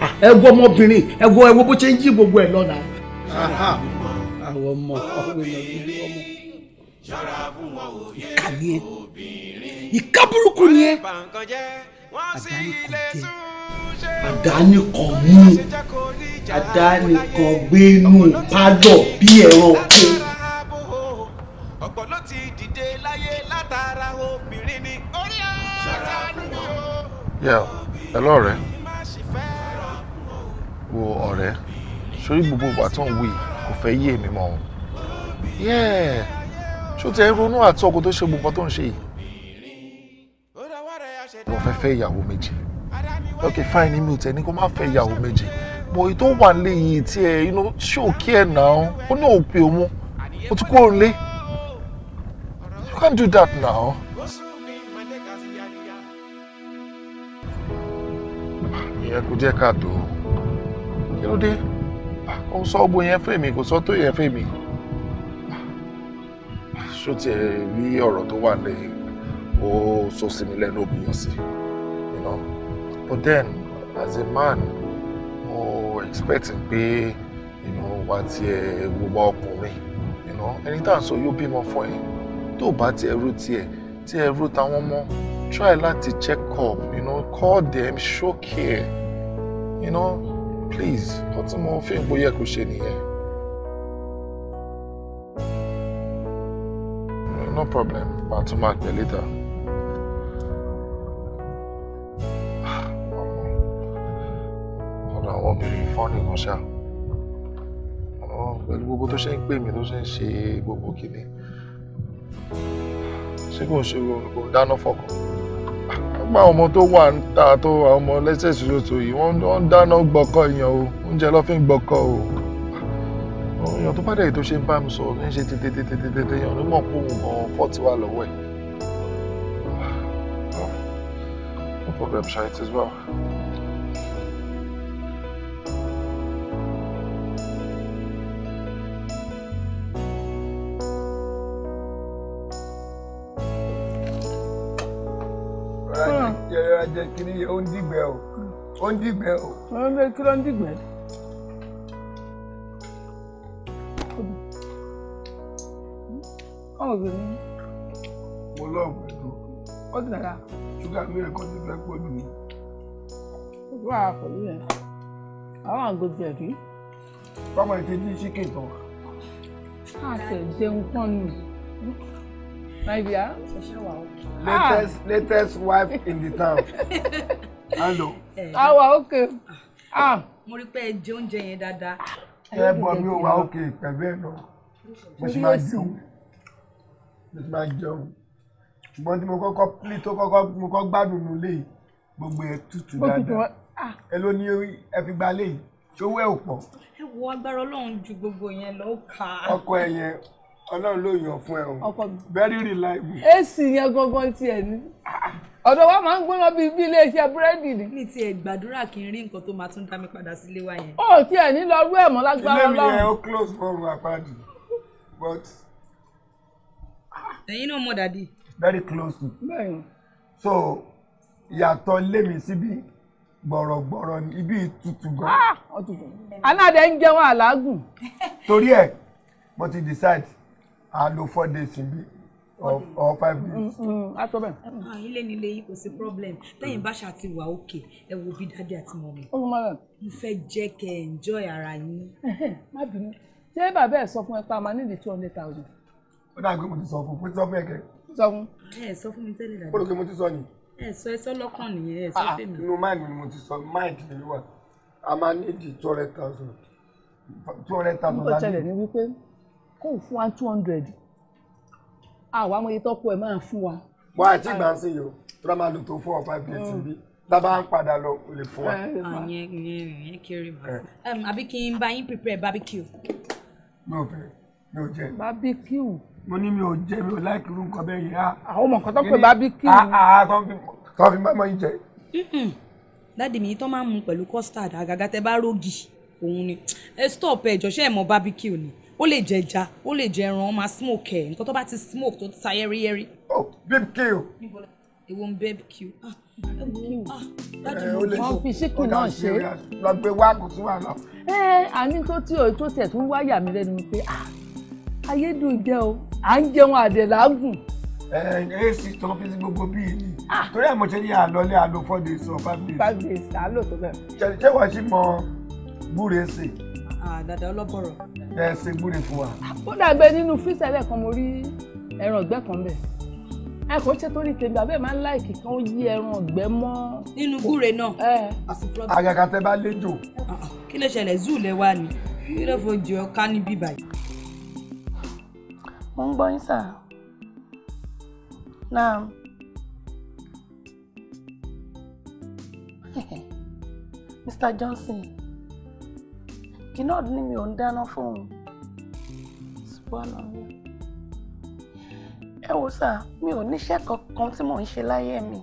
ah, ẹgbọ ọmọbìnrin ẹgbọ ẹwọ bó ṣe ń yí gbogbo ẹ lọ náà. Ah, ah. àwọn ọmọ ọmọ ìlọgbìn kàní ẹ ìka burúkú ni ẹ àdáni kan mú àdáni kan gbénú pálọ̀ bí ẹranko. ọ̀pọ̀ ló ti dìde láyé látara obìnrin wo ọ̀rẹ́ sórí gbogbo ìgbà tó kò fẹ́ yé mi mọ́ ọ́n ṣó ti ẹ ronú àti ọkọ tó ṣe gbogbo tó ń ṣe yìí wọ́n fẹ́ fẹ́ ìyàwó méjì ok fine ní mi ò tẹ̀ ní kó má fẹ́ ìyàwó méjì bọ̀ èyí tó wà nílé yìí tí ẹ inú ṣé ò kí ẹ̀ náà ó ní òpè òun ó ti kúrò nílé you can't do that now. ìyẹn kò jẹ́ ká tó kí ló dé ah, ó sọ ọgbọ́n yẹn fẹ́ mi kò sọ tó yẹn fẹ́ mi ṣó tiẹ̀ rí ọ̀rọ̀ tó wà lẹ́yìn ó sọ sí mi lẹ́nu òbíyàn sí you know but then as a man mo expect pé wá tiẹ̀ gbogbo ọkùnrin you know ẹni tá à ń sọ yóò bímọ fún ẹ tó bá tiẹ̀ ru tiẹ̀ tiẹ̀ ru táwọn mọ́ try láti check up you know call them show care you know please ọtí mo fi ń bóyá kò ṣe nìyẹn. no problem. I'll too much later. Ọ̀dọ̀ àwọn obìnrin fọ́ọ̀nì kan ṣá. Pẹ̀lú gbogbo tó ṣe ń pè mí tó ṣe ń ṣe gbogbo kìíní. Ṣé kò ṣe kò dáná fọkàn? Àgbà ọmọ tó wà ń ta tó àwọn ọmọ lẹ́sẹ̀ ìṣòro tòyí wọ́n ń dáná gbọ́kọ̀ èèyàn o. Oúnjẹ ló fi ń gbọ́kọ̀ o èèyàn tó bá dẹ̀ tó ṣe ń bá mi sọ̀rọ̀ ní ṣe tètè tètè tètè èèyàn ló mọ̀ pé òun gan fọ́ọ̀tì wà lọ́wọ́ ẹ̀. no problem ṣá it is well. Ah. jẹ́ kí ni ó ń dìgbẹ́ o ó ń dìgbẹ́ o. kí ló ń dìgbẹ́? ọmọ òbí mi. mo lọ́ọ̀mù ẹ̀dùn. ó ti dàda. ṣúgà mi rẹ̀ kọ́ ti fẹ́ pọ̀ jù mí. ó ti wà pẹ̀lú yẹn àwọn àgòjì ẹ̀dí. báwo ni ti di ṣíkè tán. àtẹ̀ jẹun tán nù. My dear. Latest, latest wife in the town. Hello. Àwa òkè. Ah, mo rí pé ẹ jẹ oúnjẹ yẹn dáadáa. Ẹ bọ̀ mi ò wá òkè pẹ̀lú ẹ̀ lọ. Mo ṣe máa jẹun ló ti máa jẹun ṣùgbọ́n tí mo kọ́kọ́ plé tó kọ́kọ́ mo kọ́ gbádùn nù lé gbogbo ẹ̀ tútù dáadáa ah, ah. ẹ ló ní ẹ fi gba lé ṣówó ẹ ò pọ̀. ẹ wo agbára ọlọ́run ju gbogbo yẹn lọ ó kà á. ọkọ ẹ yẹn ọlọ́run ló yàn fún ẹ o very reliable. èsì yẹn gangan tiẹ̀ ni ọ̀dọ̀ wa máa ń gbóná bíi bí ilé iṣẹ́ búrẹ́dì ni. ní tiẹ̀ gbàdúrà kí n rí nǹkan tó máa tún dá mi padà sílé wa yẹn. ó tiẹ̀ ní lọ rú ẹ̀ mọ́ lágbára ọlọ́run. ilé mi yẹn ó close fún ọrùn àpáàdì but ẹ̀yin náà mọ̀ dàdí. very close to. bẹ́ẹ̀ni. so yàtọ̀ lémi síbi gbọ̀rọ̀gbọ̀rọ̀ ni ibi tutù gan. anáde ah, ń jẹun àlágùn. torí ẹ mo ti decide a lo four days níbí or or five days. Mm, mm, a sọ bẹ́ẹ̀. Ah, ilé nílé yìí kò sí problem tẹ́yìn bá ṣáà ti wà òkè ẹ wo bí dádì àti mọ̀mí. ó fún mọ́lẹ̀. mo fẹ́ jẹ́ kẹ́ ẹ̀ enjoy ara yín. má bínú ṣé bàbá ẹ̀ sọ fún ẹ pa máa nídìí two hundred thousand ó dà pé mo ti sọ fún mo ti sọ fún ẹ̀kẹ́ sọ fún. ẹ sọ fún mi tẹ́lẹ̀ dàdí. ó rò pé mo ti sọ ni. ẹ sọ ẹ sọ lọ́kàn nìyẹn ẹ sọ ah, ah, fèmí. inú máìlì ni mo ti sọ máìlì ni wà a máa ní ìdí two hundred thousand two hundred thousand láti. nígbà tẹ́lẹ̀ ni wípé kó o fún wa two hundred àwa mo yẹ tọ́kọ ẹ̀ máa fún wa. wá àti ìgbà ń sìn yìí o tó máa lò tó four or five days bí dábàá ń padà lọ o lè fún wa. Ah, ìyẹn ìyẹn ìyẹn kiri ma àbí kí n bá yín prepare barbecue. mi ò fẹ́ mi ò jẹ́. barbecue mo ní mi ò jẹ mi ò láìkí irú nǹkan bẹ́ẹ̀ yẹn. àwọn ọmọ kan tó ń pè bábíkì. tó fi máa ń jẹ. dáàdì mi tó máa ń mu pẹ̀lú custard àgàgà tẹ bá rógì òun ni ẹ stop ẹ jọ̀ọ́ ṣé ẹ mọ bábíkì ò ó lè jẹ ẹja ó lè jẹ ẹran máa smoke ẹ nǹkan tó bá ti smoke tó ta yẹ́rìyẹ́rì. ó bíbíkì o. ewo ń bẹ́bíkì o wọ́n fi síkì náà ṣe. lọ gbé wá kò wà lọ. ẹ àní tó tí o tó tẹ̀ tó ń wáyà mi lẹ́nu pé ah ayédùn jẹ o à ń jẹun àdẹ̀lágùn. ẹ ẹ sì tán fi sí gbogbo bíi ni torí àmọ́ ṣe ní àlọ́lé àlọ́ four days or five days. five days àlọ́ tó bẹ̀rẹ̀. ṣèlú ṣé wàá ṣì mọ gbúre sí. dàdà ọlọ́bọ̀rọ̀. ẹ ṣe gbúre fún wa. ó dàgbẹ́ nínú fíṣẹ̀lẹ̀ kan mo rí ẹran ọ̀gbẹ́ kan bẹ̀ ẹ kò ṣe torí tèmi àbẹ́ máa ń láìkì kí wọ́n yí ẹran ọ̀gbẹ́ mọ́. nínú gbúre náà. àgàgà tẹ bá léjò. kí ló ṣẹlẹ̀ zoo lẹ wá ni kí ló fojú ọ ká níbí báyìí mo ń gbọ́ yín sà náà Mr. Johnson iná ọdún ni mi ò ń dáná fóun ẹ wo sà mi ò níṣẹ́ kankan tí mò ń ṣe láyé mi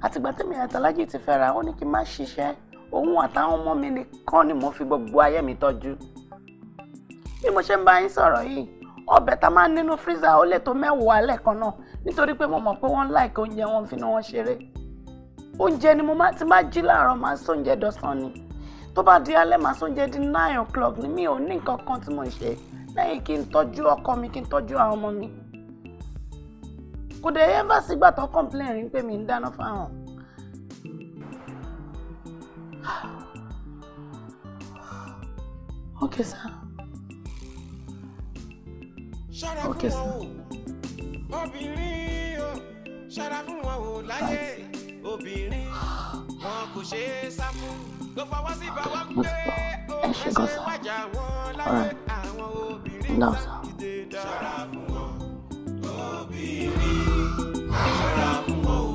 àtìgbà tẹ́mi àtàlájì ti fẹ́ ra ó ní kí n má ṣiṣẹ́ òun àtàwọn ọmọ mi nìkan ni mo fi gbogbo ayé mi tọ́jú bí mo ṣe ń bá yín sọ̀rọ̀ yìí ọbẹ̀ tá a máa ń nínú freezer ó lè tó mẹ́wàá lẹ́ẹ̀kan náà nítorí pé mo mọ̀ pé wọ́n láìka oúnjẹ wọn fi náà wọ́n ṣeré oúnjẹ ni mo máa ti máa jí láàárọ̀ máa ń sóúnjẹ dọ̀sán ni tó bá di alẹ́ máa sóúnjẹ di nine o'clock ni mi ò ní nǹkan kan tí mo ń ṣe lẹ́yìn kí n tọ́jú ọkọ mi kí n tọ́jú àwọn ọmọ mi kò dé yẹn bá sígbà tó complain rí pé mi ń dáná fáwọn. Okay, sir ṣọ́ra fún wọn o obìnrin o ṣọ́ra fún wọn o láyé obìnrin wọn kò ṣe é sá fún tó fọwọ́ sí bàbá ń gbé o ẹsẹ̀ wájà wọn láyé àwọn obìnrin náà ti ṣọ́ra fún wọn obìnrin ṣọ́ra fún wọn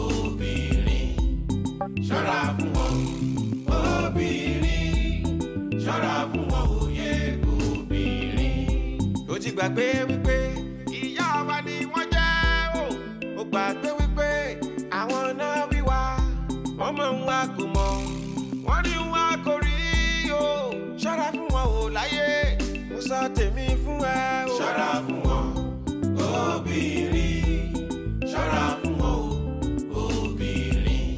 o obìnrin ṣọ́ra fún wọn o obìnrin ṣọ́ra fún wọn o gbàgbé wípé ìyá wa ni wọ́n jẹ́ o ó gbàgbé wípé àwọn náà wíwá wọ́n mọ̀ ń wá kò mọ̀ wọ́n ní wá kò rí o ṣọ́ra fún wọn ò láyé mo sọ tèmi fún ẹ o. ṣọ́ra fún wọn obìnrin ṣọ́ra fún wọn obìnrin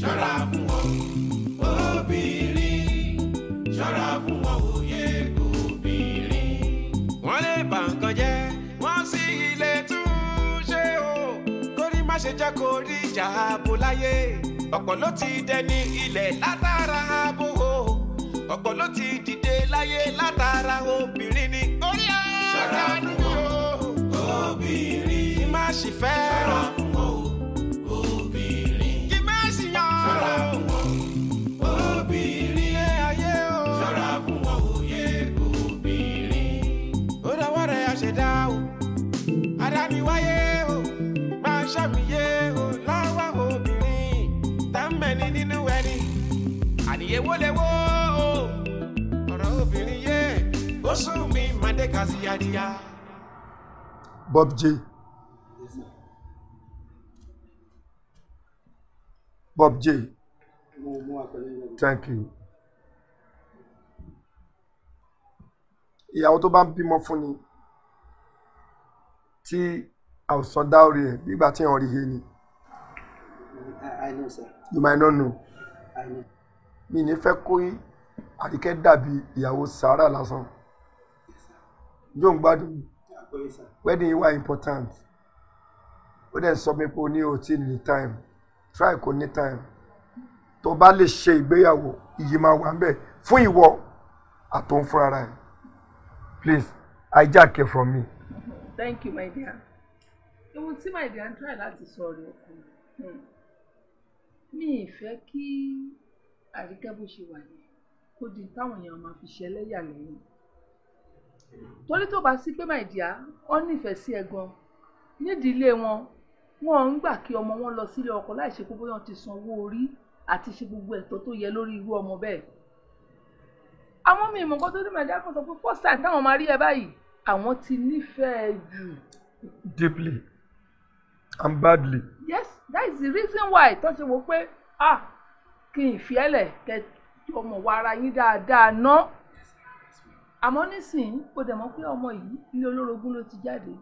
ṣọ́ra fún wọn. ṣe jẹ́ kó rí ìjà ààbò láyé ọ̀pọ̀ ló ti dẹni ilẹ̀ látara ààbò o ọ̀pọ̀ ló ti dìde láyé látara obìnrin ni. orí ọ̀rọ̀ ta obìnrin má sì fẹ́ràn. Bob J. Bob J. Thank you. Ìyàwó tó bá ń bímọ fún ni tí àwòsàn dá ẹ̀ nígbà tí wọ́n rí he ni. I know sir. You might not know. I know. Mi ní fẹ́ kó àríkẹ́ dàbí ìyàwó sàárà lásán. John gbádùn wedding wa important ó dẹ̀ sọ mi pé o ní o ti ní time try kò ní time To bá lè ṣe ìgbéyàwó iyì máa wà ń bẹ̀ fún ìwọ àtòun fúnra ẹ̀ please hijack it from me. thank you my dear ohun tí my dear ń try láti sọ rẹ̀ ọkùnrin hmm. mi ì fẹ́ kí àríkẹ́ bó ṣe wà yẹn kó di táwọn èèyàn máa fi ṣẹlẹ́yà lẹ́yìn torí tó bá sí pé my dear wọ́n nífẹ̀ẹ́ sí ẹ gan nídìí ilé wọn wọn ń gbà kí ọmọ wọn lọ sílé ọkọ láì ṣe gbogbo wọn ti san owó orí àti ṣe gbogbo ẹ̀tọ́ tó yẹ lórí irú ọmọ bẹ́ẹ̀ àwọn mi ìmọ̀ kan tó ní my dear kan sọ pé first time táwọn máa rí ẹ báyìí àwọn ti nífẹ̀ẹ́ jù. deeply and badly. yes that is the reason why tó ṣe wò pé ah kí n fi ẹ lẹ̀ kẹ́ ọmọ wa ara yín dáadáa ná. No? àmọ́ nísìnyí o dẹ̀ mọ̀ pé ọmọ yìí ilé olórogún ló ti jáde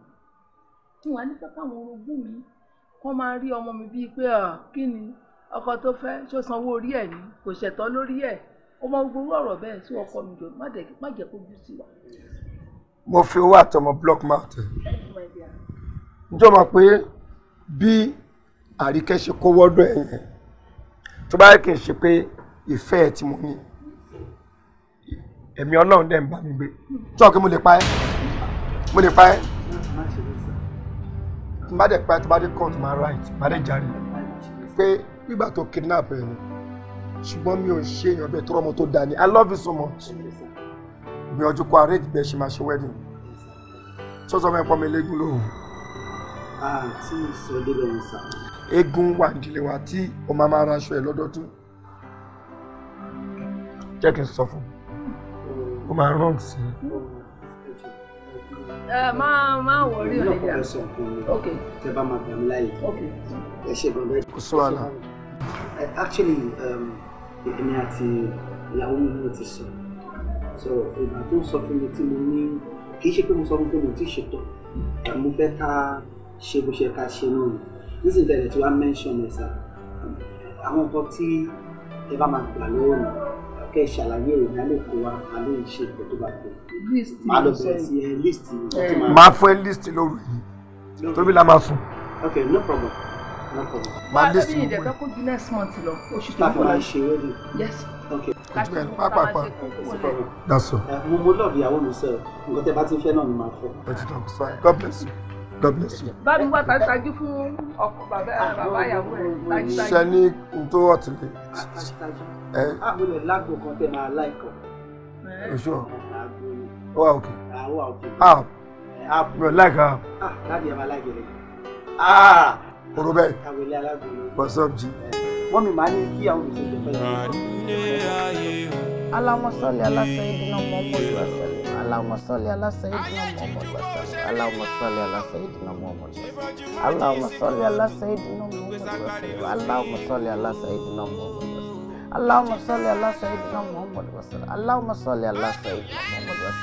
tí wọ́n á ní fẹ́ káwọn orogún mi kọ́ máa rí ọmọ mi bíi pé kí ni ọkọ tó fẹ́ ṣó sanwó orí ẹ̀ ni kò ṣẹ̀tọ́ lórí ẹ̀ ó mọ gbogbo ọ̀rọ̀ bẹ́ẹ̀ sí ọkọ mi jọ má jẹ́ kó gùn sí wa. mo fi owó àtọmọ block mouth njọ́ mọ̀ pé bí àríkẹ́ ṣe kówó ọdún ẹ̀yìn tó bá yẹ kí n ṣe pé ìfẹ́ ẹ̀ tí mo ní ẹ̀mí ọlọ́run dẹ̀ ń bá mi gbé ṣọ́ọ̀kì mo lè pa ẹ́ mo lè pa ẹ́ tí bá dẹ̀ pa ẹ́ tó bá dé court máa right bá dẹ̀ jàre pé nígbà tó kidnap ẹ̀ ni ṣùgbọ́n mi ò ṣe èèyàn bẹ́ẹ̀ tọrọ ọmọ tó dání I love you so much gbìyànjú kó arrange bẹ́ẹ̀ ṣe máa ṣe wedding ṣọ́ọ̀ṣọ́ mẹ́pọ̀ mi lẹ́gùn lóhùn. àti ìsọdẹ́ lọ́wọ́ sá. eégún wà nídìílé wa tí ọmọ máa ra aṣọ ẹ̀ lọ́dọọdún jẹ́ kí n sọ fún un ó máa rán sí i. máa máa wọrí ọ̀rẹ́ yà ok tẹ bá máa gbàmí láàyè ẹ ṣe gbọ̀ngàn kò sí wàhálà. actually um, èmi àti ìyàwó mi náà ti sọ so ìgbà tó ń sọ fún mi tí mo ní kì í ṣe pé mo sọ fún pé mo ti ṣètò mo fẹ́ ká ṣe bó ṣe ká ṣe náà ni nísìnyí tẹ̀lé tí wàá mẹ́ńṣọ̀n ẹ̀sà àwọn nǹkan tí ẹ bá máa gbà lọ́wọ́ kẹ́ ẹ ṣàlàyé rẹ̀ ní alẹ́ kó wa alẹ́ ìṣe ìpẹ́ tó bá tó. máa lọ bẹ̀rẹ̀ sí ẹ list. Eh. máa fún ẹ list lóru yìí tóbi la máa fún. ok no problem no problem. máa list mi wẹ̀. kó bí next month lọ oṣù tó kọ́ la ṣe wẹ́ẹ̀dì. yes. ok kàtúkẹ́ pápápá that's all. Eh, mo mo lọ́ọ̀bù ìyàwó mi sọ̀rọ̀ nǹkan tẹ́ bá ti fẹ́ náà ni màá fẹ́. ẹ ti tọ́ sọ God bless you. God bless you. Bá mi wá tajú fún ọkọ bàbá ah, ìyàwó ẹ̀. Ṣé ní n tó ọ̀tún ah, lé? Eh? Ah, mo lè lágbo kan tẹ máa láìkọ. oṣù ọ wà òkè. àwọn òkè. app mi ò láìka app. láti ah, ẹ̀ máa láìkè rẹ̀. Ah! oró bẹ́ẹ̀. àwẹ̀lẹ̀ alágbèrè. whatsapp jí. wọ́n eh, mi máa ní kí àwọn òṣèlú pẹ̀lú. Allahumma salli ala sayyidina Muhammad wa sallim. Allahumma salli ala sayyidina Muhammad wa sallim. Allahumma salli ala sayyidina Muhammad. Allahumma salli ala sayyidina Muhammad wa sallim. Allahumma salli ala sayyidina Muhammad. اللهم صل على سيدنا محمد وسلم اللهم صل على سيدنا محمد وسلم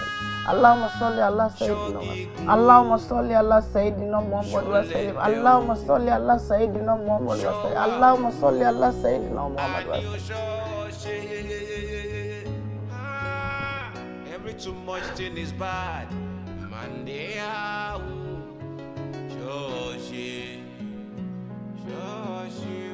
اللهم صل على سيدنا اللهم صل على سيدنا محمد وسلم اللهم صل على سيدنا محمد وسلم اللهم صل على سيدنا محمد وسلم Every too much thing is bad. Mandia, Joshi, Joshi.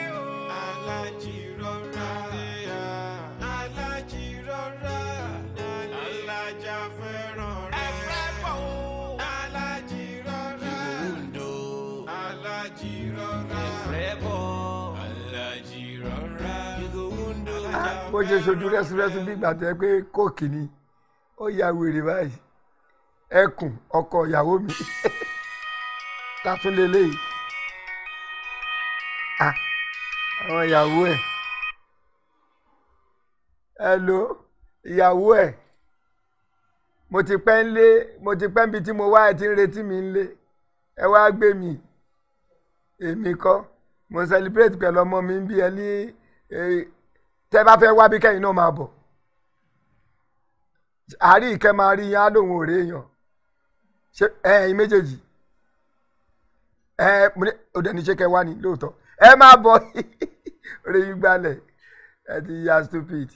bó ṣe ṣojú rẹ́súrẹ́sú bí ìgbà tó yẹ pé kóòkì ni ó ya wèrè báyìí ẹkùn ọkọ ìyàwó mi tatúndé léyìí àwọn ìyàwó ẹ̀ ẹ lo ìyàwó ẹ̀ mo ti pẹ́ ń lé mo ti pẹ́ ń bi tí mo wá ẹ ti ń retí mi ń lé ẹ wá gbé mi èmi kọ́ mo celebrate pẹ̀lú ọmọ mi ń bí ẹ ní. Eh, tẹ́ bá fẹ́ wá bí kẹ́yìn náà máa bọ̀ àárí ìkẹ́ máa rí yín á lòun ò réèyàn ṣe ẹ̀yin méjèèjì ẹ òde ní ṣe kẹ wá ní lóòótọ́ ẹ máa bọ̀ orí yín gbalẹ̀ ẹ ti ya stupid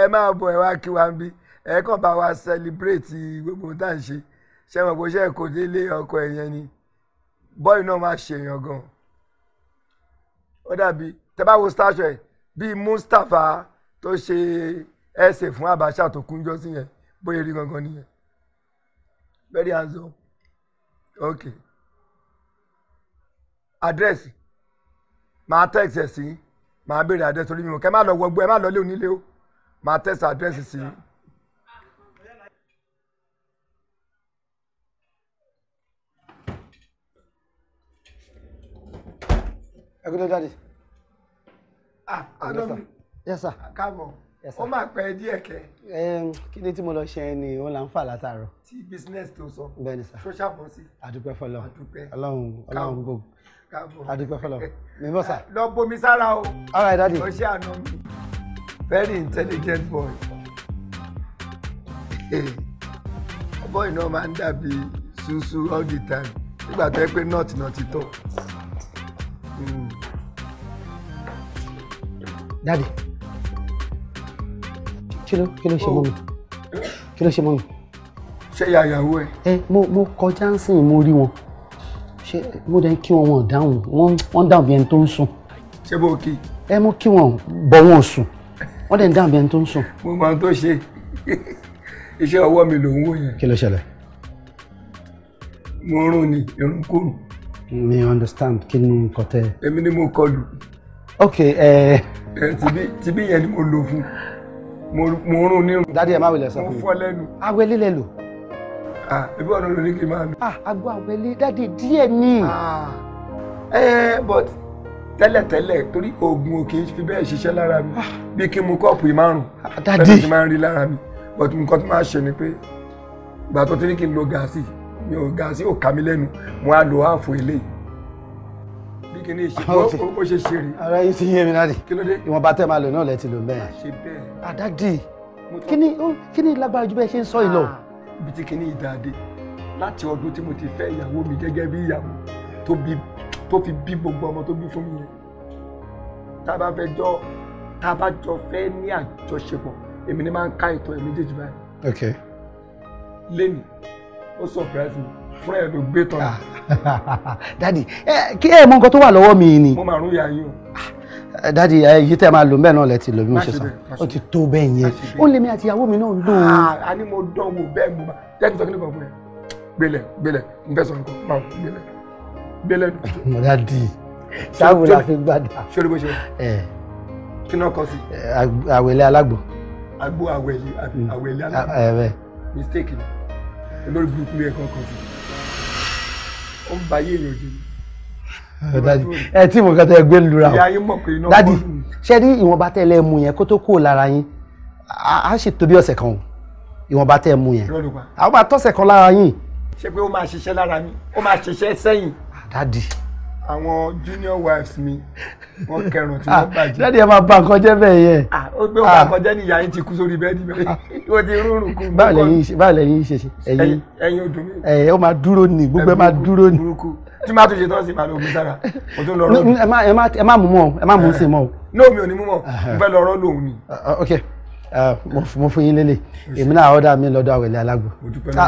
ẹ máa bọ̀ ẹ wá kí wa ń bí ẹ kàn bá wa celebrate gbogbo tá à ń ṣe ṣe mọ̀ bó ṣe kò délé ọkọ ẹ̀yẹn ni bọ́ọ̀lù náà máa ṣèyàn gan-an ó dàbí tẹ bá wo star trek bíi Mustapha tó ṣe ẹsẹ̀ fún Abacha tó kúnjọ́ sí yẹn bóyá rí gangan nìyẹn very hands on okay Address. màá text ẹ̀ sí màá béèrè àdírẹ́sì orí mi mọ̀ kẹ́ má lọ wọgbọ́ ẹ má lọ lé onílé o màá text àdírẹ́sì sí i. ẹ ah ọlọ́mi ah, yes sir Come ah, káàmọ̀ ó máa pẹ́ díẹ̀ kẹ́. kí ni tí mo lọ ṣe ẹ ni òun là ń fà látàárọ̀. ti business tó sọ bẹ́ẹ̀ni sir. social policy. àdúpẹ́ fọlọ́ ọlọ́run ọlọ́run gbò àdúpẹ́ fọlọ́ mi bọ́ sà. lọ bomi sára o. all right daddy. ọṣẹ àná mi very intelligent boy. boy eh, náà máa ń dàbí ṣuṣu all the time nígbà tó yẹ pé nọ́ọ̀tì náà ti tọ̀. Hmm dáàdì kí ló kí ló ṣe mọ́ mi kí ló ṣe mọ́ mi. ṣé ìyá ìyàwó ẹ. ẹ mo mo kọjá ń sìn mo rí wọn ṣé mo dẹ̀ ń kí wọn wọn dáhùn wọn wọn dáhùn bí ẹni tó ń sùn. ṣé mo kí. ẹ mo kí wọn bọ̀ wọn sùn wọn dẹ̀ ń dáhùn bí ẹni tó mo máa tó ṣe iṣẹ́ ọwọ́ mi ló ń wò yẹn. kí mo rún ni irun kúrú. mi understand kini ni nǹkan tẹ. èmi ni mo kọlù. ok ẹ. Uh... Eh, tìbí yẹn ni mo lò fún mo rún nírun. dádì ẹ má wẹlẹ sọ fún mi mo fọ lẹ́nu. awẹlé lẹ lò. ah ebi ọ̀nà ló ní kí n máa lò. ah agbo awẹlé dádì díẹ̀ ni. ẹ but tẹ́lẹ̀tẹ́lẹ̀ torí oògùn ò kì í fi bẹ́ẹ̀ ṣiṣẹ́ lára mi ah. bí kí n mu kọ́ọ̀pù ìmárùn bẹ́ẹ̀ ah, ti máa ń rí lára mi but nǹkan tó máa ṣe ni pé ìgbà tó ti ní kí n lo gaasi mi ò gaasi ò kà mí lẹ́nu mo á lo ààfò eléyìí kíní ìṣe ah, ó ṣe ṣe rí. ara yìí ti yé mi náà rí ìwọ̀nba tẹ́ máa lò náà lẹ́ ti lò mẹ́ẹ̀. àdádì kíní kíní lágbára ju bẹ́ẹ̀ ṣe ń sọ ìlọ. Ah, ibi tí kíní ìdáadé láti ọdún tí mo ti fẹ́ ìyàwó mi gẹ́gẹ́ bí ìyàwó tó fi bí gbogbo ọmọ tó bí fún mi yẹn tá a bá fẹ́ jọ tá a bá jọ fẹ́ ní àjọṣepọ̀ èmi ni máa ń ká ìtọ̀ ẹ̀ méjèèjì báyìí. lẹ́nu ó surprise mi fún ẹ ló gbé tán. Ah. dadi kí ẹ mọ nǹkan tó wà lọ́wọ́ mi ni. mo máa rún ya yín o. Ah, dadi èyí tẹ máa lò mẹ́ẹ̀ náà lẹ ti lò bí mo ṣe sọ ó ti tó bẹ́ẹ̀ yẹn ó lèmi àti ìyàwó mi náà ń lò ah, a ní mo dán wo bẹ́ẹ̀ mo bá jẹ́ kí n sọ kí ló kàn fún ẹ gbélé gbélé n fẹ́ sọ nǹkan máa gbélé gbélé. dadi sáàbù la fi gbàdá. sori bó ṣe kí náà kọ sí. àwẹ̀lẹ̀ alágbò. àgbo àwẹ̀lẹ̀ àwẹ̀lẹ̀ mm. alágbò mistake ni olórí burúkú yẹ kàn kàn fún un ó ń ba ayé èèyàn jẹ eh, ẹ tí mo kẹta ẹgbẹ́ ń lura o dadi ṣe ní ìwọ̀nba tẹ́ lẹ́ mú yẹn kó tó kúrò lára yín a ṣe tó ọ̀sẹ̀ kan o ìwọ̀nba tẹ́ mú yẹn àwọn bá tọ́sẹ̀ kan lára yín. ṣé pé ó máa ṣiṣẹ́ lára mi ó máa ṣiṣẹ́ sẹ́yìn. dadi àwọn junior wives mi wọn kẹrùn tí wọn ah, bàjẹ́. jáde ẹ máa bà nǹkan jẹ́ bẹ́ẹ̀ yẹn. Ah, ó gbé wọn bà ah. nǹkan jẹ́ ní ìyá yín ti kú sórí bẹ́ẹ̀dì bẹ́ẹ̀ ó ti rúrùn kú. báà lẹ́yìn ṣe báà lẹ́yìn ṣe ṣe ẹ̀yin ẹ̀yin odò mi. ẹ ó máa dúró ní gbogbo ẹ máa dúró ní. burúkú tí máa tún ṣe tán sí máa lọ omi sára kó tó lọ rọ́ọ̀lù. ẹ má mú mọ́ ẹ má mú eh. sí mọ́ o. náà mi ò ní mú mọ́ mo eh. fẹ́ lọ rọ́ọ̀lù òun ni. ok Ah, mo fún yín lélẹ̀ èmi náà ọ̀dà mi lọ́dọ̀ àwẹ̀lẹ̀ alágbó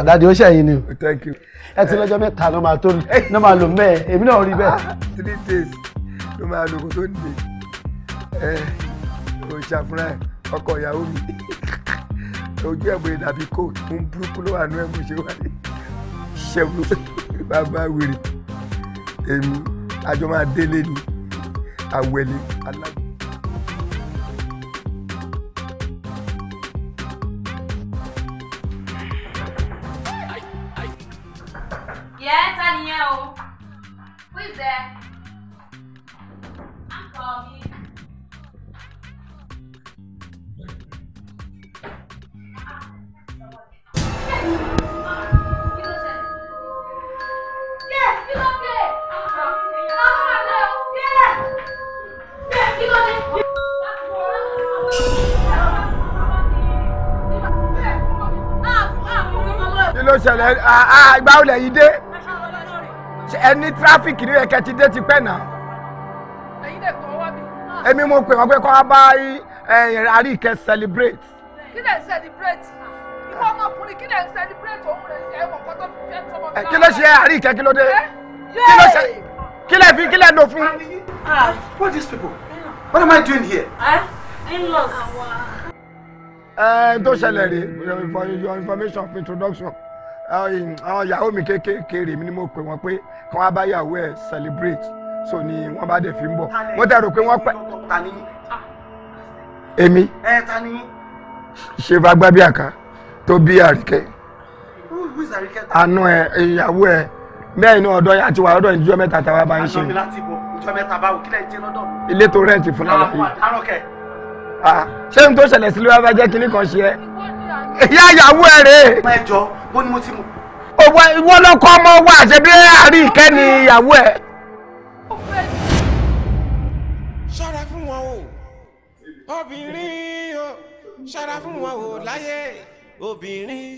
dàdí ah, ó ṣẹ̀yìn ni oh, ẹ ti lọ́jọ́ mẹ́ta ló máa tó ló máa lò mẹ́ẹ̀ èmi náà rí bẹ́ẹ̀. Ah, three days ló máa lò kó tó dé ẹ kò ṣàfúnra ẹ ọkọ ìyàwó mi ojú ẹ̀bùn ìdàbí kò ń burúkú ló wà nú ẹ̀bùn ṣe wà ní ṣẹ́wó bàbá wèrè èmi àjọ máa délé ni àwẹ̀lẹ̀ alágbó. Yeah, Daniel. Who is there? I'm coming. Ah, ló ṣẹlẹ̀ ìgbà olè Ah, dé ẹni tráfíkì ní ẹ̀kẹ́ ti dé ti pẹ́ náà. ẹ̀yin dẹ̀ kọ́ wá bí. èmi mo pè wọ́n pé kọ́ wá bá àrí ìkẹ́ celebrate. kí lè celebrate ìwọ ọmọkùnrin kí lè celebrate òun rẹ̀ ẹ̀wọ̀n kan tó fi fẹ́ tọmọ náà. kí ló ṣe àrí ìkẹ́ kí ló dé. Eh? kí ló ṣe kí lè fi kí lè lò fún. ah what these people what am I doing here. Eh? in-laws. ẹ tó ṣẹlẹ̀ rè for your information for introduction. Ah, ah, àwọn mi kékeré mi ni mo pè wọ́n pé kí wọ́n bá yàwó ẹ̀ celebrate so ni wọ́n bá dẹ̀ fi ń bọ̀ mo tẹ̀ pé wọ́n pẹ́. Ah. èmi ṣe fagbábíàká tó bí àríkẹ́ àánú ẹ ìyàwó ẹ bẹ́ẹ̀ ni ọ̀dọ́ yà ti wà ìjọ mẹ́ta tàwa bá ń ṣe. àná mi láti bọ̀ ìjọ mẹ́ta báwo kílẹ̀ jẹ́ lọ́dọ̀. ilé tó rẹ́ǹtì fúnra wa yìí. ṣé n tó ṣẹlẹ̀ sí ló wá jẹ́ kinní kan ṣe ẹ́ ìyá ìyàwó ẹ rèé. mẹjọ bó ni mo ti mú. òwò ìwọ lọkọ ọmọ wa àṣẹbí àárín ìkẹ́ ni ìyàwó ẹ. ṣọ́ra fún wọn o obìnrin o ṣọ́ra fún wọn o láyé obìnrin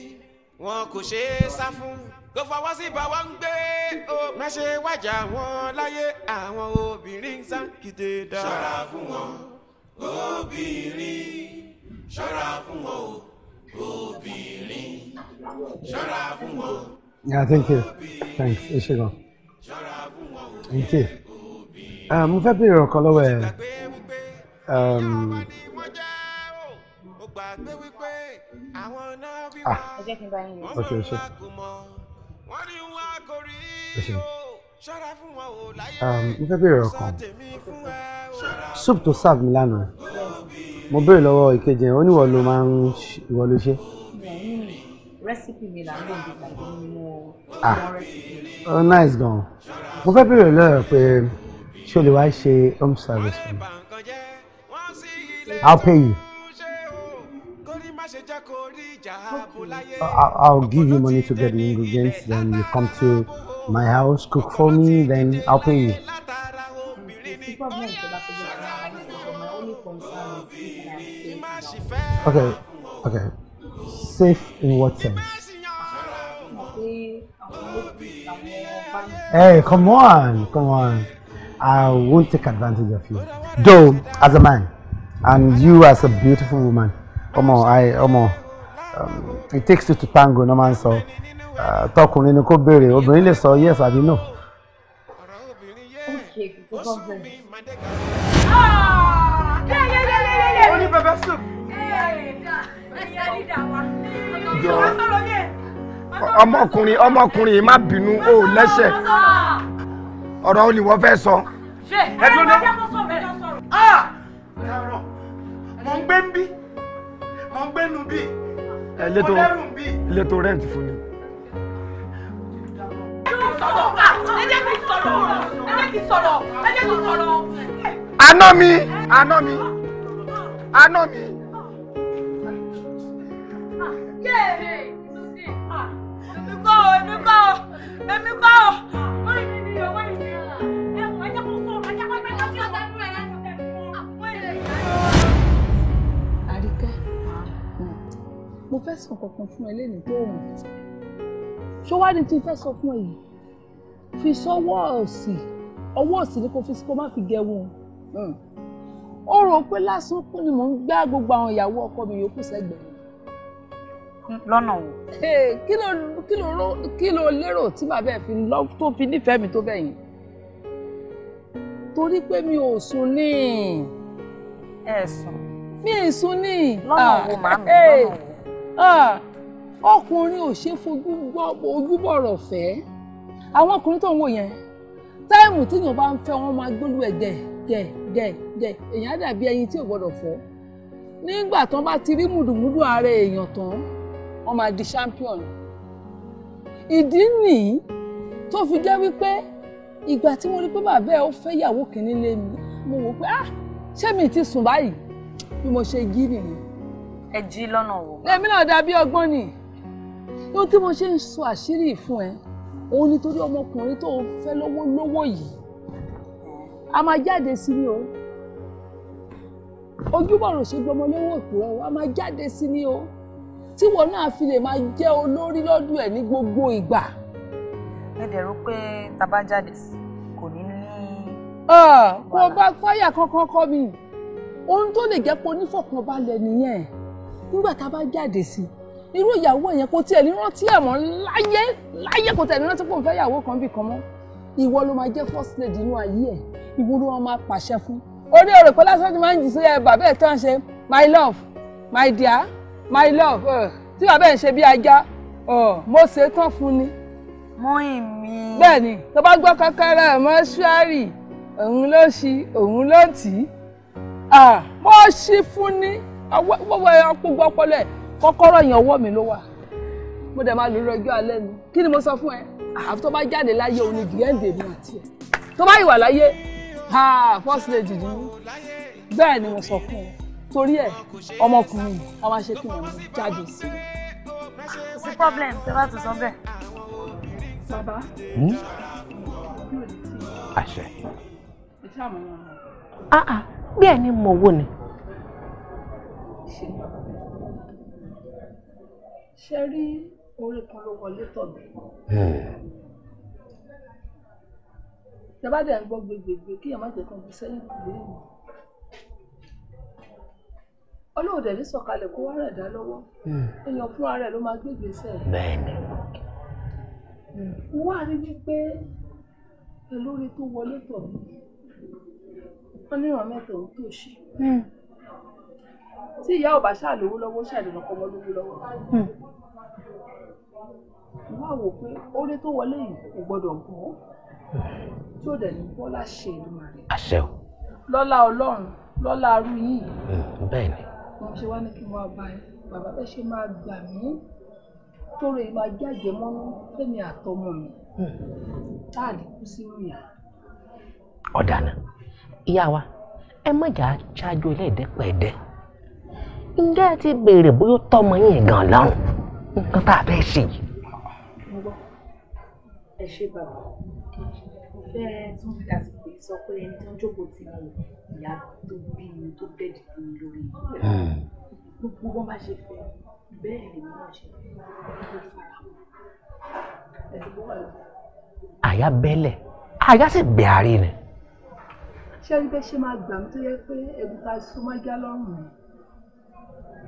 wọn kò ṣeé sá fún kò fọwọ́ sí bá wọn ń gbé o má wájà wọn láyé àwọn obìnrin sáǹkìtì dá. ṣọ́ra fún wọn obìnrin ṣọ́ra fún wọn o. Yeah, thank you. Thanks. Ẹ ṣé gan. Thank you. Ah, mo fẹ́ bèrè ọ̀kan lọ́wọ́ Um, Ah, ok, ẹ ṣé. Ẹ ṣé. Um, mo fẹ́ Soup tó serve mi lánàá mo béèrè lọ́wọ́ ìkejì ẹ̀ oníwọ̀ ló máa ń ìwọ ló ṣe. rẹ́sípì mi là ń lò nígbà tó ń mú ọ rẹ́sípì. nice gan mo fẹ́ béèrè lọ́rọ̀ pé ṣé o lè wá ṣe home service fún mi I'll pay you. I'll, I'll give you money to get the ingredients, then you come to my house, cook for me, then I'll pay you. Okay, okay. Safe in what sense? Hey, come on, come on. I won't take advantage of you. Though, as a man, and you as a beautiful woman, Come on, I, ọmọ, um, it takes two to tango, no man, so, uh, tọkùnrin ni kó béèrè, obìnrin lè so yes I àbí know. Okay, kò tó kọ́ bẹ̀rẹ̀ pepper soup. jọ ọmọkùnrin ọmọkùnrin yìí má bínú o lẹ́sẹ̀ ọ̀rọ̀ ò ní wọ́n fẹ́ sọ. ẹ dúró náà ah! mò ń gbé ń bí mò ń gbé nu bí ọlẹ́rù ń bí. elétò rent fún mi. ẹ jẹ́ kí n sọ̀rọ̀ ẹ jẹ́ kí n sọ̀rọ̀ ẹ jẹ́ kí n sọ̀rọ̀. àná mi àná mi àná mi. èmi kọ́ o èmi kọ́ o èmi kọ́ o wọ́n mi ni o wọ́n mi ni o ẹ̀wọ̀n ẹ̀jẹ̀ kò fún ọ̀rọ̀ ẹ̀jẹ̀ kò fún ọ̀rọ̀ ẹ̀jẹ̀ kò fún ọ̀rọ̀. Àríkẹ́ mo fẹ́ sọ kankan fún ẹ lẹ́nu tó wọ̀n ṣó wá ní tí n fẹ́ sọ fún ẹ yìí fi sọ́wọ́ òsì ọwọ́ òsì ni kò fi sí kó má fi gẹ̀wọ̀n. Hmm ó rò pé lásán kún ni mò ń gbá gbogbo àwọn ìyàwó ọkọ mi yòókù sẹ́gbẹ̀ẹ́ lọ́nà wo. kí ló kí ló rò kí ló lérò tí bàbá ẹ̀ fi lọ tó fi nífẹ̀ẹ́ mi tó bẹ́ẹ̀ yẹn torí pé mi ò sùn ní. ẹ sùn. mi ì sùn ní. Ah, lọ́nà wo màámi lọ́nà wo. ọkùnrin ò ṣe fojú gbọ́ ojú bọ̀rọ̀ fẹ́ àwọn ọkùnrin tó ń wò yẹn táìmù tíyàn bá ń fẹ́ wọn máa gbólú ẹ̀gẹ́ ẹ̀ gẹ̀gẹ̀gẹ̀ èèyàn á dàbí ẹyin tí ò gbọdọ̀ fọ́ nígbà tán bá ti rí mùdùmùdù ara èèyàn tán wọ́n máa di champion ìdí nìyí tó fi jẹ́ wípé ìgbà tí mo rí pé bàbá ẹ̀ ó fẹ́ yàwó kìíní lé mi mo wò pé ah ṣé mi ti sùn báyìí bí mo ṣe jí nìyí. ẹ jí lọ́nà wo. èmi náà dàbí ọgbọ́n ni ohun tí mo ṣe ń sọ àṣírí fún ẹ òun nítorí ọmọkùnrin tó fẹ́ lọ́wọ́ lọ́wọ́ yìí a máa jáde sí ni o ojúbọ̀rọ̀ ṣe gbọmọ léwọ́ òpùrọ̀ o a máa jáde sí ni o tí wọn náà fi lè máa jẹ́ olórí lọ́dún ẹ̀ ní gbogbo ìgbà. ẹ dẹ̀rù pé tá a bá jáde sí kò ní ní. kò bá fáyà kankan kọ́ mi ohun tó lè jẹ́ pé onífọ̀kànbalẹ̀ nìyẹn nígbà tá a bá jáde sí irú ìyàwó yẹn kò tiẹ̀ ní rántí ẹ̀ mọ́ láyé láyé kò tiẹ̀ ní rántí pé òun fẹ́ yàwó kan bì kan mọ́ ìwọ ló máa jẹ́ first lady inú ayé ẹ̀ ìwọ ló máa pàṣẹ fún. orí ọ̀rọ̀ pé lásán ti máa ń jì sí bàbá ẹ̀ tán ṣe my love my dear my love tí bàbá ẹ̀ ń ṣe bí ajá mo ṣe tán fún ni. mọ́yìn mi. bẹ́ẹ̀ni tó bá gbọ́ kọ́kọ́rọ́ mọ́ṣúárì òun ló ṣí òun ló tì í mo ṣí fún ni gbogbo ọpọlọ ọpọlọ ẹ kọ́kọ́rọ́ yẹn ọwọ́ mi ló wà mo dẹ̀ máa lò lọ́jọ́ alẹ́ ni kí ni mo sọ fún ẹ àfi tó bá jáde láyé òun ni gíẹ́ǹdè mi àti ẹ̀ tó bá ìwà láyé first lady ni bẹ́ẹ̀ ni mo sọ fún ọ torí ẹ ọmọkùnrin a máa ṣe kí wọn jáde sí i. kò problem tó bá tún sọ bẹ́ẹ̀. bàbá hmm? àṣẹ. Ah, ah, bí ẹ ní mọ owó ni. ṣe rí orin kan ló wọlé tọ̀gbẹ́. tẹ́bàdàn gbọ́ gbègbègbè kí èèyàn má jẹ́ kan fi sẹ́yìn kúlé ìmọ̀. ọlọ́run dẹ̀ ní sọ̀kalẹ̀ kó wá rẹ̀ dá lọ́wọ́ hmm. èèyàn fúnra rẹ̀ ló máa gbé ìgbésẹ̀. bẹ́ẹ̀ni. wọ́n á rí wípé pẹ̀lú orin tó wọlé tọ̀ mí wọ́n ní ìrànlọ́ mẹ́ta òun tó ṣe. Hmm. tí ìyá ò bá ṣàlówó lọ́wọ́ ṣàdénà kọ́mọ lówó lọ́wọ́. Hmm wá wò pé oore tó wọlé yìí kò gbọdọ̀ bọ́ tí ó dẹ̀ ní bọ́lá ṣe ìlú rẹ̀. àṣẹ o. lọ́lá ọlọ́run lọ́lá arú yìí. Hmm, bẹ́ẹ̀ ni. wọ́n ṣe wá ní kí wọ́n bá ẹ bàbá fẹ́ ṣe máa gbà mí tóore máa jáde mọ́nú fẹ́mi àtọmọ mi hmm. tá a lè kú sínú yàrá. ọ̀dànà ìyá wa ẹ má jà ṣáájú ẹlẹ́ẹ̀dẹ́pẹ̀ẹ́dẹ́ ǹjẹ́ ẹ ti béèrè bóyá tọmọ yín gan lọ́rùn nǹkan tá a fẹ́ ṣe yìí. ẹ ṣe bàbá mo fẹ́ tún fi àsìkò yìí sọ pé ẹni tó ń jókòó ti mi ìyá tó bí mi tó bẹ́ẹ̀dì bí mi lórí hmm. gbogbo bọ́n bá ṣe fẹ́ bẹ́ẹ̀ lèmi náà ṣe ló fara àyà bẹ́lẹ̀ àyà sì bẹ̀ àárín ni. ṣé ẹni bẹ́ẹ̀ ṣe máa gbà mí tó yẹ pé ẹ̀bùn ta súnmọ́ lọ́rùn mi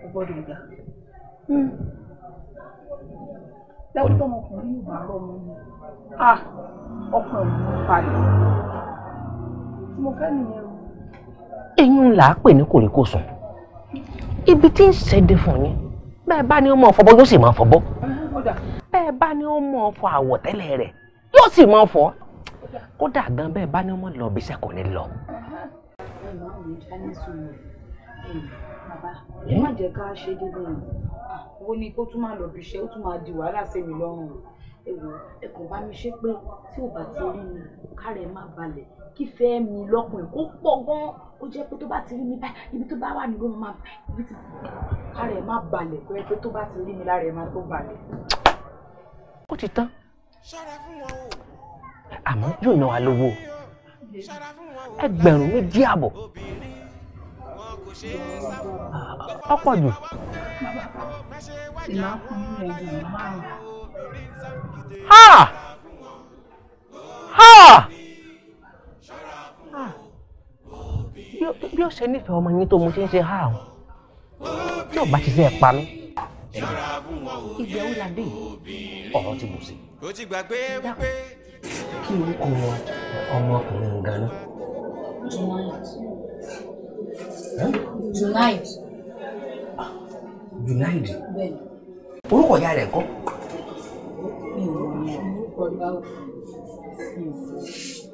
kò gbọ́dọ̀ lẹ́wọ́n tọmọkùnrin yóò bá rọ ọmọ mi à ọkàn mi balẹ̀ tí mo fẹ́ nìyẹn o. eyín ńlá pè ní kòríkòsùn ibi tí ń ṣẹ́dẹ̀ fún yín bẹ́ẹ̀ bá ní ó máa fọbọ́ yóò sì máa fọbọ́ bẹ́ẹ̀ bá ní ó máa fọ àwọ̀tẹ́lẹ̀ rẹ̀ yóò sì máa fọ kódà gan bẹ́ẹ̀ bá ní ó máa lọ bí iṣẹ́ kò ní lọ. ẹ máa ń wọ chinese woman bàbá ẹ má jẹ́ ká ṣe dédé yìí wo ni kó tún máa lọ bí iṣẹ́ ó tún máa di wàhálà sí mi lọ́rùn ẹ wò ẹ kàn bá mi ṣe pé tí ò bá ti rí mi kárẹ̀ má balẹ̀ kífẹ́ mi lọ́kùnrin kó pọ̀ gan-an ó jẹ́ pé tó bá ti rí mi báyìí ibi tó bá wà ní ló máa ibi tí kárẹ̀ má balẹ̀ kó yẹ pé tó bá ti rí mi lára ẹ̀ máa tó balẹ̀. ó ti tán àmọ́ yóò ná wa lówó ẹgbẹ̀rún méjì àbọ̀ ọ̀pọ̀ jù. ha ha bí ó ṣe nífẹ̀ẹ́ ọmọ yín tó mo ṣe ń ṣe ha o tí ò bá ti fẹ́ pa mí ìgbẹ́ ó dé ọ̀rọ̀ tí mo ṣe. kí orúkọ ọmọkùnrin ganan. Junaid. Junaid. bẹ́ẹ̀ni. orúkọ ìyá rẹ̀ ńkọ́.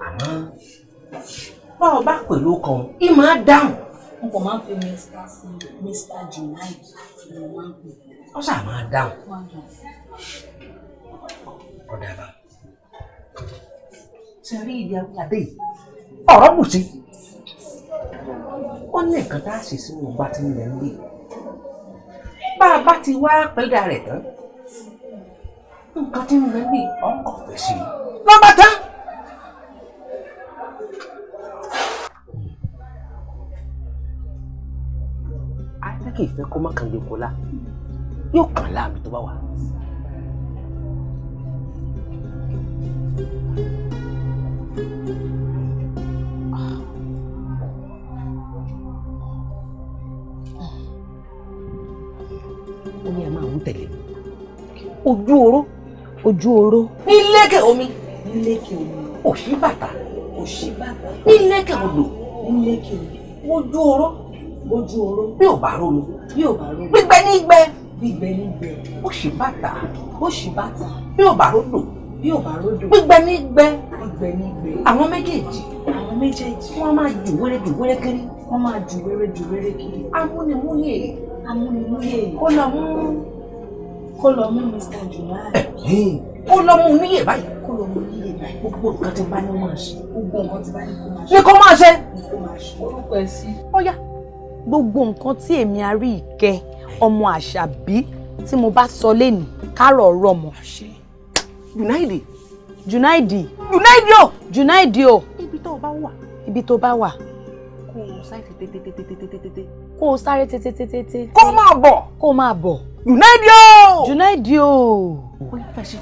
àmọ́ bá ọ bá pẹ̀lú kan ì máa dáhùn. n kò máa ń fi mr sí mr Junaid ni mo máa ń pè. ó sà máa dáhùn. ọ̀dà bá ṣe rí ìdí abúlé yìí ọ̀rọ̀ bù wọ́n ní nǹkan tá a ṣe sínú ọba tí ń lẹ̀ ń lé bá a bá ti wá pẹ́dà rẹ̀ tán nǹkan tí ń lẹ̀ ń lé ọkọ̀ fẹ́ sí tán. a fẹ́ kí ìfẹ́ kó kó la yóò kàn láàmì tó bá wà. ń tẹ̀lé ojú oró ojú oró. ní lẹ́kẹ̀ omi. ní lẹ́kẹ̀ omi. òṣì bàtà. òṣì bàtà. ní lẹ́kẹ̀ odò. ní lẹ́kẹ̀ odò. ojú oró. ojú oró. bí ò bá rómi. bí ò bá rómi. gbígbẹ ní gbẹ. gbígbẹ ní gbẹ. òṣì bàtà. òṣì bàtà. bí ò bá ródò. bí ò bá ródò. gbígbẹ ní gbẹ. gbígbẹ ní gbẹ. àwọn méjèèjì. àwọn méjèèjì. wọ́n máa jù wéré jù wéré kiri. wọ́n máa jù wéré jù wéré kiri. amúnimúyè. amúnimúyè. kó lọ mú kó lọ mú Mr. July eh, kó lọ mú níyè báyìí kó lọ mú níyè báyìí gbogbo nǹkan tí bá ní máa ṣe gbogbo nǹkan tí bá ní kó máa ṣe ní kó máa ṣe orúkọ ẹ sí. ọ̀yá gbogbo nǹkan tí èmi arí ìkẹ́ ọmọ àṣàbí tí mo bá sọ lẹ́nu kárọ̀ ọ̀rọ̀ mọ́. Junaidi. Junaidi. Junaidi o. Junaidi o. ibi tó o bá wà. ibi tó o bá wà. kó o sáré tètè tètè tètè tètè. kó o sáré tètè tètè tètè. kó o máa bọ̀. kó o máa bọ̀. Junaidi o. Junaidi o. Wọ́n yí fẹ̀sí.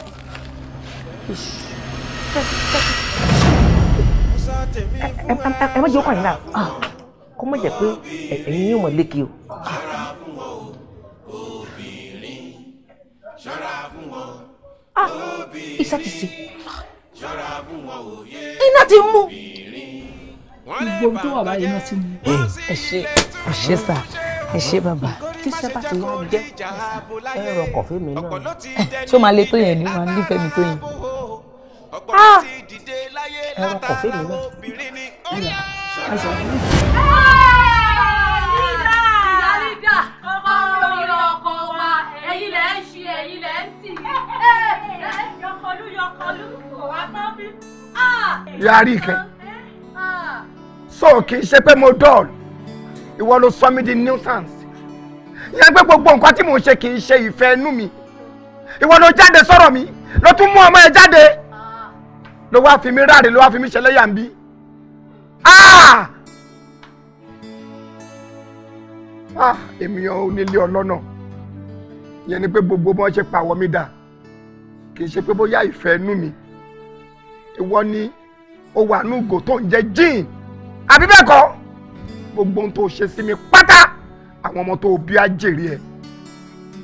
Ẹ má jẹ́ ọkọ̀ yìí náà. Kọ́ má jẹ́ pé ẹ̀yin yóò mọ̀ lékè o. Ah, iṣẹ́ ti ṣe. Iná ti mú gbogbo tó wà báyìí náà ti mú. ẹ ṣé ẹ ṣé sà ẹ ṣé bàbá tíṣẹ́ bá ti wá jẹ́ ẹ rọ kọ̀fé mi náà ṣé ó máa le tó yẹn ní máa nífẹ̀ẹ́ mi tó yẹn ah! ẹ rọ kọ̀fé mi náà. Lídà ọmọ olórí ọkọ So kì í ṣe pé mo dọ́ọ̀lù. Ìwọ ló sọ mí di nuisance ìyẹn pé gbogbo nǹkan tí mò ń ṣe kì í ṣe ìfẹ́ inú mi ìwọ ló jáde sọ̀rọ̀ mi ló tún mú ọmọ ẹ jáde ló wá fi mi ráre ló wá fi mi ṣẹlẹ́yà ń bí. Ah! Ah, èmi onílé ọlọ́nà ìyẹn ni pé gbogbo bọ́n ṣe pàwọ́ mi dà kì í ṣe pé bóyá ìfẹ́ inú mi ìwọ ni ó wà ní ìgò tó ń jẹ jíìn àbí bẹ́ẹ̀ kọ́ gbogbo ohun tó ṣe sí mi pátá àwọn ọmọ tó bí á jèrè ẹ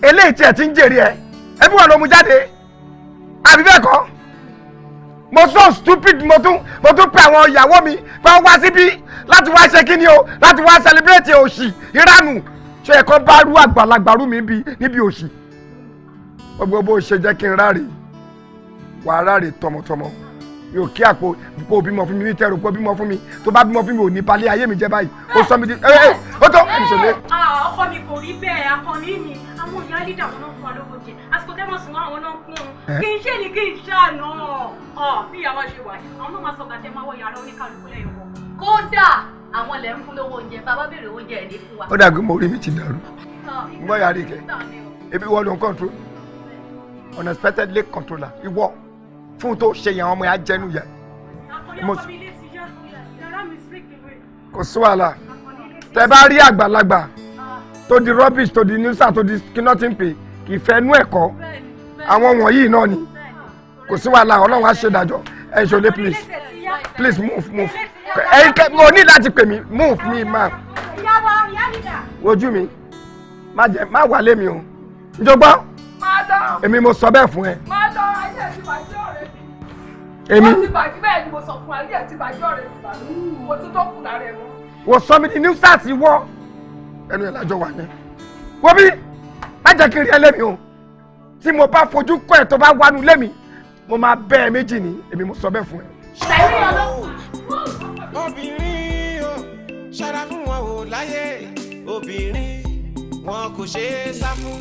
eléyìí tí ẹ ti ń jèrè ẹ ẹbí wọn ló mú jáde àbí bẹ́ẹ̀ kọ́ mo so stupid mo tún mo tún pe àwọn ìyàwó mi pé wọ́n wá síbí láti wá ṣe kíni o láti wá celebrate òṣì ìranù ṣe ẹ̀kọ́ bá rú àgbàlagbà rú mi níbi òṣì gbogbo bó ṣe jẹ́ kí n ráre wàá ráre tọmọtọmọ yóò kí àpò kó bímọ fún mi ní tẹrù kó bímọ fún mi tó bá bímọ fún mi ò ní palẹ̀ ayé mi jẹ́ báyìí ó sọ mi di ẹ ẹ ó tọ́ ẹ̀ ṣòlẹ̀. Ah, ọkọ mi kò rí bẹ́ẹ̀ akọni mi àwọn ìyá lídà wọn náà fún wa lówó jẹ àsìkò tẹ́mọ̀ sí wọn àwọn náà kún un kì í ṣe ni kì í ṣàánú ọ bí ìyá wa ṣe wà àwọn náà máa sọ gàtẹ́ máa wọ yàrá oníkàlùkù lẹ́yìn wọn. kódà àwọn lẹ̀ ń fún lówó oúnjẹ bàbá béèrè oúnjẹ ẹ̀ fún wa. ó dàgbé mo rí mi ti dàrú mo yàrá ìkẹ́ ebi wọ́n ló ń unexpectedly controller ìwọ fún tó ṣe yẹn ọmọ yà jẹnu yẹ. kò sí wàhálà tẹ bá rí àgbàlagbà ah. tó di rubbish tó di nuisance tó di kinotin pay kì í fẹ́ nú àwọn wọ̀nyí náà ni kò sí wàhálà ọlọ́run á ṣe dájọ́ ẹ ṣọlé please please move move ẹyin kẹ mo ní láti pè mí move me ma ojú mi má jẹ má wà lémi o njọgbọ́n èmi mo sọ bẹ́ẹ̀ fún ẹ. má dán ayé ẹ̀ ti bàjẹ́ èmi. wọ́n ti bàjẹ́ bẹ́ẹ̀ ni mo sọ fún ayé àti bàjẹ́ rẹ̀ ìbàdàn mo ti tó kù lára ẹ̀ wọn. wò sọ mi di new stars wọ ẹnu ẹ̀ lájọ wà yẹn wọ́n bí lájà kiri ẹlẹ́mi o tí mo bá fojú kọ́ ẹ̀ tó bá wánu lẹ́mi mo máa bẹ́ ẹ méjì ní èmi mo sọ bẹ́ẹ̀ fún ẹ. sẹ́yìn ọlọ́pàá. obìnrin o ṣọ́ra fún wọn ò láyé obìnrin wọn kò ṣeé sá fún.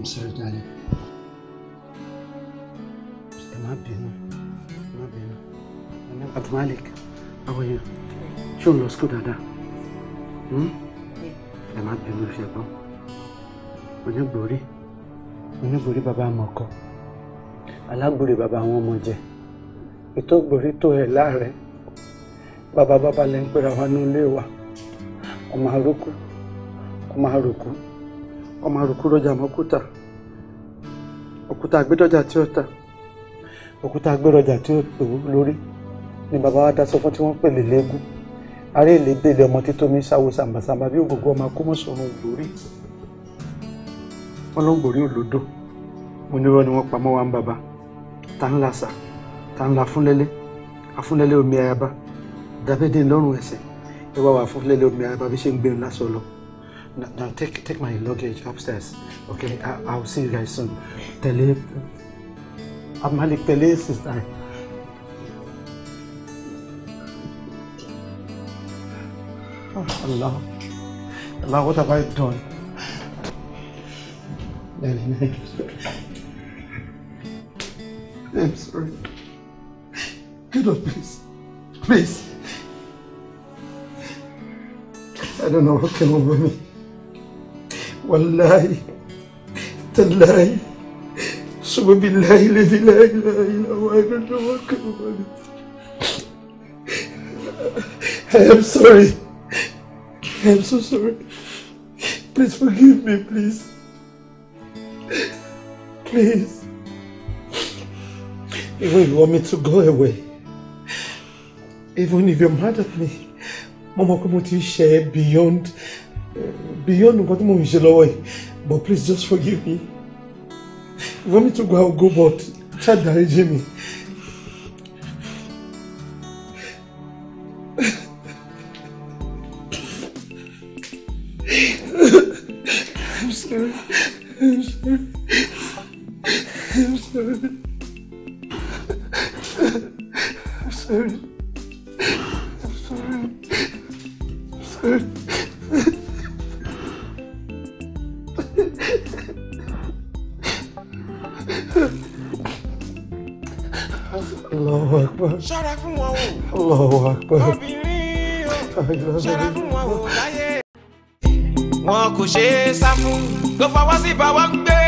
I'm sorry, darling. Ẹ má bínú, ẹ má bínú. Abdul Malik, how are you? Ṣé o lọ school dáadáa? Hmm? Ẹ má bínú ṣẹ̀gbọ́n. Onígbòrí, onígbòrí bàbá àmọ̀ ọkọ. Alágbòrí bàbá àwọn ọmọ jẹ. Ìtọ́gbòrí tó ẹ̀ láàrẹ̀. Bàbá bàbá lẹ́ ń pera wa ní ilé wa. Kò máa rókú, kò máa rókú ọmọ àròkú rọjà mọ òkúta òkúta àgbédọjà tí ó ta òkúta àgbérọjà tí ó tò lórí ni bàbá wa dá sọ fún tí wọ́n pèlè lẹ́gùn aré ilé délé ọmọ títọ́ mi ṣàwo sàmbàsàmbà bí ògògó ọmọ akómọ̀sọ̀rọ̀ ògbórí wọn ló ń gbòrí òlódò mo ní irọ́ ni wọ́n pamọ́ wa ń bàbá ta ń la sà ta ń la fúnlẹ́lẹ́ afúnlẹ́lẹ́ omi ayaba dàbẹ́dẹ́ lọ́rùn ẹsẹ̀ ẹ wá wà fúnlẹ́lẹ́ omi ayaba bí ṣe ń gbé ńlá sọ Now no, take take my luggage upstairs. Okay, I, will see you guys soon. Tele, I'm Malik Tele, sister. Oh, Allah, Allah, what have I done? I'm sorry. Get up, please. Please. I don't know what came over me. والله تالله ثم بالله الذي لا اله الا هو انا توكل I am sorry. I am so sorry. Please forgive me, please. Please. Even if you want me to go away, even if you're mad at me, Mama Komuti share beyond beyond nǹkan tí mo ń ṣe lọ́wọ́ yìí but please just forgive me you want me to go out go but Chad, ṣàdáríjì mi. ṣe é sá fún tó fọwọ́ sí bọ́wọ́ ń gbé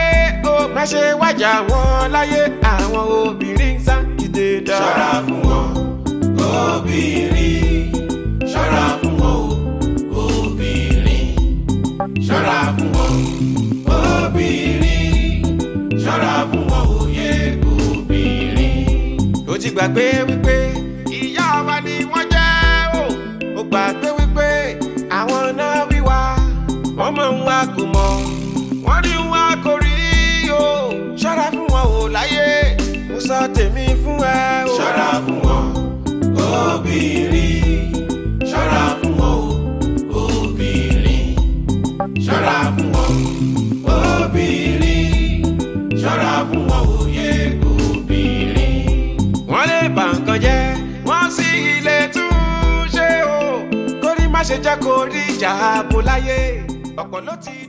o má ṣe wájà wọn láyé àwọn obìnrin sá ìdè dá. ṣọ́ra fún wọn obìnrin ṣọ́ra fún wọn obìnrin ṣọ́ra fún wọn obìnrin ṣọ́ra fún wọn òye obìnrin. ó ti gbàgbé obìnrin ṣọ́ra fún wọn o obìnrin ṣọ́ra fún wọn obìnrin ṣọ́ra fún jẹ́ o torí má ṣe jẹ́ kó rí ìjà ààbò láyé ọ̀pọ̀ ló ti.